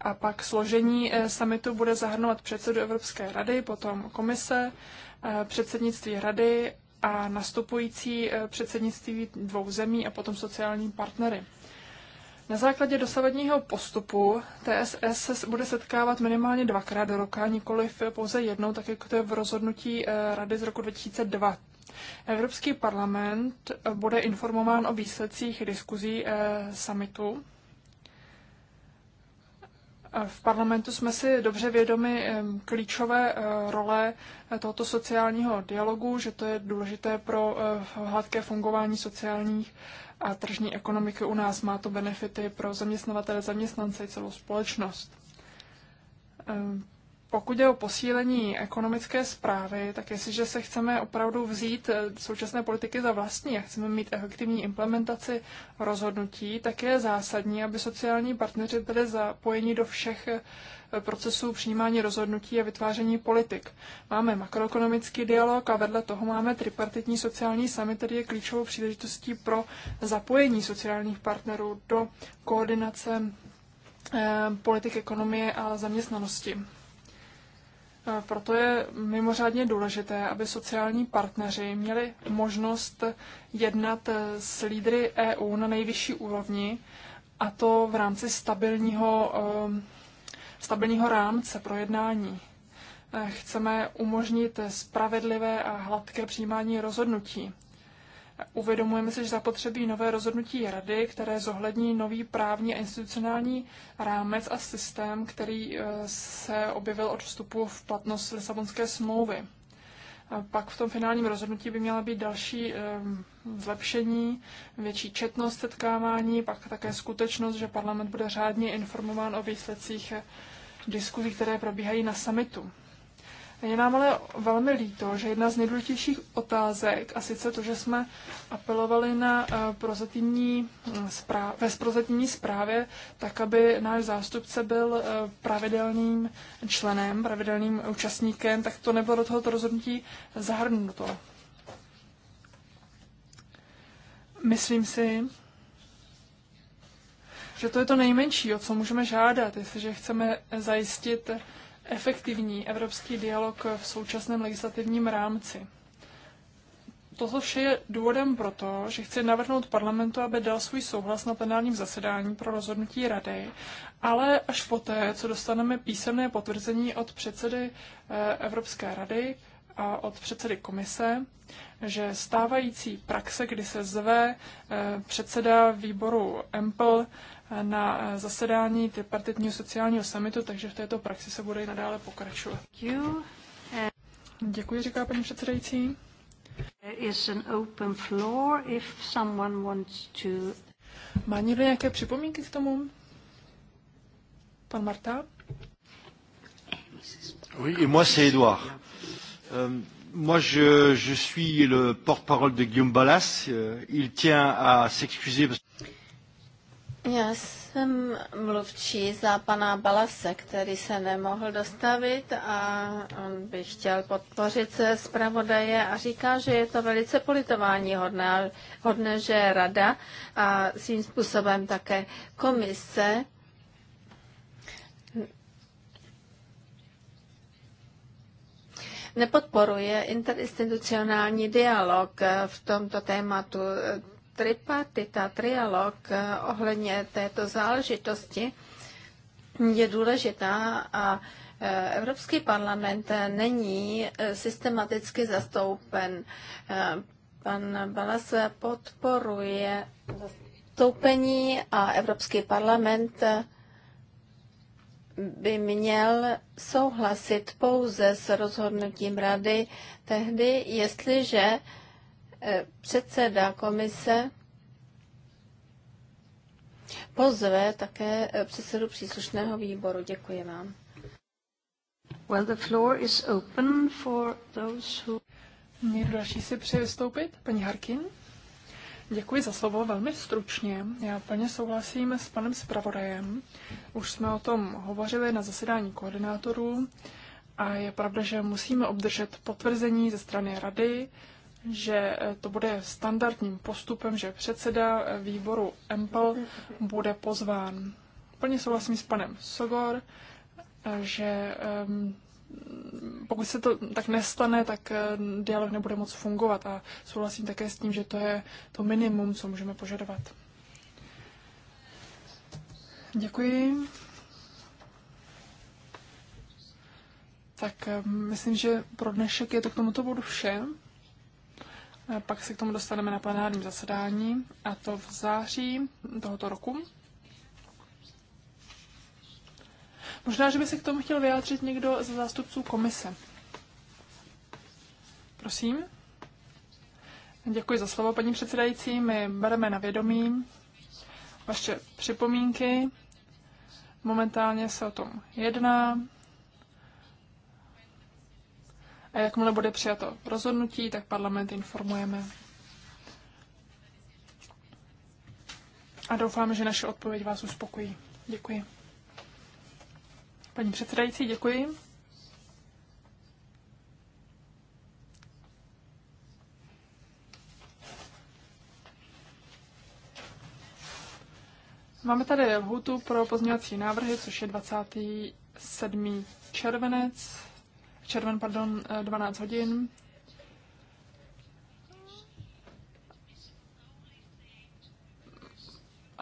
A pak složení eh, summitu bude zahrnovat předsedu Evropské rady, potom komise, eh, předsednictví rady a nastupující eh, předsednictví dvou zemí a potom sociální partnery. Na základě dosavadního postupu TSS se bude setkávat minimálně dvakrát do roka, nikoli pouze jednou, tak jako to je v rozhodnutí eh, Rady z roku 2002. Evropský parlament eh, bude informován o výsledcích diskuzí summitu v parlamentu jsme si dobře vědomi klíčové eh, role eh, tohoto sociálního dialogu, že to je důležité pro eh, hladké fungování sociálních a tržní ekonomiky u nás. Má to benefity pro zaměstnavatele, zaměstnance i celou společnost pokud je o posílení ekonomické zprávy, tak jestliže se chceme opravdu vzít eh, současné politiky za vlastní a chceme mít efektivní implementaci rozhodnutí, tak je zásadní, aby sociální partneři byli zapojeni do všech eh, procesů přijímání rozhodnutí a vytváření politik. Máme makroekonomický dialog a vedle toho máme tripartitní sociální summit, který je klíčovou příležitostí pro zapojení sociálních partnerů do koordinace eh, politik ekonomie a zaměstnanosti. Proto je mimořádně důležité, aby sociální partneři měli možnost jednat eh, s lídry EU na nejvyšší úrovni, a to v rámci stabilního, ehm, stabilního rámce pro jednání. Eh, chceme umožnit spravedlivé a hladké přijímání rozhodnutí. Uvědomujeme si, že zapotřebí nové rozhodnutí rady, které zohlední nový právní a institucionální rámec a systém, který eh, se objevil od vstupu v platnost Lisabonské smlouvy. Pak v tom finálním rozhodnutí by měla být další eh, zlepšení, větší četnost setkávání, pak také skutečnost, že parlament bude řádně informován o výsledcích eh, diskuzí, které probíhají na summitu. Je nám ale velmi líto, že jedna z nejdůležitějších otázek, a sice to, že jsme apelovali na eh, prozatímní zpráv, hm, ve prozatímní zprávě, tak aby náš zástupce byl eh, pravidelným členem, pravidelným účastníkem, tak to nebylo do tohoto rozhodnutí zahrnuto. Myslím si, že to je to nejmenší, o co můžeme žádat, jestliže chceme zajistit efektivní evropský dialog v současném legislativním rámci. Toto vše je důvodem proto, že chci navrhnout parlamentu, aby dal svůj souhlas na plenárním zasedání pro rozhodnutí rady, ale až poté, co dostaneme písemné potvrzení od předsedy eh, Evropské rady a od předsedy komise, že stávající praxe, kdy se zve eh, předseda výboru EMPL na eh, zasedání tripartitního sociálního samitu, takže v této praxi se bude i nadále pokračovat. Eh, Děkuji, říká paní předsedající. Má někdo nějaké připomínky k tomu? Pan Marta? Oui, et moi c'est Edouard. Euh, moi je, je suis le porte-parole de Guillaume Ballas. Euh, il tient à s'excuser parce já jsem mluvčí za pana Balase, který se nemohl dostavit a on by chtěl podpořit se zpravodaje a říká, že je to velice politování hodné, hodné že rada a svým způsobem také komise nepodporuje interinstitucionální dialog v tomto tématu tripartita, trialog eh, ohledně této záležitosti je důležitá a eh, Evropský parlament není eh, systematicky zastoupen. Pan Balas podporuje zastoupení a Evropský parlament by měl souhlasit pouze s rozhodnutím rady tehdy, jestliže Eh, předseda komise pozve také eh, předsedu příslušného výboru. Děkuji vám. Well, the floor is open for those who... Někdo další si přeje vystoupit? Paní Harkin? Děkuji za slovo, velmi stručně. Já plně souhlasím s panem zpravodajem. Už jsme o tom hovořili na zasedání koordinátorů a je pravda, že musíme obdržet potvrzení ze strany rady že eh, to bude standardním postupem, že předseda eh, výboru EMPL bude pozván. Plně souhlasím s panem Sogor, eh, že ehm, pokud se to tak nestane, tak dialog nebude moc fungovat a souhlasím také s tím, že to je to minimum, co můžeme požadovat. Děkuji. Tak ehm, myslím, že pro dnešek je to k tomuto bodu vše. Pak se k tomu dostaneme na plenárním zasedání, a to v září tohoto roku. Možná, že by se k tomu chtěl vyjádřit někdo ze zástupců komise. Prosím. Děkuji za slovo, paní předsedající. My bereme na vědomí vaše připomínky. Momentálně se o tom jedná. A jakmile bude přijato rozhodnutí, tak parlament informujeme. A doufáme, že naše odpověď vás uspokojí. Děkuji. Paní předsedající, děkuji. Máme tady lhutu pro pozměňovací návrhy, což je 27. červenec červen, pardon, 12 eh, hodin.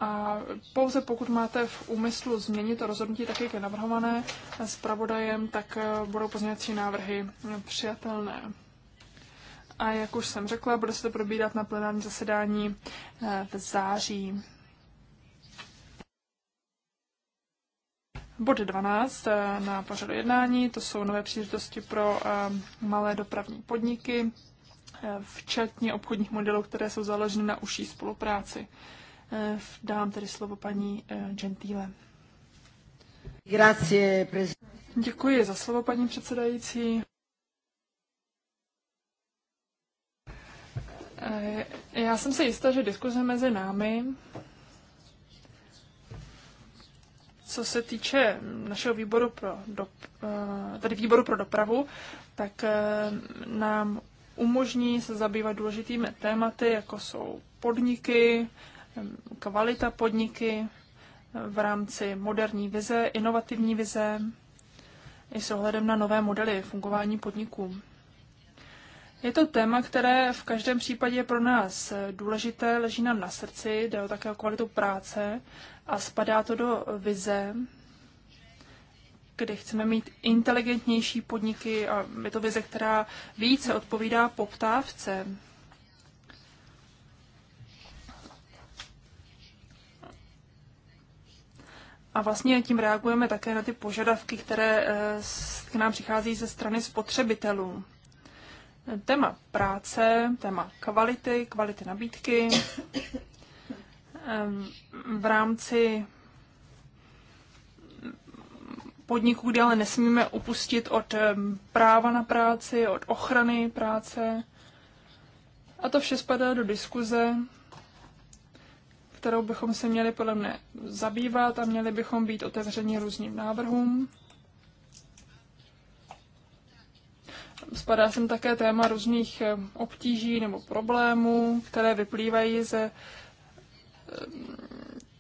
A pouze pokud máte v úmyslu změnit to rozhodnutí tak, jak je navrhované eh, s pravodajem, tak eh, budou pozměňovací návrhy přijatelné. A jak už jsem řekla, bude se to probírat na plenární zasedání v září. Bod 12 eh, na pořadu jednání, to jsou nové příležitosti pro eh, malé dopravní podniky, eh, včetně obchodních modelů, které jsou založeny na užší spolupráci. Dám tedy slovo paní Gentile. Děkuji za slovo, paní předsedající. Já jsem si jistá, že diskuze mezi námi co se týče našeho výboru pro, do, eh, tedy výboru pro dopravu, tak eh, nám umožní se zabývat důležitými tématy, jako jsou podniky, kvalita podniky eh, v rámci moderní vize, inovativní vize i s ohledem na nové modely fungování podniků. Je to téma, které v každém případě je pro nás důležité, leží nám na srdci, jde o také o kvalitu práce a spadá to do vize, kdy chceme mít inteligentnější podniky a je to vize, která více odpovídá poptávce. A vlastně tím reagujeme také na ty požadavky, které eh, k nám přichází ze strany spotřebitelů. Téma práce, téma kvality, kvality nabídky v rámci podniků, kde ale nesmíme upustit od práva na práci, od ochrany práce. A to vše spadá do diskuze, kterou bychom se měli podle mne zabývat a měli bychom být otevřeni různým návrhům. spadá sem také téma různých eh, obtíží nebo problémů, které vyplývají ze eh,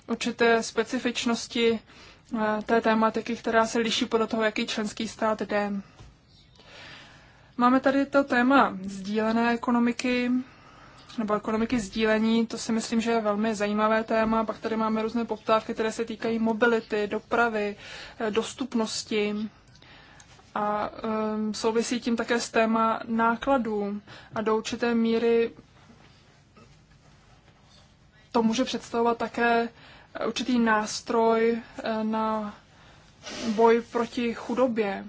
určité specifičnosti eh, té tématiky, která se liší podle toho, jaký členský stát jde. Máme tady to téma sdílené ekonomiky, nebo ekonomiky sdílení, to si myslím, že je velmi zajímavé téma. Pak tady máme různé poptávky, které se týkají mobility, dopravy, dostupnosti. A um, souvisí tím také s téma nákladů. A do určité míry to může představovat také určitý nástroj eh, na boj proti chudobě.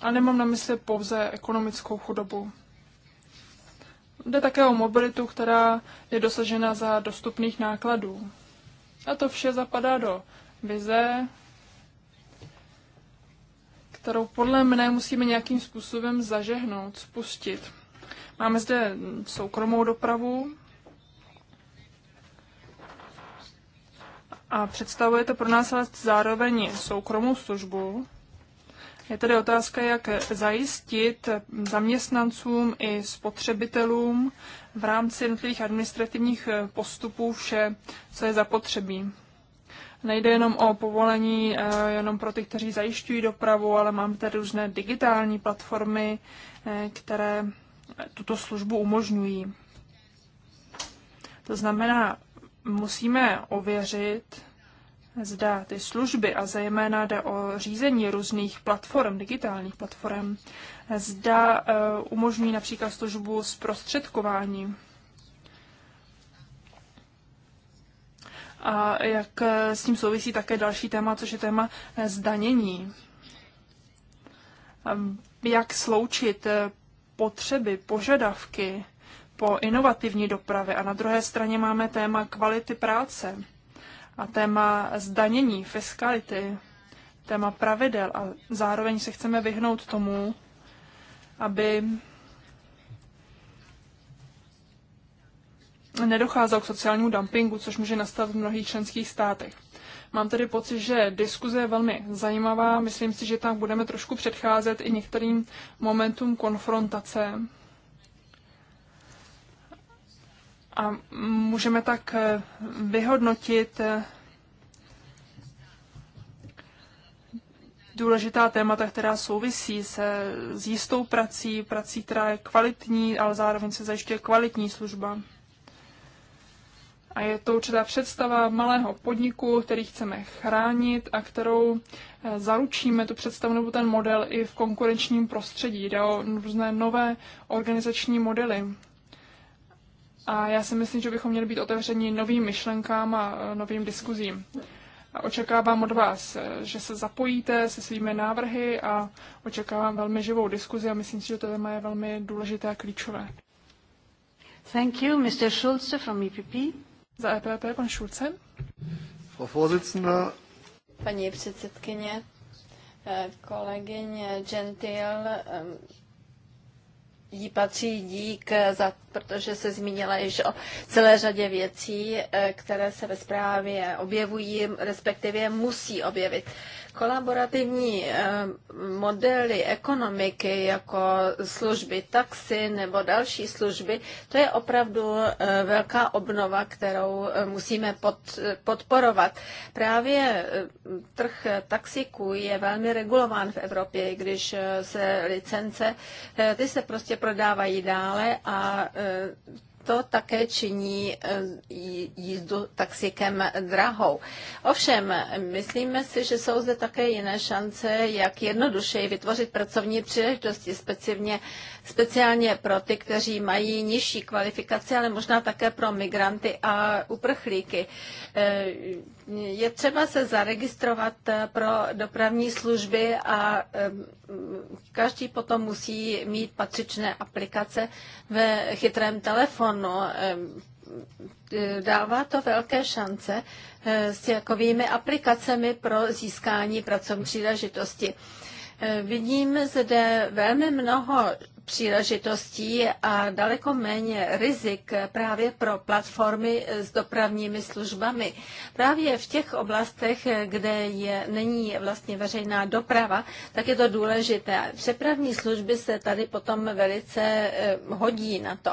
A nemám na mysli pouze ekonomickou chudobu. Jde také o mobilitu, která je dosažena za dostupných nákladů. A to vše zapadá do vize kterou podle mne musíme nějakým způsobem zažehnout, spustit. Máme zde soukromou dopravu a představuje to pro nás ale zároveň soukromou službu. Je tedy otázka, jak zajistit zaměstnancům i spotřebitelům v rámci jednotlivých administrativních postupů vše, co je zapotřebí nejde jenom o povolení eh, jenom pro ty, kteří zajišťují dopravu, ale mám tady různé digitální platformy, eh, které tuto službu umožňují. To znamená, musíme ověřit, zda ty služby, a zejména jde o řízení různých platform, digitálních platform, zda eh, umožňují například službu zprostředkování. a jak eh, s tím souvisí také další téma, což je téma eh, zdanění. Jak sloučit eh, potřeby, požadavky po inovativní dopravě a na druhé straně máme téma kvality práce a téma zdanění, fiskality, téma pravidel a zároveň se chceme vyhnout tomu, aby nedocházelo k sociálnímu dumpingu, což může nastat v mnohých členských státech. Mám tedy pocit, že diskuze je velmi zajímavá. Myslím si, že tam budeme trošku předcházet i některým momentům konfrontace. A můžeme tak eh, vyhodnotit eh, důležitá témata, která souvisí se s jistou prací, prací, která je kvalitní, ale zároveň se zajišťuje kvalitní služba. A je to určitá představa malého podniku, který chceme chránit a kterou eh, zaručíme tu představu nebo ten model i v konkurenčním prostředí. Jde o různé nové organizační modely. A já si myslím, že bychom měli být otevřeni novým myšlenkám a eh, novým diskuzím. A očekávám od vás, eh, že se zapojíte se svými návrhy a očekávám velmi živou diskuzi a myslím si, že to téma je velmi důležité a klíčové. Thank you, Mr. Schulze from EPP. Za EPP pan Šulce. Paní předsedkyně, eh, kolegyně Gentil, eh, jí patří dík, za, protože se zmínila již o celé řadě věcí, eh, které se ve zprávě objevují, respektive musí objevit. Kolaborativní eh, modely ekonomiky jako služby taxi nebo další služby, to je opravdu eh, velká obnova, kterou eh, musíme pod, podporovat. Právě trh taxiků je velmi regulován v Evropě, když se licence, ty se prostě prodávají dále a to také činí eh, jízdu taxikem drahou. Ovšem, myslíme si, že jsou zde také jiné šance, jak jednodušeji vytvořit pracovní příležitosti, speciálně speciálně pro ty, kteří mají nižší kvalifikaci, ale možná také pro migranty a uprchlíky. Eh, je třeba se zaregistrovat eh, pro dopravní služby a každý potom musí mít patřičné aplikace ve chytrém telefonu eh, dává to velké šance s jakovými aplikacemi pro získání pracovní příležitosti. Vidím zde velmi mnoho příležitostí a daleko méně rizik právě pro platformy s dopravními službami. Právě v těch oblastech, kde je, není vlastně veřejná doprava, tak je to důležité. Přepravní služby se tady potom velice eh, hodí na to.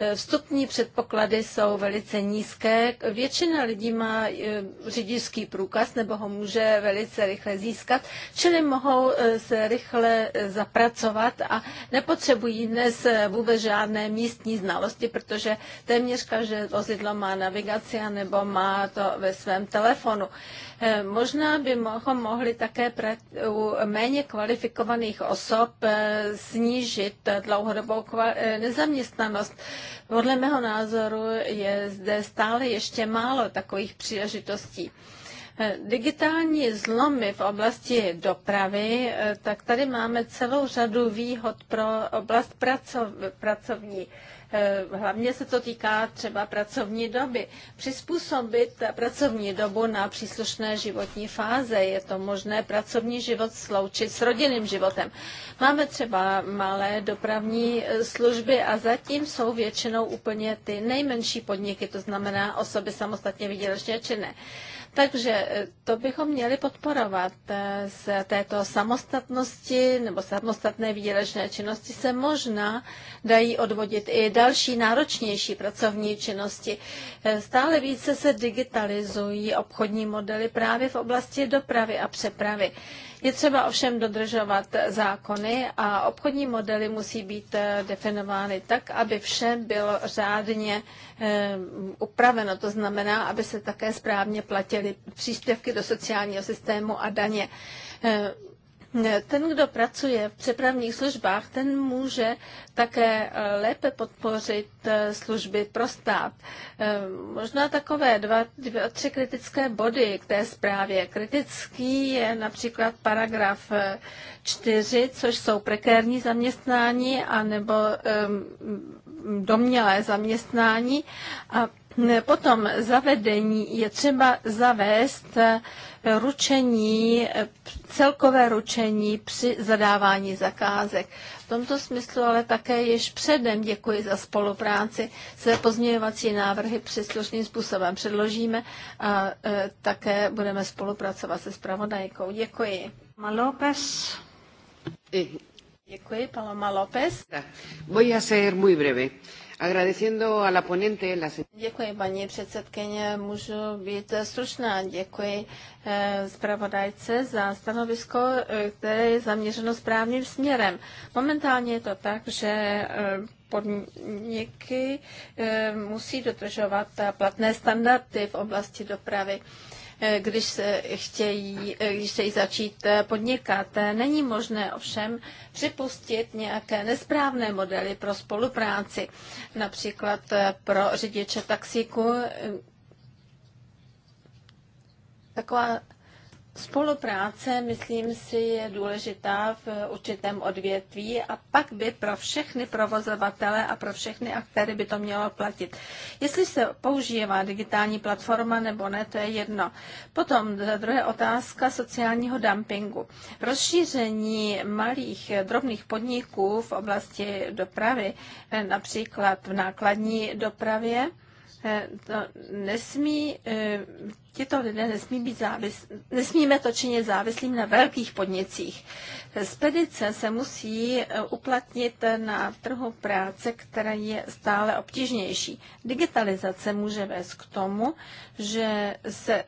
Eh, vstupní předpoklady jsou velice nízké. Většina lidí má eh, řidičský průkaz nebo ho může velice rychle získat, čili mohou se rychle zapracovat a nepotřebují nepotřebují dnes eh, vůbec žádné místní znalosti, protože téměř každé vozidlo má navigaci nebo má to ve svém telefonu. Eh, možná by mohli také u méně kvalifikovaných osob eh, snížit dlouhodobou nezaměstnanost. Podle mého názoru je zde stále ještě málo takových příležitostí. Digitální zlomy v oblasti dopravy, eh, tak tady máme celou řadu výhod pro oblast pracov, pracovní. Eh, hlavně se to týká třeba pracovní doby. Přizpůsobit pracovní dobu na příslušné životní fáze. Je to možné pracovní život sloučit s rodinným životem. Máme třeba malé dopravní eh, služby a zatím jsou většinou úplně ty nejmenší podniky, to znamená osoby samostatně vydělečně činné. Takže eh, to bychom měli podporovat. Eh, z této samostatnosti nebo samostatné výdělečné činnosti se možná dají odvodit i další náročnější pracovní činnosti. Eh, stále více se digitalizují obchodní modely právě v oblasti dopravy a přepravy. Je třeba ovšem dodržovat zákony a obchodní modely musí být eh, definovány tak, aby vše bylo řádně eh, upraveno. To znamená, aby se také správně platily příspěvky do sociálního systému a daně eh, ten, kdo pracuje v přepravních službách, ten může také eh, lépe podpořit eh, služby pro stát. Eh, možná takové dva, dvě, tři kritické body k té zprávě. Kritický je například paragraf 4, což jsou prekérní zaměstnání anebo um, ehm, domělé zaměstnání. A Potom zavedení je třeba zavést eh, ručení, eh, celkové ručení při zadávání zakázek. V tomto smyslu ale také již předem děkuji za spolupráci. Své pozměňovací návrhy příslušným způsobem předložíme a eh, také budeme spolupracovat se spravodajkou. Děkuji. Malopes. Děkuji, Paloma López. Voy a ser muy breve. Agradeciendo a la ponente, la Děkuji, paní předsedkyně. Můžu být stručná. Děkuji eh, zpravodajce za stanovisko, eh, které je zaměřeno správným směrem. Momentálně je to tak, že eh, podniky musí dodržovat platné standardy v oblasti dopravy. Eh, když se chtějí, eh, když chtějí začít eh, podnikat. Není možné ovšem připustit nějaké nesprávné modely pro spolupráci, například pro řidiče taxíku. Taková Spolupráce, myslím si, je důležitá v určitém odvětví a pak by pro všechny provozovatele a pro všechny aktéry by to mělo platit. Jestli se používá digitální platforma nebo ne, to je jedno. Potom druhá otázka sociálního dumpingu. Rozšíření malých drobných podniků v oblasti dopravy, například v nákladní dopravě, Eh, to nesmí, eh, tyto lidé nesmí být závis, nesmíme to činit závislým na velkých podnicích. Spedice se musí eh, uplatnit na trhu práce, která je stále obtížnější. Digitalizace může vést k tomu, že se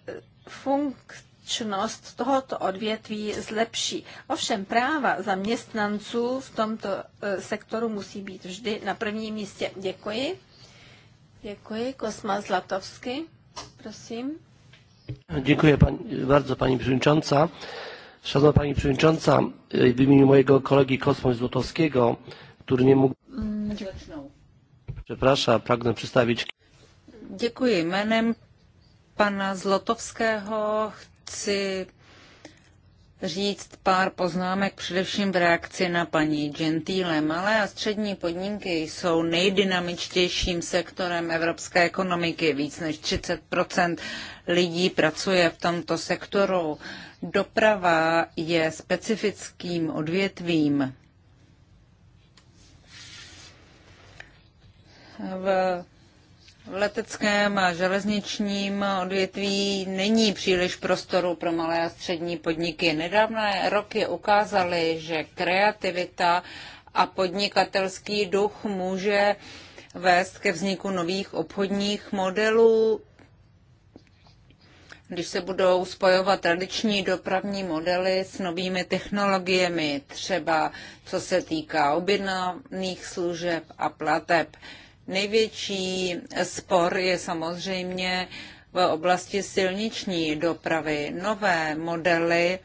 funkčnost tohoto odvětví zlepší. Ovšem práva zaměstnanců v tomto sektoru musí být vždy na prvním místě. Děkuji. Děkuji. Kosma Zlatovsky, prosím. Dziękuję pan, bardzo Pani Przewodnicząca. Szanowna Pani Przewodnicząca, w imieniu mojego kolegi Kosmo Złotowskiego, który nie mógł... Mm, Przepraszam, pragnę przedstawić... Děkuji. menem pana Złotowskiego chcę říct pár poznámek především v reakci na paní Gentile. Malé a střední podniky jsou nejdynamičtějším sektorem evropské ekonomiky. Víc než 30 lidí pracuje v tomto sektoru. Doprava je specifickým odvětvím. V v leteckém a železničním odvětví není příliš prostoru pro malé a střední podniky. Nedávné roky ukázaly, že kreativita a podnikatelský duch může vést ke vzniku nových obchodních modelů, když se budou spojovat tradiční dopravní modely s novými technologiemi, třeba co se týká objednaných služeb a plateb. Největší spor je samozřejmě v oblasti silniční dopravy. Nové modely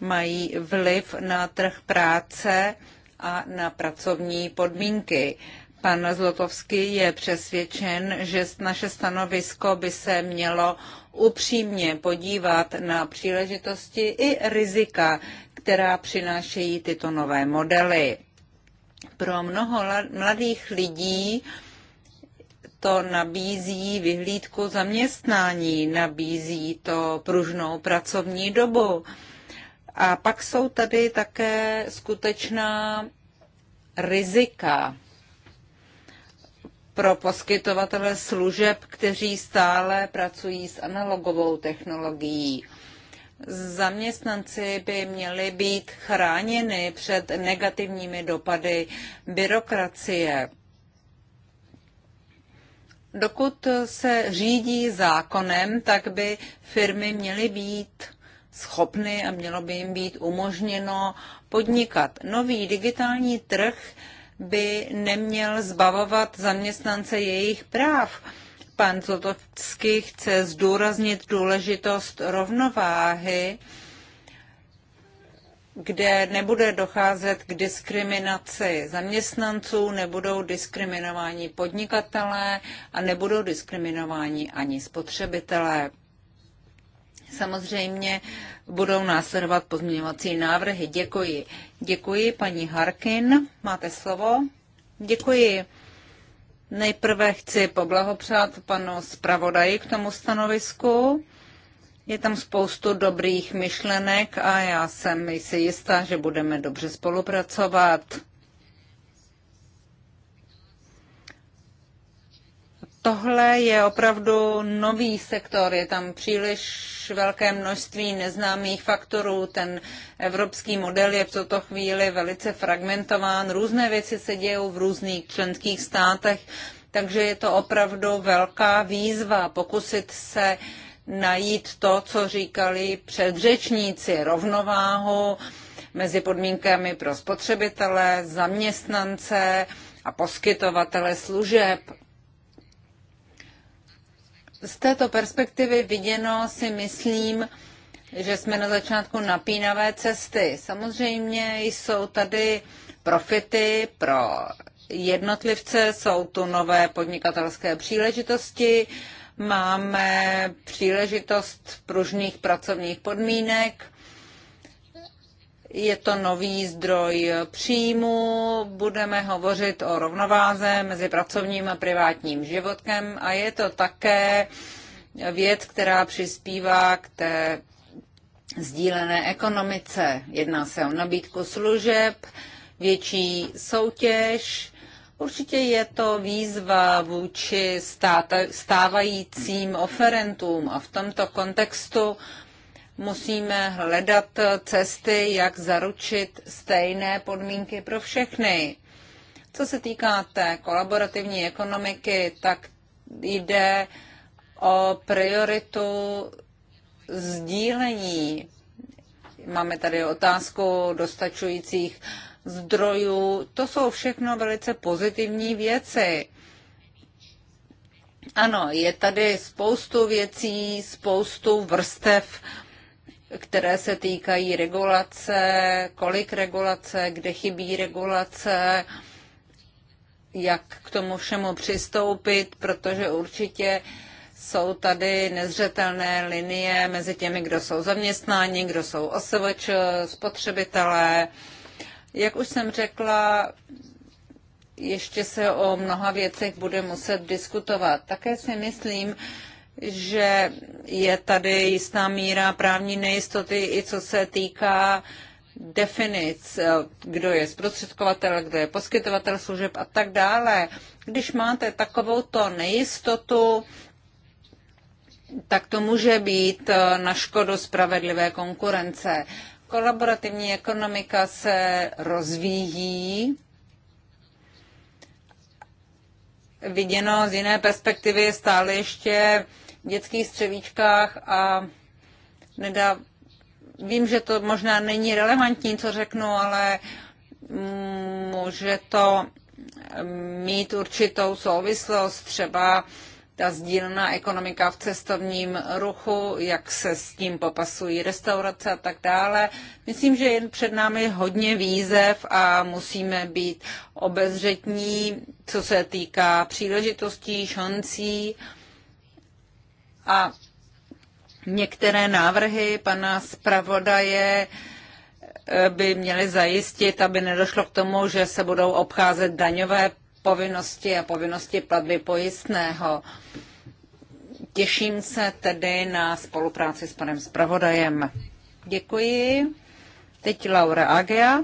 mají vliv na trh práce a na pracovní podmínky. Pan Zlotovský je přesvědčen, že naše stanovisko by se mělo upřímně podívat na příležitosti i rizika, která přinášejí tyto nové modely. Pro mnoho mladých lidí to nabízí vyhlídku zaměstnání, nabízí to pružnou pracovní dobu. A pak jsou tady také skutečná rizika pro poskytovatele služeb, kteří stále pracují s analogovou technologií. Zaměstnanci by měli být chráněni před negativními dopady byrokracie. Dokud se řídí zákonem, tak by firmy měly být schopny a mělo by jim být umožněno podnikat. Nový digitální trh by neměl zbavovat zaměstnance jejich práv Pan Zlotovský chce zdůraznit důležitost rovnováhy, kde nebude docházet k diskriminaci zaměstnanců, nebudou diskriminováni podnikatelé a nebudou diskriminováni ani spotřebitelé. Samozřejmě budou následovat pozměňovací návrhy. Děkuji. Děkuji, paní Harkin. Máte slovo. Děkuji. Nejprve chci poblahopřát panu zpravodaji k tomu stanovisku. Je tam spoustu dobrých myšlenek a já jsem si jistá, že budeme dobře spolupracovat. tohle je opravdu nový sektor, je tam příliš velké množství neznámých faktorů, ten evropský model je v tuto chvíli velice fragmentován, různé věci se dějou v různých členských státech, takže je to opravdu velká výzva pokusit se najít to, co říkali předřečníci, rovnováhu mezi podmínkami pro spotřebitele, zaměstnance a poskytovatele služeb z této perspektivy viděno si myslím, že jsme na začátku napínavé cesty. Samozřejmě jsou tady profity pro jednotlivce, jsou tu nové podnikatelské příležitosti, máme příležitost pružných pracovních podmínek, je to nový zdroj příjmu, budeme hovořit o rovnováze mezi pracovním a privátním životkem a je to také věc, která přispívá k té sdílené ekonomice. Jedná se o nabídku služeb, větší soutěž. Určitě je to výzva vůči stávajícím oferentům a v tomto kontextu musíme hledat cesty, jak zaručit stejné podmínky pro všechny. Co se týká té kolaborativní ekonomiky, tak jde o prioritu sdílení. Máme tady otázku dostačujících zdrojů. To jsou všechno velice pozitivní věci. Ano, je tady spoustu věcí, spoustu vrstev které se týkají regulace, kolik regulace, kde chybí regulace, jak k tomu všemu přistoupit, protože určitě jsou tady nezřetelné linie mezi těmi, kdo jsou zaměstnáni, kdo jsou osvč, spotřebitelé. Jak už jsem řekla, ještě se o mnoha věcech bude muset diskutovat. Také si myslím, že je tady jistá míra právní nejistoty, i co se týká definic, eh, kdo je zprostředkovatel, kdo je poskytovatel služeb a tak dále. Když máte takovouto nejistotu, tak to může být eh, na škodu spravedlivé konkurence. Kolaborativní ekonomika se rozvíjí. Viděno z jiné perspektivy stále ještě dětských střevíčkách a nedá... vím, že to možná není relevantní, co řeknu, ale může to mít určitou souvislost, třeba ta sdílná ekonomika v cestovním ruchu, jak se s tím popasují restaurace a tak dále. Myslím, že je před námi hodně výzev a musíme být obezřetní, co se týká příležitostí, šancí. A některé návrhy pana zpravodaje eh, by měly zajistit, aby nedošlo k tomu, že se budou obcházet daňové povinnosti a povinnosti platby pojistného. Těším se tedy na spolupráci s panem zpravodajem. Děkuji. Teď Laura Agea.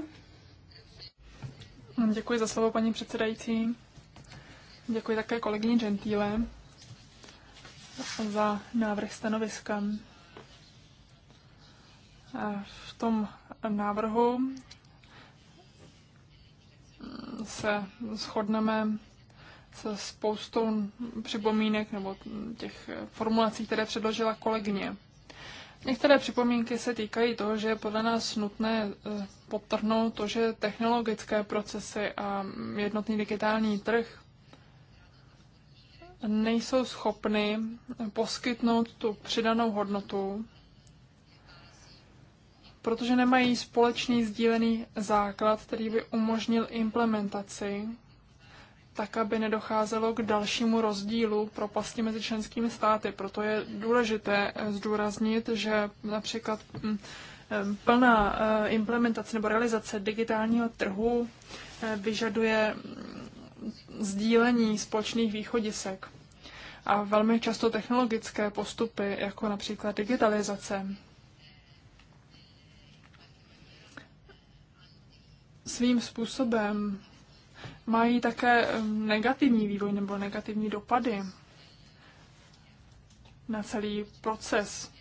Děkuji za slovo, paní předsedající. Děkuji také kolegyni Gentile za návrh stanoviska. V tom návrhu se shodneme se spoustou připomínek nebo těch formulací, které předložila kolegyně. Některé připomínky se týkají toho, že je podle nás nutné eh, podtrhnout to, že technologické procesy a jednotný digitální trh nejsou schopny poskytnout tu přidanou hodnotu, protože nemají společný sdílený základ, který by umožnil implementaci, tak aby nedocházelo k dalšímu rozdílu propasti mezi členskými státy. Proto je důležité zdůraznit, že například hm, hm, plná eh, implementace nebo realizace digitálního trhu eh, vyžaduje hm, sdílení společných východisek a velmi často technologické postupy, jako například digitalizace. Svým způsobem mají také negativní vývoj nebo negativní dopady na celý proces.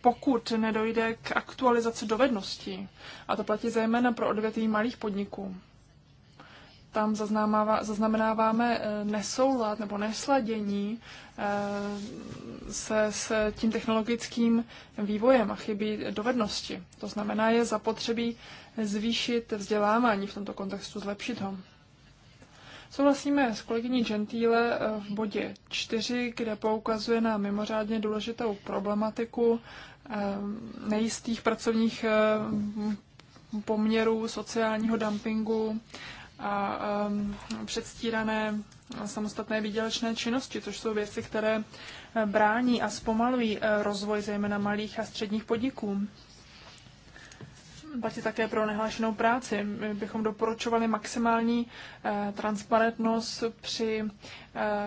Pokud nedojde k aktualizaci dovedností, a to platí zejména pro odvětví malých podniků, tam zaznamenáváme eh, nesoulad nebo nesladění eh, se, s tím technologickým vývojem a chybí dovednosti. To znamená, je zapotřebí zvýšit vzdělávání v tomto kontextu, zlepšit ho. Souhlasíme s kolegyní Gentile eh, v bodě 4, kde poukazuje na mimořádně důležitou problematiku nejistých pracovních poměrů, sociálního dumpingu a předstírané samostatné výdělečné činnosti, což jsou věci, které eh, brání a zpomalují eh, rozvoj zejména malých a středních podniků. Platí také pro nehlášenou práci. My bychom doporučovali maximální eh, transparentnost při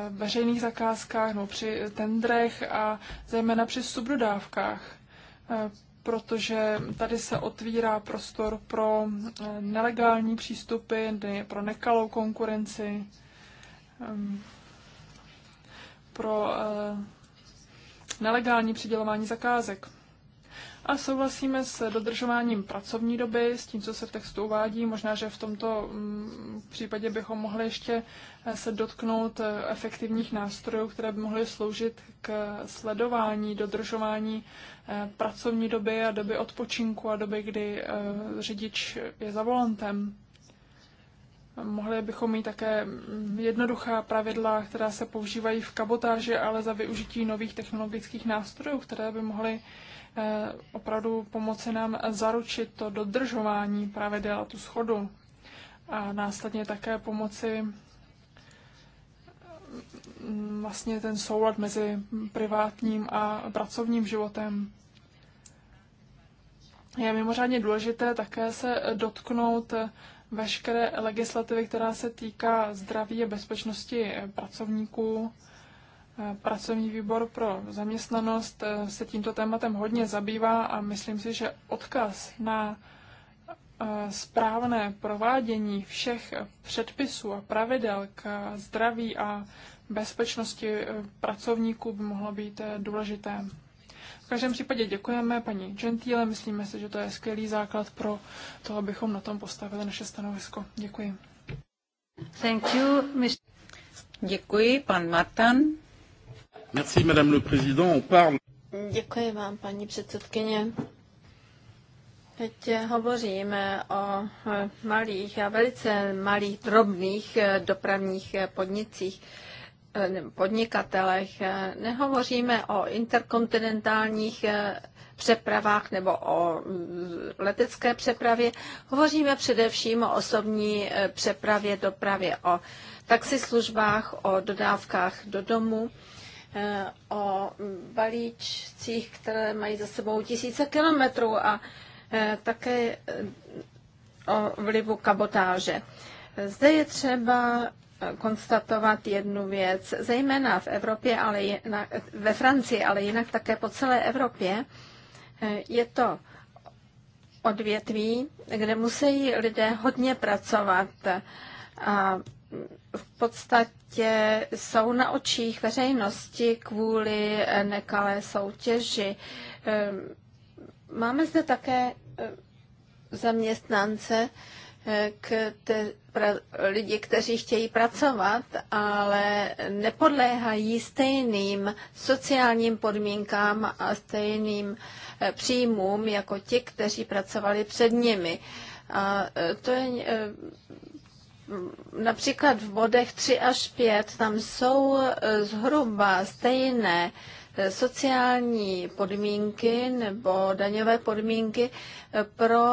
veřejných zakázkách nebo při tendrech a zejména při subdodávkách protože tady se otvírá prostor pro eh, nelegální přístupy, pro nekalou konkurenci, ehm, pro eh, nelegální přidělování zakázek. A souhlasíme s dodržováním pracovní doby, s tím, co se v textu uvádí. Možná, že v tomto mm, případě bychom mohli ještě eh, se dotknout eh, efektivních nástrojů, které by mohly sloužit k sledování, dodržování eh, pracovní doby a doby odpočinku a doby, kdy řidič je za volantem. Mohli bychom mít také mm, jednoduchá pravidla, která se používají v kabotáži, ale za využití nových technologických nástrojů, které by mohly Eh, opravdu pomoci nám zaručit to dodržování pravidel a tu schodu a následně také pomoci mm, vlastně ten soulad mezi privátním a pracovním životem. Je mimořádně důležité také se dotknout veškeré legislativy, která se týká zdraví a bezpečnosti pracovníků Eh, pracovní výbor pro zaměstnanost eh, se tímto tématem hodně zabývá a myslím si, že odkaz na eh, správné provádění všech předpisů a pravidel k zdraví a bezpečnosti pracovníků by mohlo být důležité. V každém případě děkujeme paní Gentile, myslíme si, že to je skvělý základ pro to, abychom na tom postavili naše stanovisko. Děkuji. Thank you, Mr. Děkuji, pan Martin. Merci, Madame le Président. On parle... Děkuji vám, paní předsedkyně. Teď hovoříme o eh, malých a velice malých drobných eh, dopravních eh, podnicích, podnikatelech. Nehovoříme o interkontinentálních přepravách nebo o mm, letecké přepravě. Hovoříme především o osobní přepravě, dopravě, o taxislužbách, o dodávkách do domu. Eh, o balíčcích, které mají za sebou tisíce kilometrů a eh, také eh, o vlivu kabotáže. Zde je třeba konstatovat jednu věc, zejména v Evropě, ale jinak, ve Francii, ale jinak také po celé Evropě. Je to odvětví, kde musí lidé hodně pracovat a v podstatě jsou na očích veřejnosti kvůli nekalé soutěži. Ehm, máme zde také ehm, zaměstnance, ehm, te, pra, lidi, kteří chtějí pracovat, ale nepodléhají stejným sociálním podmínkám a stejným příjmům jako ti, kteří pracovali před nimi. A to je například v bodech 3 až 5 tam jsou e, zhruba stejné e, sociální podmínky nebo daňové podmínky e, pro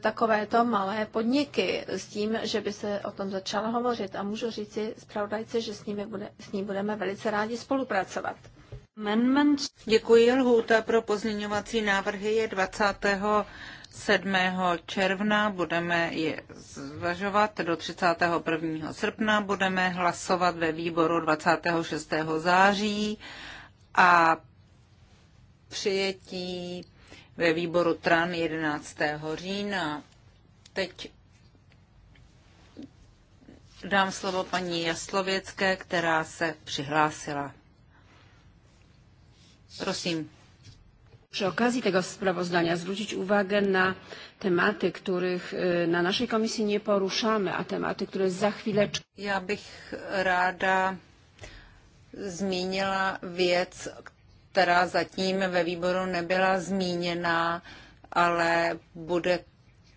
takovéto malé podniky s tím, že by se o tom začalo hovořit. A můžu říci zpravodajce, že s, nimi bude, s ní budeme velice rádi spolupracovat. Amendment. Děkuji. Lhůta pro pozměňovací návrhy je 20. 7. června budeme je zvažovat, do 31. srpna budeme hlasovat ve výboru 26. září a přijetí ve výboru TRAN 11. října. Teď dám slovo paní Jaslověcké, která se přihlásila. Prosím przy okazji tego sprawozdania zwrócić uwagę na tematy, których na naszej komisji nie poruszamy, a tematy, które za chwileczkę. Ja bych ráda zmínila věc, která zatím ve výboru nebyla zmíněna, ale bude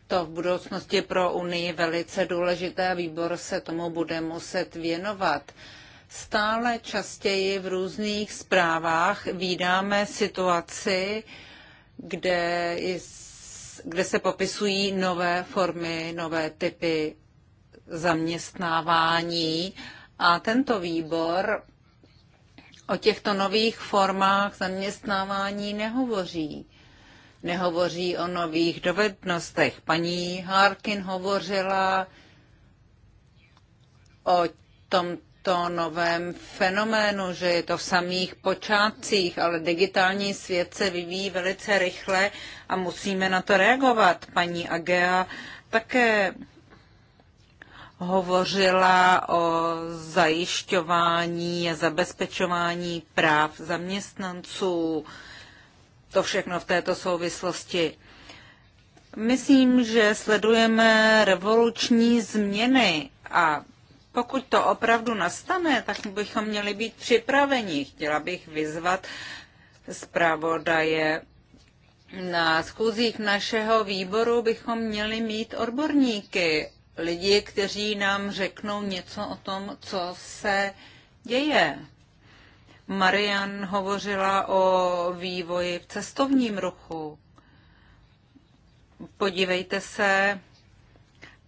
to v budoucnosti pro Unii velice důležité a výbor se tomu bude muset věnovat. Stále častěji v různých zprávách vídáme situaci, kde, kde se popisují nové formy, nové typy zaměstnávání. A tento výbor o těchto nových formách zaměstnávání nehovoří. Nehovoří o nových dovednostech. Paní Harkin hovořila o tom tomto novém fenoménu, že je to v samých počátcích, ale digitální svět se vyvíjí velice rychle a musíme na to reagovat. Paní Agea také hovořila o zajišťování a zabezpečování práv zaměstnanců. To všechno v této souvislosti. Myslím, že sledujeme revoluční změny a pokud to opravdu nastane, tak bychom měli být připraveni. Chtěla bych vyzvat zpravodaje na schůzích našeho výboru bychom měli mít odborníky, lidi, kteří nám řeknou něco o tom, co se děje. Marian hovořila o vývoji v cestovním ruchu. Podívejte se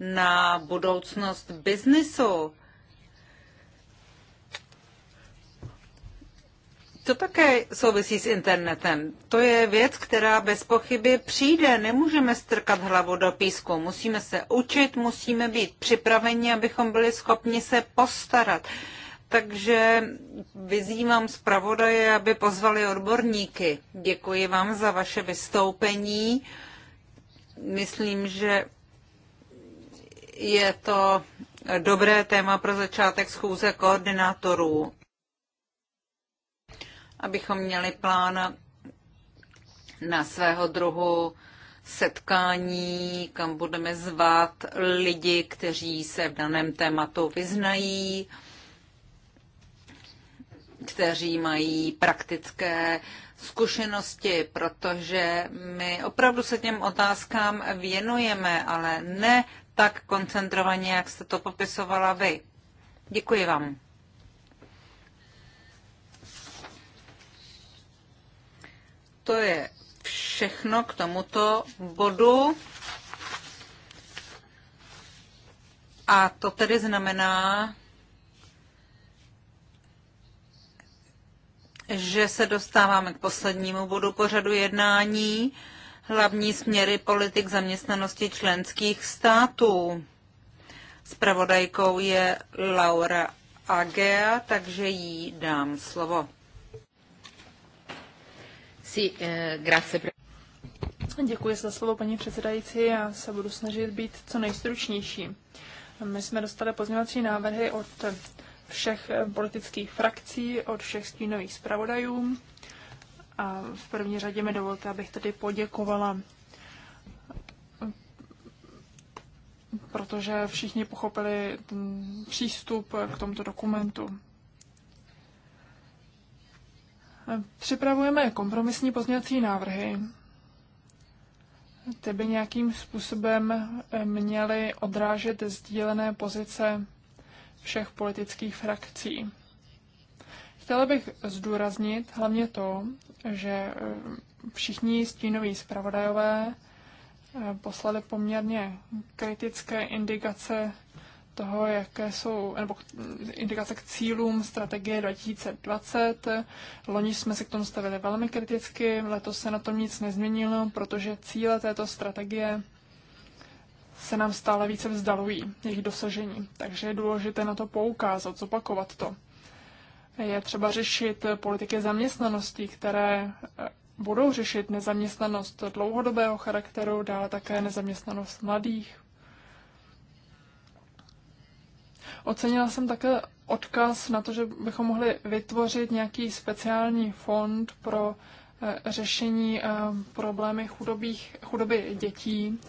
na budoucnost biznisu. To také souvisí s internetem. To je věc, která bez pochyby přijde. Nemůžeme strkat hlavu do písku. Musíme se učit, musíme být připraveni, abychom byli schopni se postarat. Takže vyzývám zpravodaje, aby pozvali odborníky. Děkuji vám za vaše vystoupení. Myslím, že je to dobré téma pro začátek schůze koordinátorů, abychom měli plán na svého druhu setkání, kam budeme zvat lidi, kteří se v daném tématu vyznají, kteří mají praktické zkušenosti, protože my opravdu se těm otázkám věnujeme, ale ne tak koncentrovaně, jak jste to popisovala vy. Děkuji vám. To je všechno k tomuto bodu. A to tedy znamená, že se dostáváme k poslednímu bodu pořadu jednání hlavní směry politik zaměstnanosti členských států. Spravodajkou je Laura Agea, takže jí dám slovo. Sí, eh, grazie. Děkuji za slovo, paní předsedající. Já se budu snažit být co nejstručnější. My jsme dostali pozměňovací návrhy od všech politických frakcí, od všech stínových zpravodajů. A v první řadě mi dovolte, abych tedy poděkovala, protože všichni pochopili přístup k tomuto dokumentu. Připravujeme kompromisní pozměňovací návrhy. Ty by nějakým způsobem měly odrážet sdílené pozice všech politických frakcí. Chtěla bych zdůraznit hlavně to, že eh, všichni stínoví zpravodajové eh, poslali poměrně kritické indikace toho, jaké jsou, nebo indikace k cílům strategie 2020. Loni jsme se k tomu stavili velmi kriticky, letos se na tom nic nezměnilo, protože cíle této strategie se nám stále více vzdalují, jejich dosažení. Takže je důležité na to poukázat, zopakovat to je třeba řešit politiky zaměstnanosti, které eh, budou řešit nezaměstnanost dlouhodobého charakteru, dále také nezaměstnanost mladých. Ocenila jsem také odkaz na to, že bychom mohli vytvořit nějaký speciální fond pro eh, řešení eh, problémy chudobých, chudoby dětí.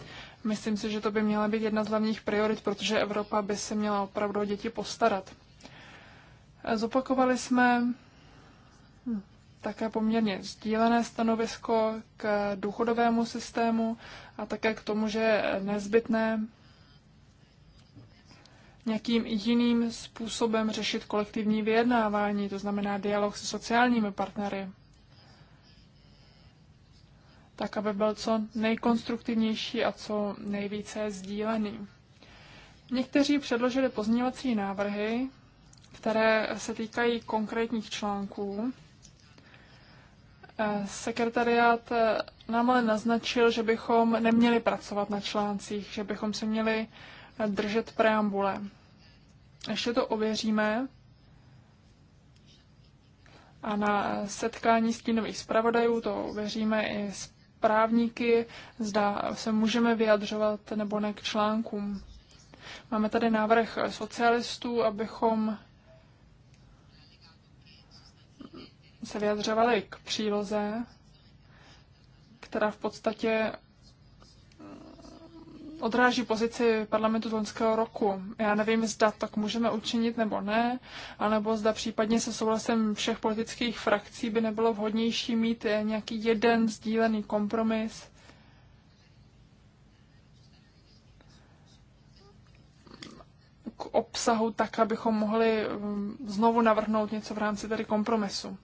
Myslím si, že to by měla být jedna z hlavních priorit, protože Evropa by se měla opravdu o děti postarat. Zopakovali jsme hm, také poměrně sdílené stanovisko k důchodovému systému a také k tomu, že je nezbytné nějakým jiným způsobem řešit kolektivní vyjednávání, to znamená dialog se sociálními partnery, tak aby byl co nejkonstruktivnější a co nejvíce sdílený. Někteří předložili pozměňovací návrhy, které se týkají konkrétních článků. Eh, sekretariát eh, nám ale naznačil, že bychom neměli pracovat na článcích, že bychom se měli eh, držet preambule. Ještě to ověříme. A na setkání stínových zpravodajů to ověříme i s právníky, zda se můžeme vyjadřovat nebo ne k článkům. Máme tady návrh socialistů, abychom se vyjadřovali k příloze, která v podstatě mm, odráží pozici parlamentu loňského roku. Já nevím, zda tak můžeme učinit nebo ne, anebo zda případně se souhlasem všech politických frakcí by nebylo vhodnější mít nějaký jeden sdílený kompromis. K obsahu tak, abychom mohli mm, znovu navrhnout něco v rámci tedy kompromisu.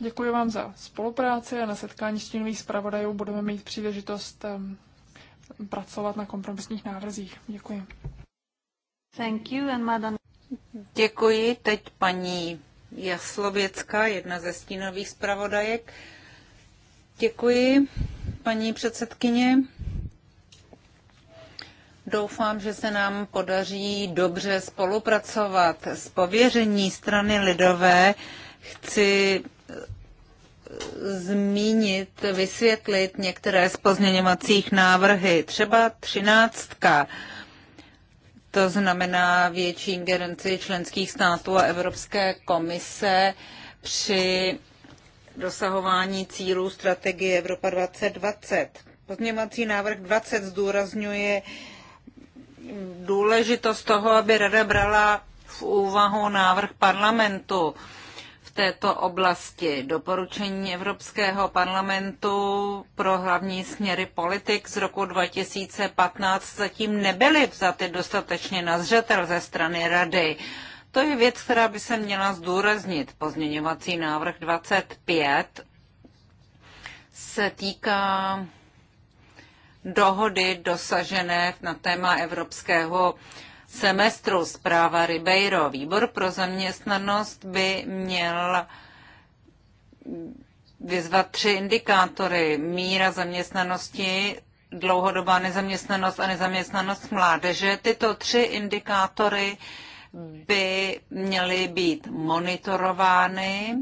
Děkuji vám za spolupráci a na setkání stínových zpravodajů budeme mít příležitost pracovat na kompromisních návrzích. Děkuji. Thank you and madam. Děkuji. Teď paní Jaslověcka, jedna ze stínových zpravodajek. Děkuji, paní předsedkyně. Doufám, že se nám podaří dobře spolupracovat. s pověření strany Lidové chci zmínit, vysvětlit některé z pozměňovacích návrhy, třeba třináctka. To znamená větší ingerenci členských států a Evropské komise při dosahování cílů strategie Evropa 2020. Pozměňovací návrh 20 zdůrazňuje důležitost toho, aby Rada brala v úvahu návrh parlamentu této oblasti. Doporučení Evropského parlamentu pro hlavní směry politik z roku 2015 zatím nebyly vzaty dostatečně na zřetel ze strany Rady. To je věc, která by se měla zdůraznit. Pozměňovací návrh 25 se týká dohody dosažené na téma evropského semestru. Zpráva Ribeiro, výbor pro zaměstnanost by měl vyzvat tři indikátory. Míra zaměstnanosti, dlouhodobá nezaměstnanost a nezaměstnanost mládeže. Tyto tři indikátory by měly být monitorovány.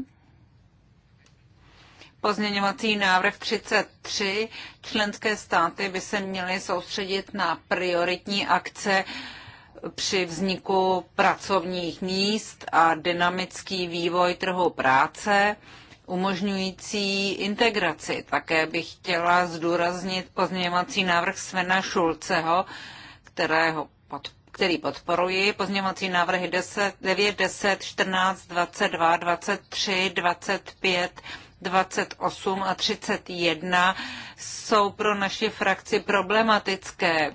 Pozměňovací návrh 33. Členské státy by se měly soustředit na prioritní akce při vzniku pracovních míst a dynamický vývoj trhu práce umožňující integraci. Také bych chtěla zdůraznit pozměňovací návrh Svena Šulceho, kterého pod, který podporuji. Pozměňovací návrhy 10, 9, 10, 14, 22, 23, 25, 28 a 31 jsou pro naši frakci problematické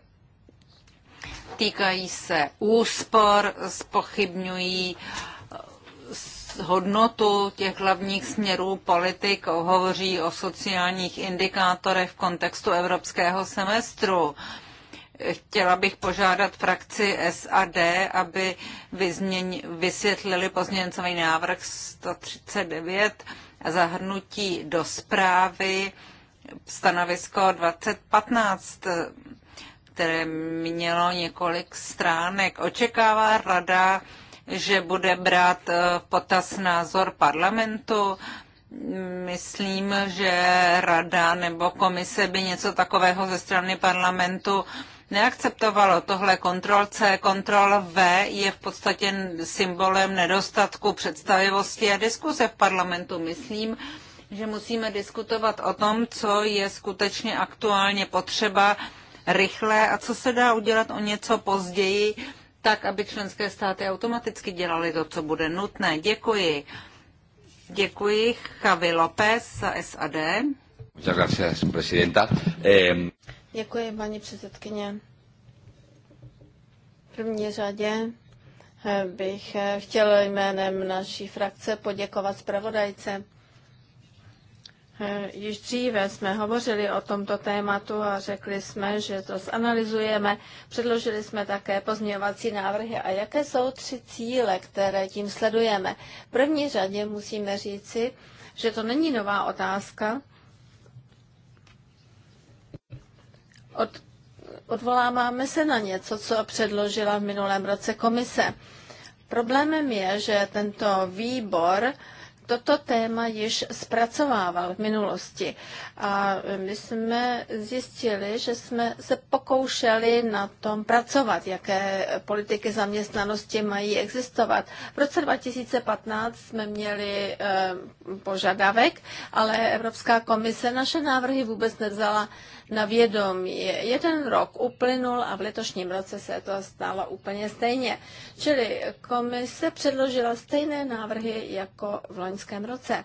týkají se úspor, spochybňují eh, hodnotu těch hlavních směrů politik, hovoří o sociálních indikátorech v kontextu evropského semestru. Chtěla bych požádat frakci SAD, aby vysvětlili pozměňovací návrh 139 a zahrnutí do zprávy stanovisko 2015 které mělo několik stránek. Očekává rada, že bude brát eh, v potaz názor parlamentu. Myslím, že rada nebo komise by něco takového ze strany parlamentu neakceptovalo. Tohle kontrol C, kontrol V je v podstatě symbolem nedostatku představivosti a diskuse v parlamentu. Myslím, že musíme diskutovat o tom, co je skutečně aktuálně potřeba rychle a co se dá udělat o něco později, tak aby členské státy automaticky dělali to, co bude nutné. Děkuji. Děkuji Javi López za SAD. Děkuji, paní předsedkyně. V první řadě eh, bych eh, chtěl jménem naší frakce poděkovat zpravodajce Eh, již dříve jsme hovořili o tomto tématu a řekli jsme, že to zanalizujeme. Předložili jsme také pozměňovací návrhy. A jaké jsou tři cíle, které tím sledujeme? V první řadě musíme říci, že to není nová otázka. Od, odvoláváme se na něco, co předložila v minulém roce komise. Problémem je, že tento výbor toto téma již zpracovával v minulosti a my jsme zjistili, že jsme se pokoušeli na tom pracovat, jaké politiky zaměstnanosti mají existovat. V roce 2015 jsme měli eh, požadavek, ale Evropská komise naše návrhy vůbec nevzala na vědomí. Jeden rok uplynul a v letošním roce se to stalo úplně stejně. Čili komise předložila stejné návrhy jako v loňském roce.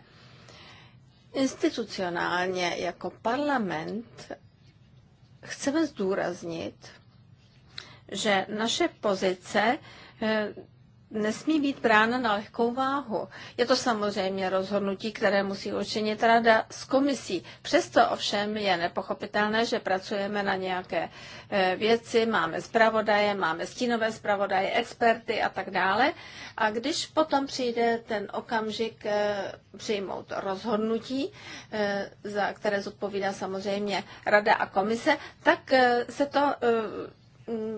Institucionálně jako parlament chceme zdůraznit, že naše pozice eh, nesmí být brána na lehkou váhu. Je to samozřejmě rozhodnutí, které musí učinit rada s komisí. Přesto ovšem je nepochopitelné, že pracujeme na nějaké eh, věci, máme zpravodaje, máme stínové zpravodaje, experty a tak dále. A když potom přijde ten okamžik eh, přijmout rozhodnutí, eh, za které zodpovídá samozřejmě rada a komise, tak se to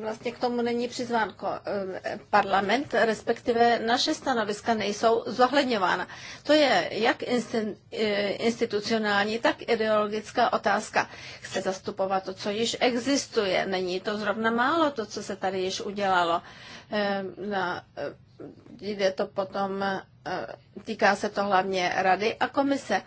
vlastně k tomu není přizván eh, parlament, respektive naše stanoviska nejsou zohledňována. To je jak eh, institucionální, tak ideologická otázka. Chce zastupovat to, co již existuje. Není to zrovna málo, to, co se tady již udělalo. Eh, na, jde to potom, týká se to hlavně rady a komise.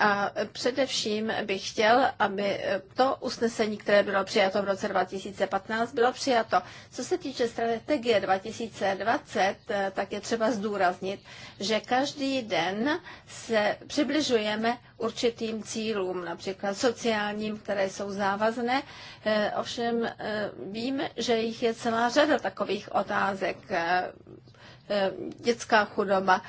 A především bych chtěl, aby to usnesení, které bylo přijato v roce 2015, bylo přijato. Co se týče strategie 2020, tak je třeba zdůraznit, že každý den se přibližujeme určitým cílům, například sociálním, které jsou závazné. Eh, ovšem eh, vím, že jich je celá řada takových otázek. Eh, dětská chudoba,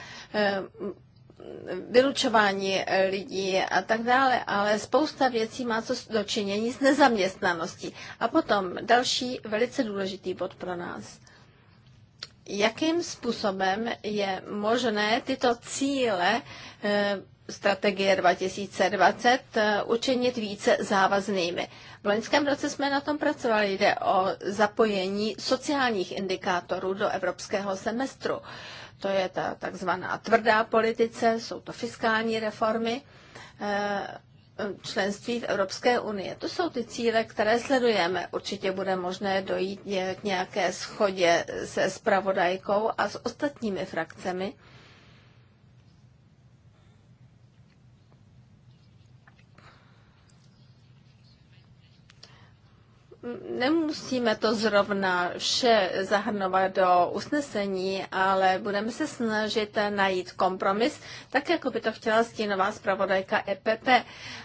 vylučování eh, lidí a tak dále, ale spousta věcí má co dočinění s nezaměstnaností. A potom další velice důležitý bod pro nás. Jakým způsobem je možné tyto cíle eh, strategie 2020 eh, učinit více závaznými. V loňském roce jsme na tom pracovali. Jde o zapojení sociálních indikátorů do evropského semestru. To je ta takzvaná tvrdá politice, jsou to fiskální reformy eh, členství v Evropské unii. To jsou ty cíle, které sledujeme. Určitě bude možné dojít k nějaké schodě se spravodajkou a s ostatními frakcemi nemusíme to zrovna vše zahrnovat do usnesení, ale budeme se snažit najít kompromis, tak jako by to chtěla stínová zpravodajka EPP.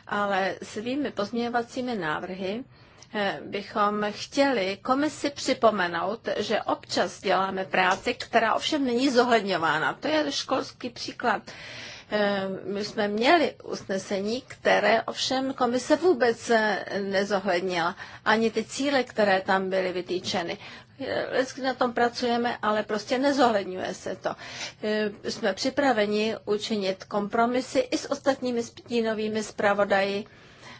Ale svými pozměňovacími návrhy eh, bychom chtěli komisi připomenout, že občas děláme práci, která ovšem není zohledňována. To je školský příklad. Eh, my jsme měli usnesení, které ovšem komise vůbec eh, nezohlednila. Ani ty cíle, které tam byly vytýčeny. Eh, vždycky na tom pracujeme, ale prostě nezohledňuje se to. Jsme připraveni učinit kompromisy i s ostatními stínovými zpravodaji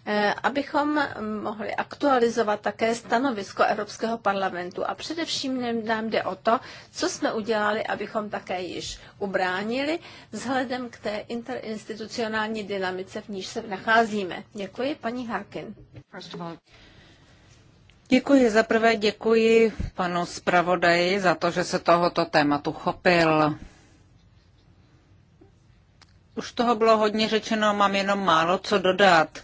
Eh, abychom mohli aktualizovat také stanovisko Evropského parlamentu. A především nám jde o to, co jsme udělali, abychom také již ubránili vzhledem k té interinstitucionální dynamice, v níž se nacházíme. Děkuji, paní Harkin. Děkuji. Za prvé děkuji panu zpravodaji za to, že se tohoto tématu chopil. Už toho bylo hodně řečeno, mám jenom málo co dodat.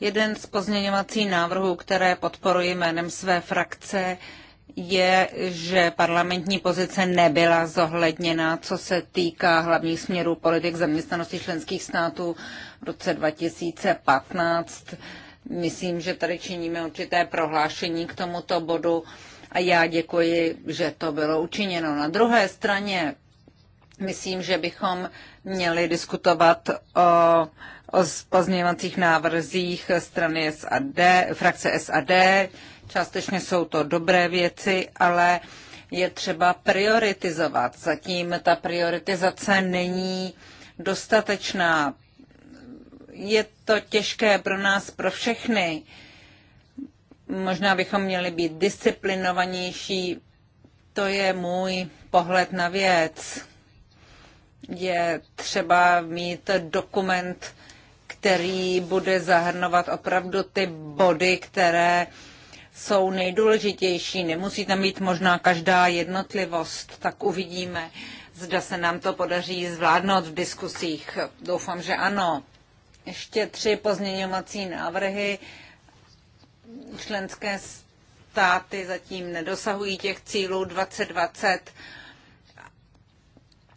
Jeden z pozměňovacích návrhů, které podporuji jménem své frakce, je, že parlamentní pozice nebyla zohledněna, co se týká hlavních směrů politik zaměstnanosti členských států v roce 2015. Myslím, že tady činíme určité prohlášení k tomuto bodu a já děkuji, že to bylo učiněno. Na druhé straně myslím, že bychom měli diskutovat o o pozměňovacích návrzích strany SAD, frakce SAD. Částečně jsou to dobré věci, ale je třeba prioritizovat. Zatím ta prioritizace není dostatečná. Je to těžké pro nás, pro všechny. Možná bychom měli být disciplinovanější. To je můj pohled na věc. Je třeba mít dokument, který bude zahrnovat opravdu ty body, které jsou nejdůležitější. Nemusí tam být možná každá jednotlivost, tak uvidíme, zda se nám to podaří zvládnout v diskusích. Doufám, že ano. Ještě tři pozměňovací návrhy. Členské státy zatím nedosahují těch cílů 2020.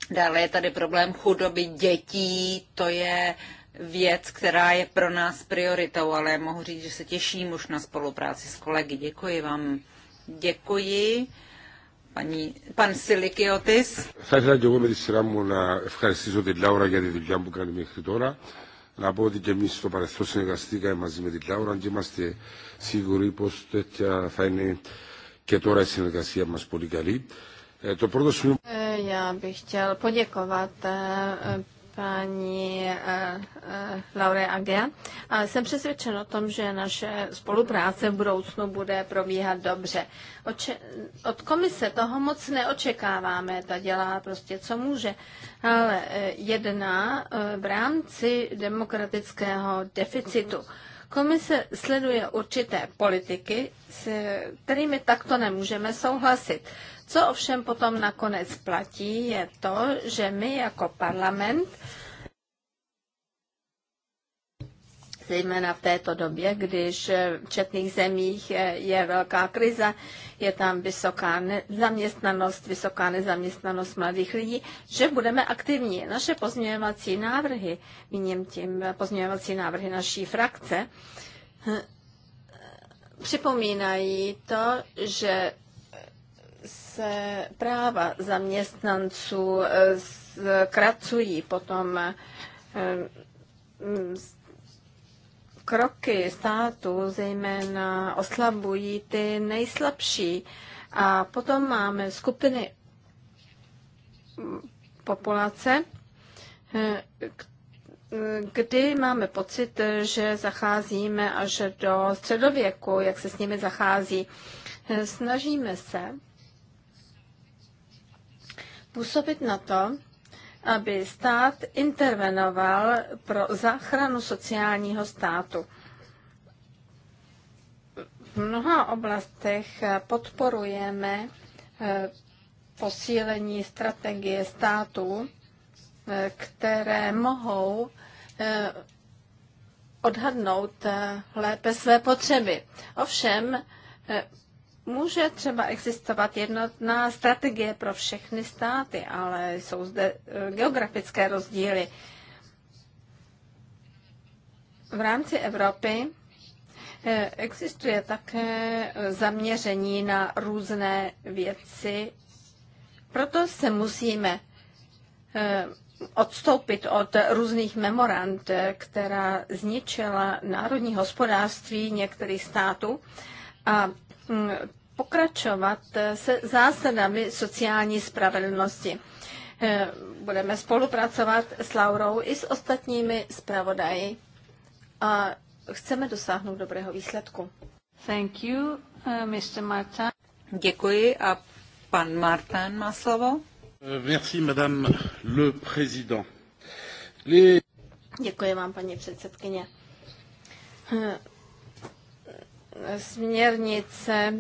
Dále je tady problém chudoby dětí, to je uh, věc, která je pro nás prioritou, ale mohu říct, že se těším už na spolupráci s kolegy. Děkuji vám. Děkuji. Paní, pan Silikiotis. Θα και εγώ με τη σειρά μου να ευχαριστήσω την Λάουρα για τη δουλειά που κάνει μέχρι τώρα. Να πω ότι και εμεί στο παρελθόν συνεργαστήκαμε μαζί με την Λάουρα και είμαστε σίγουροι πω τέτοια θα είναι και τώρα η συνεργασία μα πολύ καλή. Ε, το πρώτο σημείο. Já bych chtěl poděkovat paní eh, eh, Laure A Jsem přesvědčen o tom, že naše spolupráce v budoucnu bude probíhat dobře. Oče- od komise toho moc neočekáváme, ta dělá prostě co může, ale eh, jedná v rámci demokratického deficitu. Komise sleduje určité politiky, s kterými takto nemůžeme souhlasit. Co ovšem potom nakonec platí, je to, že my jako parlament, zejména v této době, když v četných zemích je velká krize, je tam vysoká nezaměstnanost, vysoká nezaměstnanost mladých lidí, že budeme aktivní. Naše pozměňovací návrhy, míním tím pozměňovací návrhy naší frakce, hm, připomínají to, že se práva zaměstnanců eh, zkracují, potom eh, mm, kroky státu zejména oslabují ty nejslabší. A potom máme skupiny populace, eh, kdy máme pocit, že zacházíme až do středověku, jak se s nimi zachází. Snažíme se působit na to, aby stát intervenoval pro záchranu sociálního státu. V mnoha oblastech podporujeme eh, posílení strategie států, eh, které mohou eh, odhadnout lépe své potřeby. Ovšem, Může třeba existovat jednotná strategie pro všechny státy, ale jsou zde eh, geografické rozdíly. V rámci Evropy eh, existuje také zaměření na různé věci, proto se musíme eh, odstoupit od různých memorand, která zničila národní hospodářství některých států a Mm, pokračovat se zásadami sociální spravedlnosti. Eh, budeme spolupracovat s Laurou i s ostatními zpravodaji a chceme dosáhnout dobrého výsledku. Thank you, uh, Mr. Martin. Děkuji a pan Martin má slovo. Eh, merci, madame le président. Les... Děkuji vám, paní předsedkyně směrnice,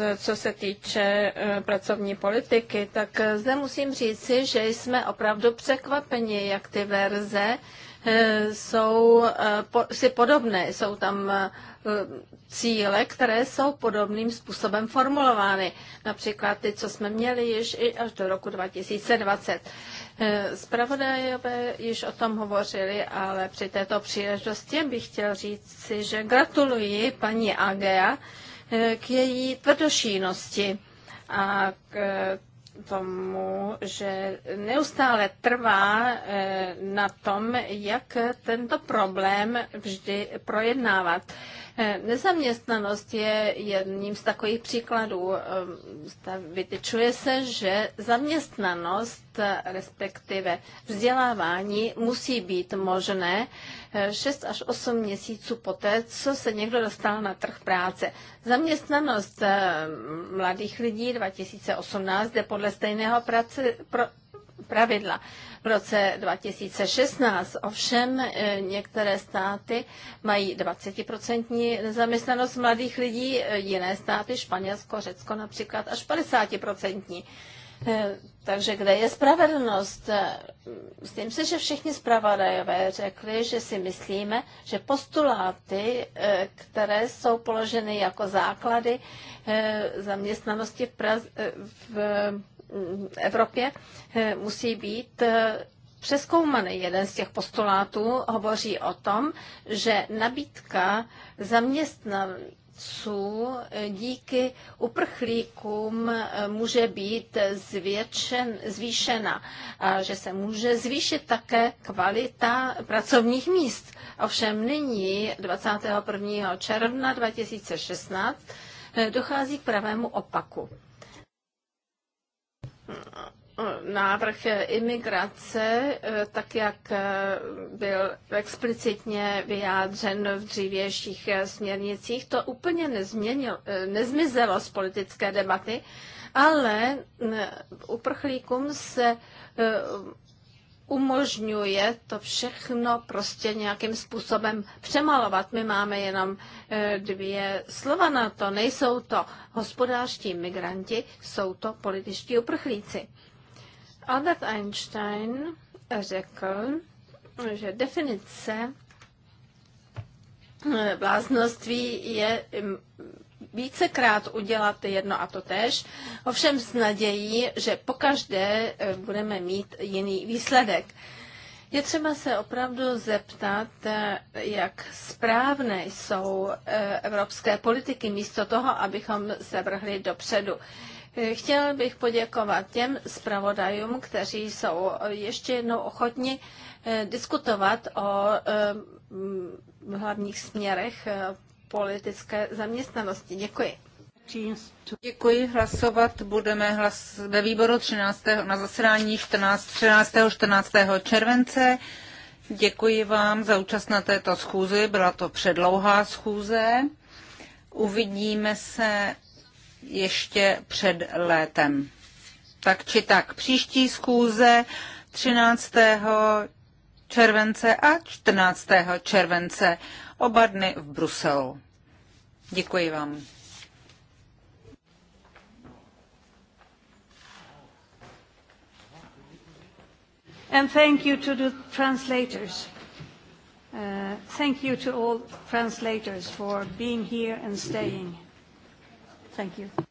eh, co se týče eh, pracovní politiky, tak eh, zde musím říci, že jsme opravdu překvapeni, jak ty verze jsou si podobné. Jsou tam cíle, které jsou podobným způsobem formulovány. Například ty, co jsme měli již i až do roku 2020. Eh, zpravodajové již o tom hovořili, ale při této příležitosti bych chtěl říct si, že gratuluji paní Agea eh, k její tvrdošínosti a k eh, tomu, že neustále trvá na tom, jak tento problém vždy projednávat. Eh, nezaměstnanost je jedním z takových příkladů. Eh, vytyčuje se, že zaměstnanost, eh, respektive vzdělávání, musí být možné 6 až 8 měsíců poté, co se někdo dostal na trh práce. Zaměstnanost mladých lidí 2018 jde podle stejného práce, pro, pravidla. V roce 2016 ovšem eh, některé státy mají 20% nezaměstnanost mladých lidí, eh, jiné státy, Španělsko, Řecko například, až 50%. Eh, takže kde je spravedlnost? Myslím si, že všichni zpravodajové řekli, že si myslíme, že postuláty, které jsou položeny jako základy zaměstnanosti v, Praze, v Evropě eh, musí být eh, přeskoumaný. Jeden z těch postulátů hovoří o tom, že nabídka zaměstnanců eh, díky uprchlíkům může být zvětšen, zvýšena a že se může zvýšit také kvalita pracovních míst. Ovšem nyní 21. června 2016 dochází k pravému opaku návrh imigrace, eh, tak jak eh, byl explicitně vyjádřen v dřívějších eh, směrnicích, to úplně nezměnil, nezmizelo z politické debaty, ale mm, uprchlíkům se umožňuje to všechno prostě nějakým způsobem přemalovat. My máme jenom eh, dvě slova na to. Nejsou to hospodářští migranti, jsou to političtí uprchlíci. Albert Einstein řekl, že definice eh, bláznoství je vícekrát udělat jedno a to tež, ovšem s nadějí, že pokaždé eh, budeme mít jiný výsledek. Je třeba se opravdu zeptat, eh, jak správné jsou eh, evropské politiky, místo toho, abychom se vrhli dopředu. Chtěl bych poděkovat těm zpravodajům, kteří jsou ještě jednou ochotni diskutovat o hlavních směrech politické zaměstnanosti. Děkuji. Děkuji, hlasovat budeme hlas ve výboru 13. na zasedání 14. 13. 14. července. Děkuji vám za účast na této schůzi, byla to předlouhá schůze. Uvidíme se ještě před létem. Tak či tak, příští schůze 13. července a 14. července oba dny v Bruselu. Děkuji vám. And thank you to the translators. Uh, thank you to all translators for being here and staying. Thank you.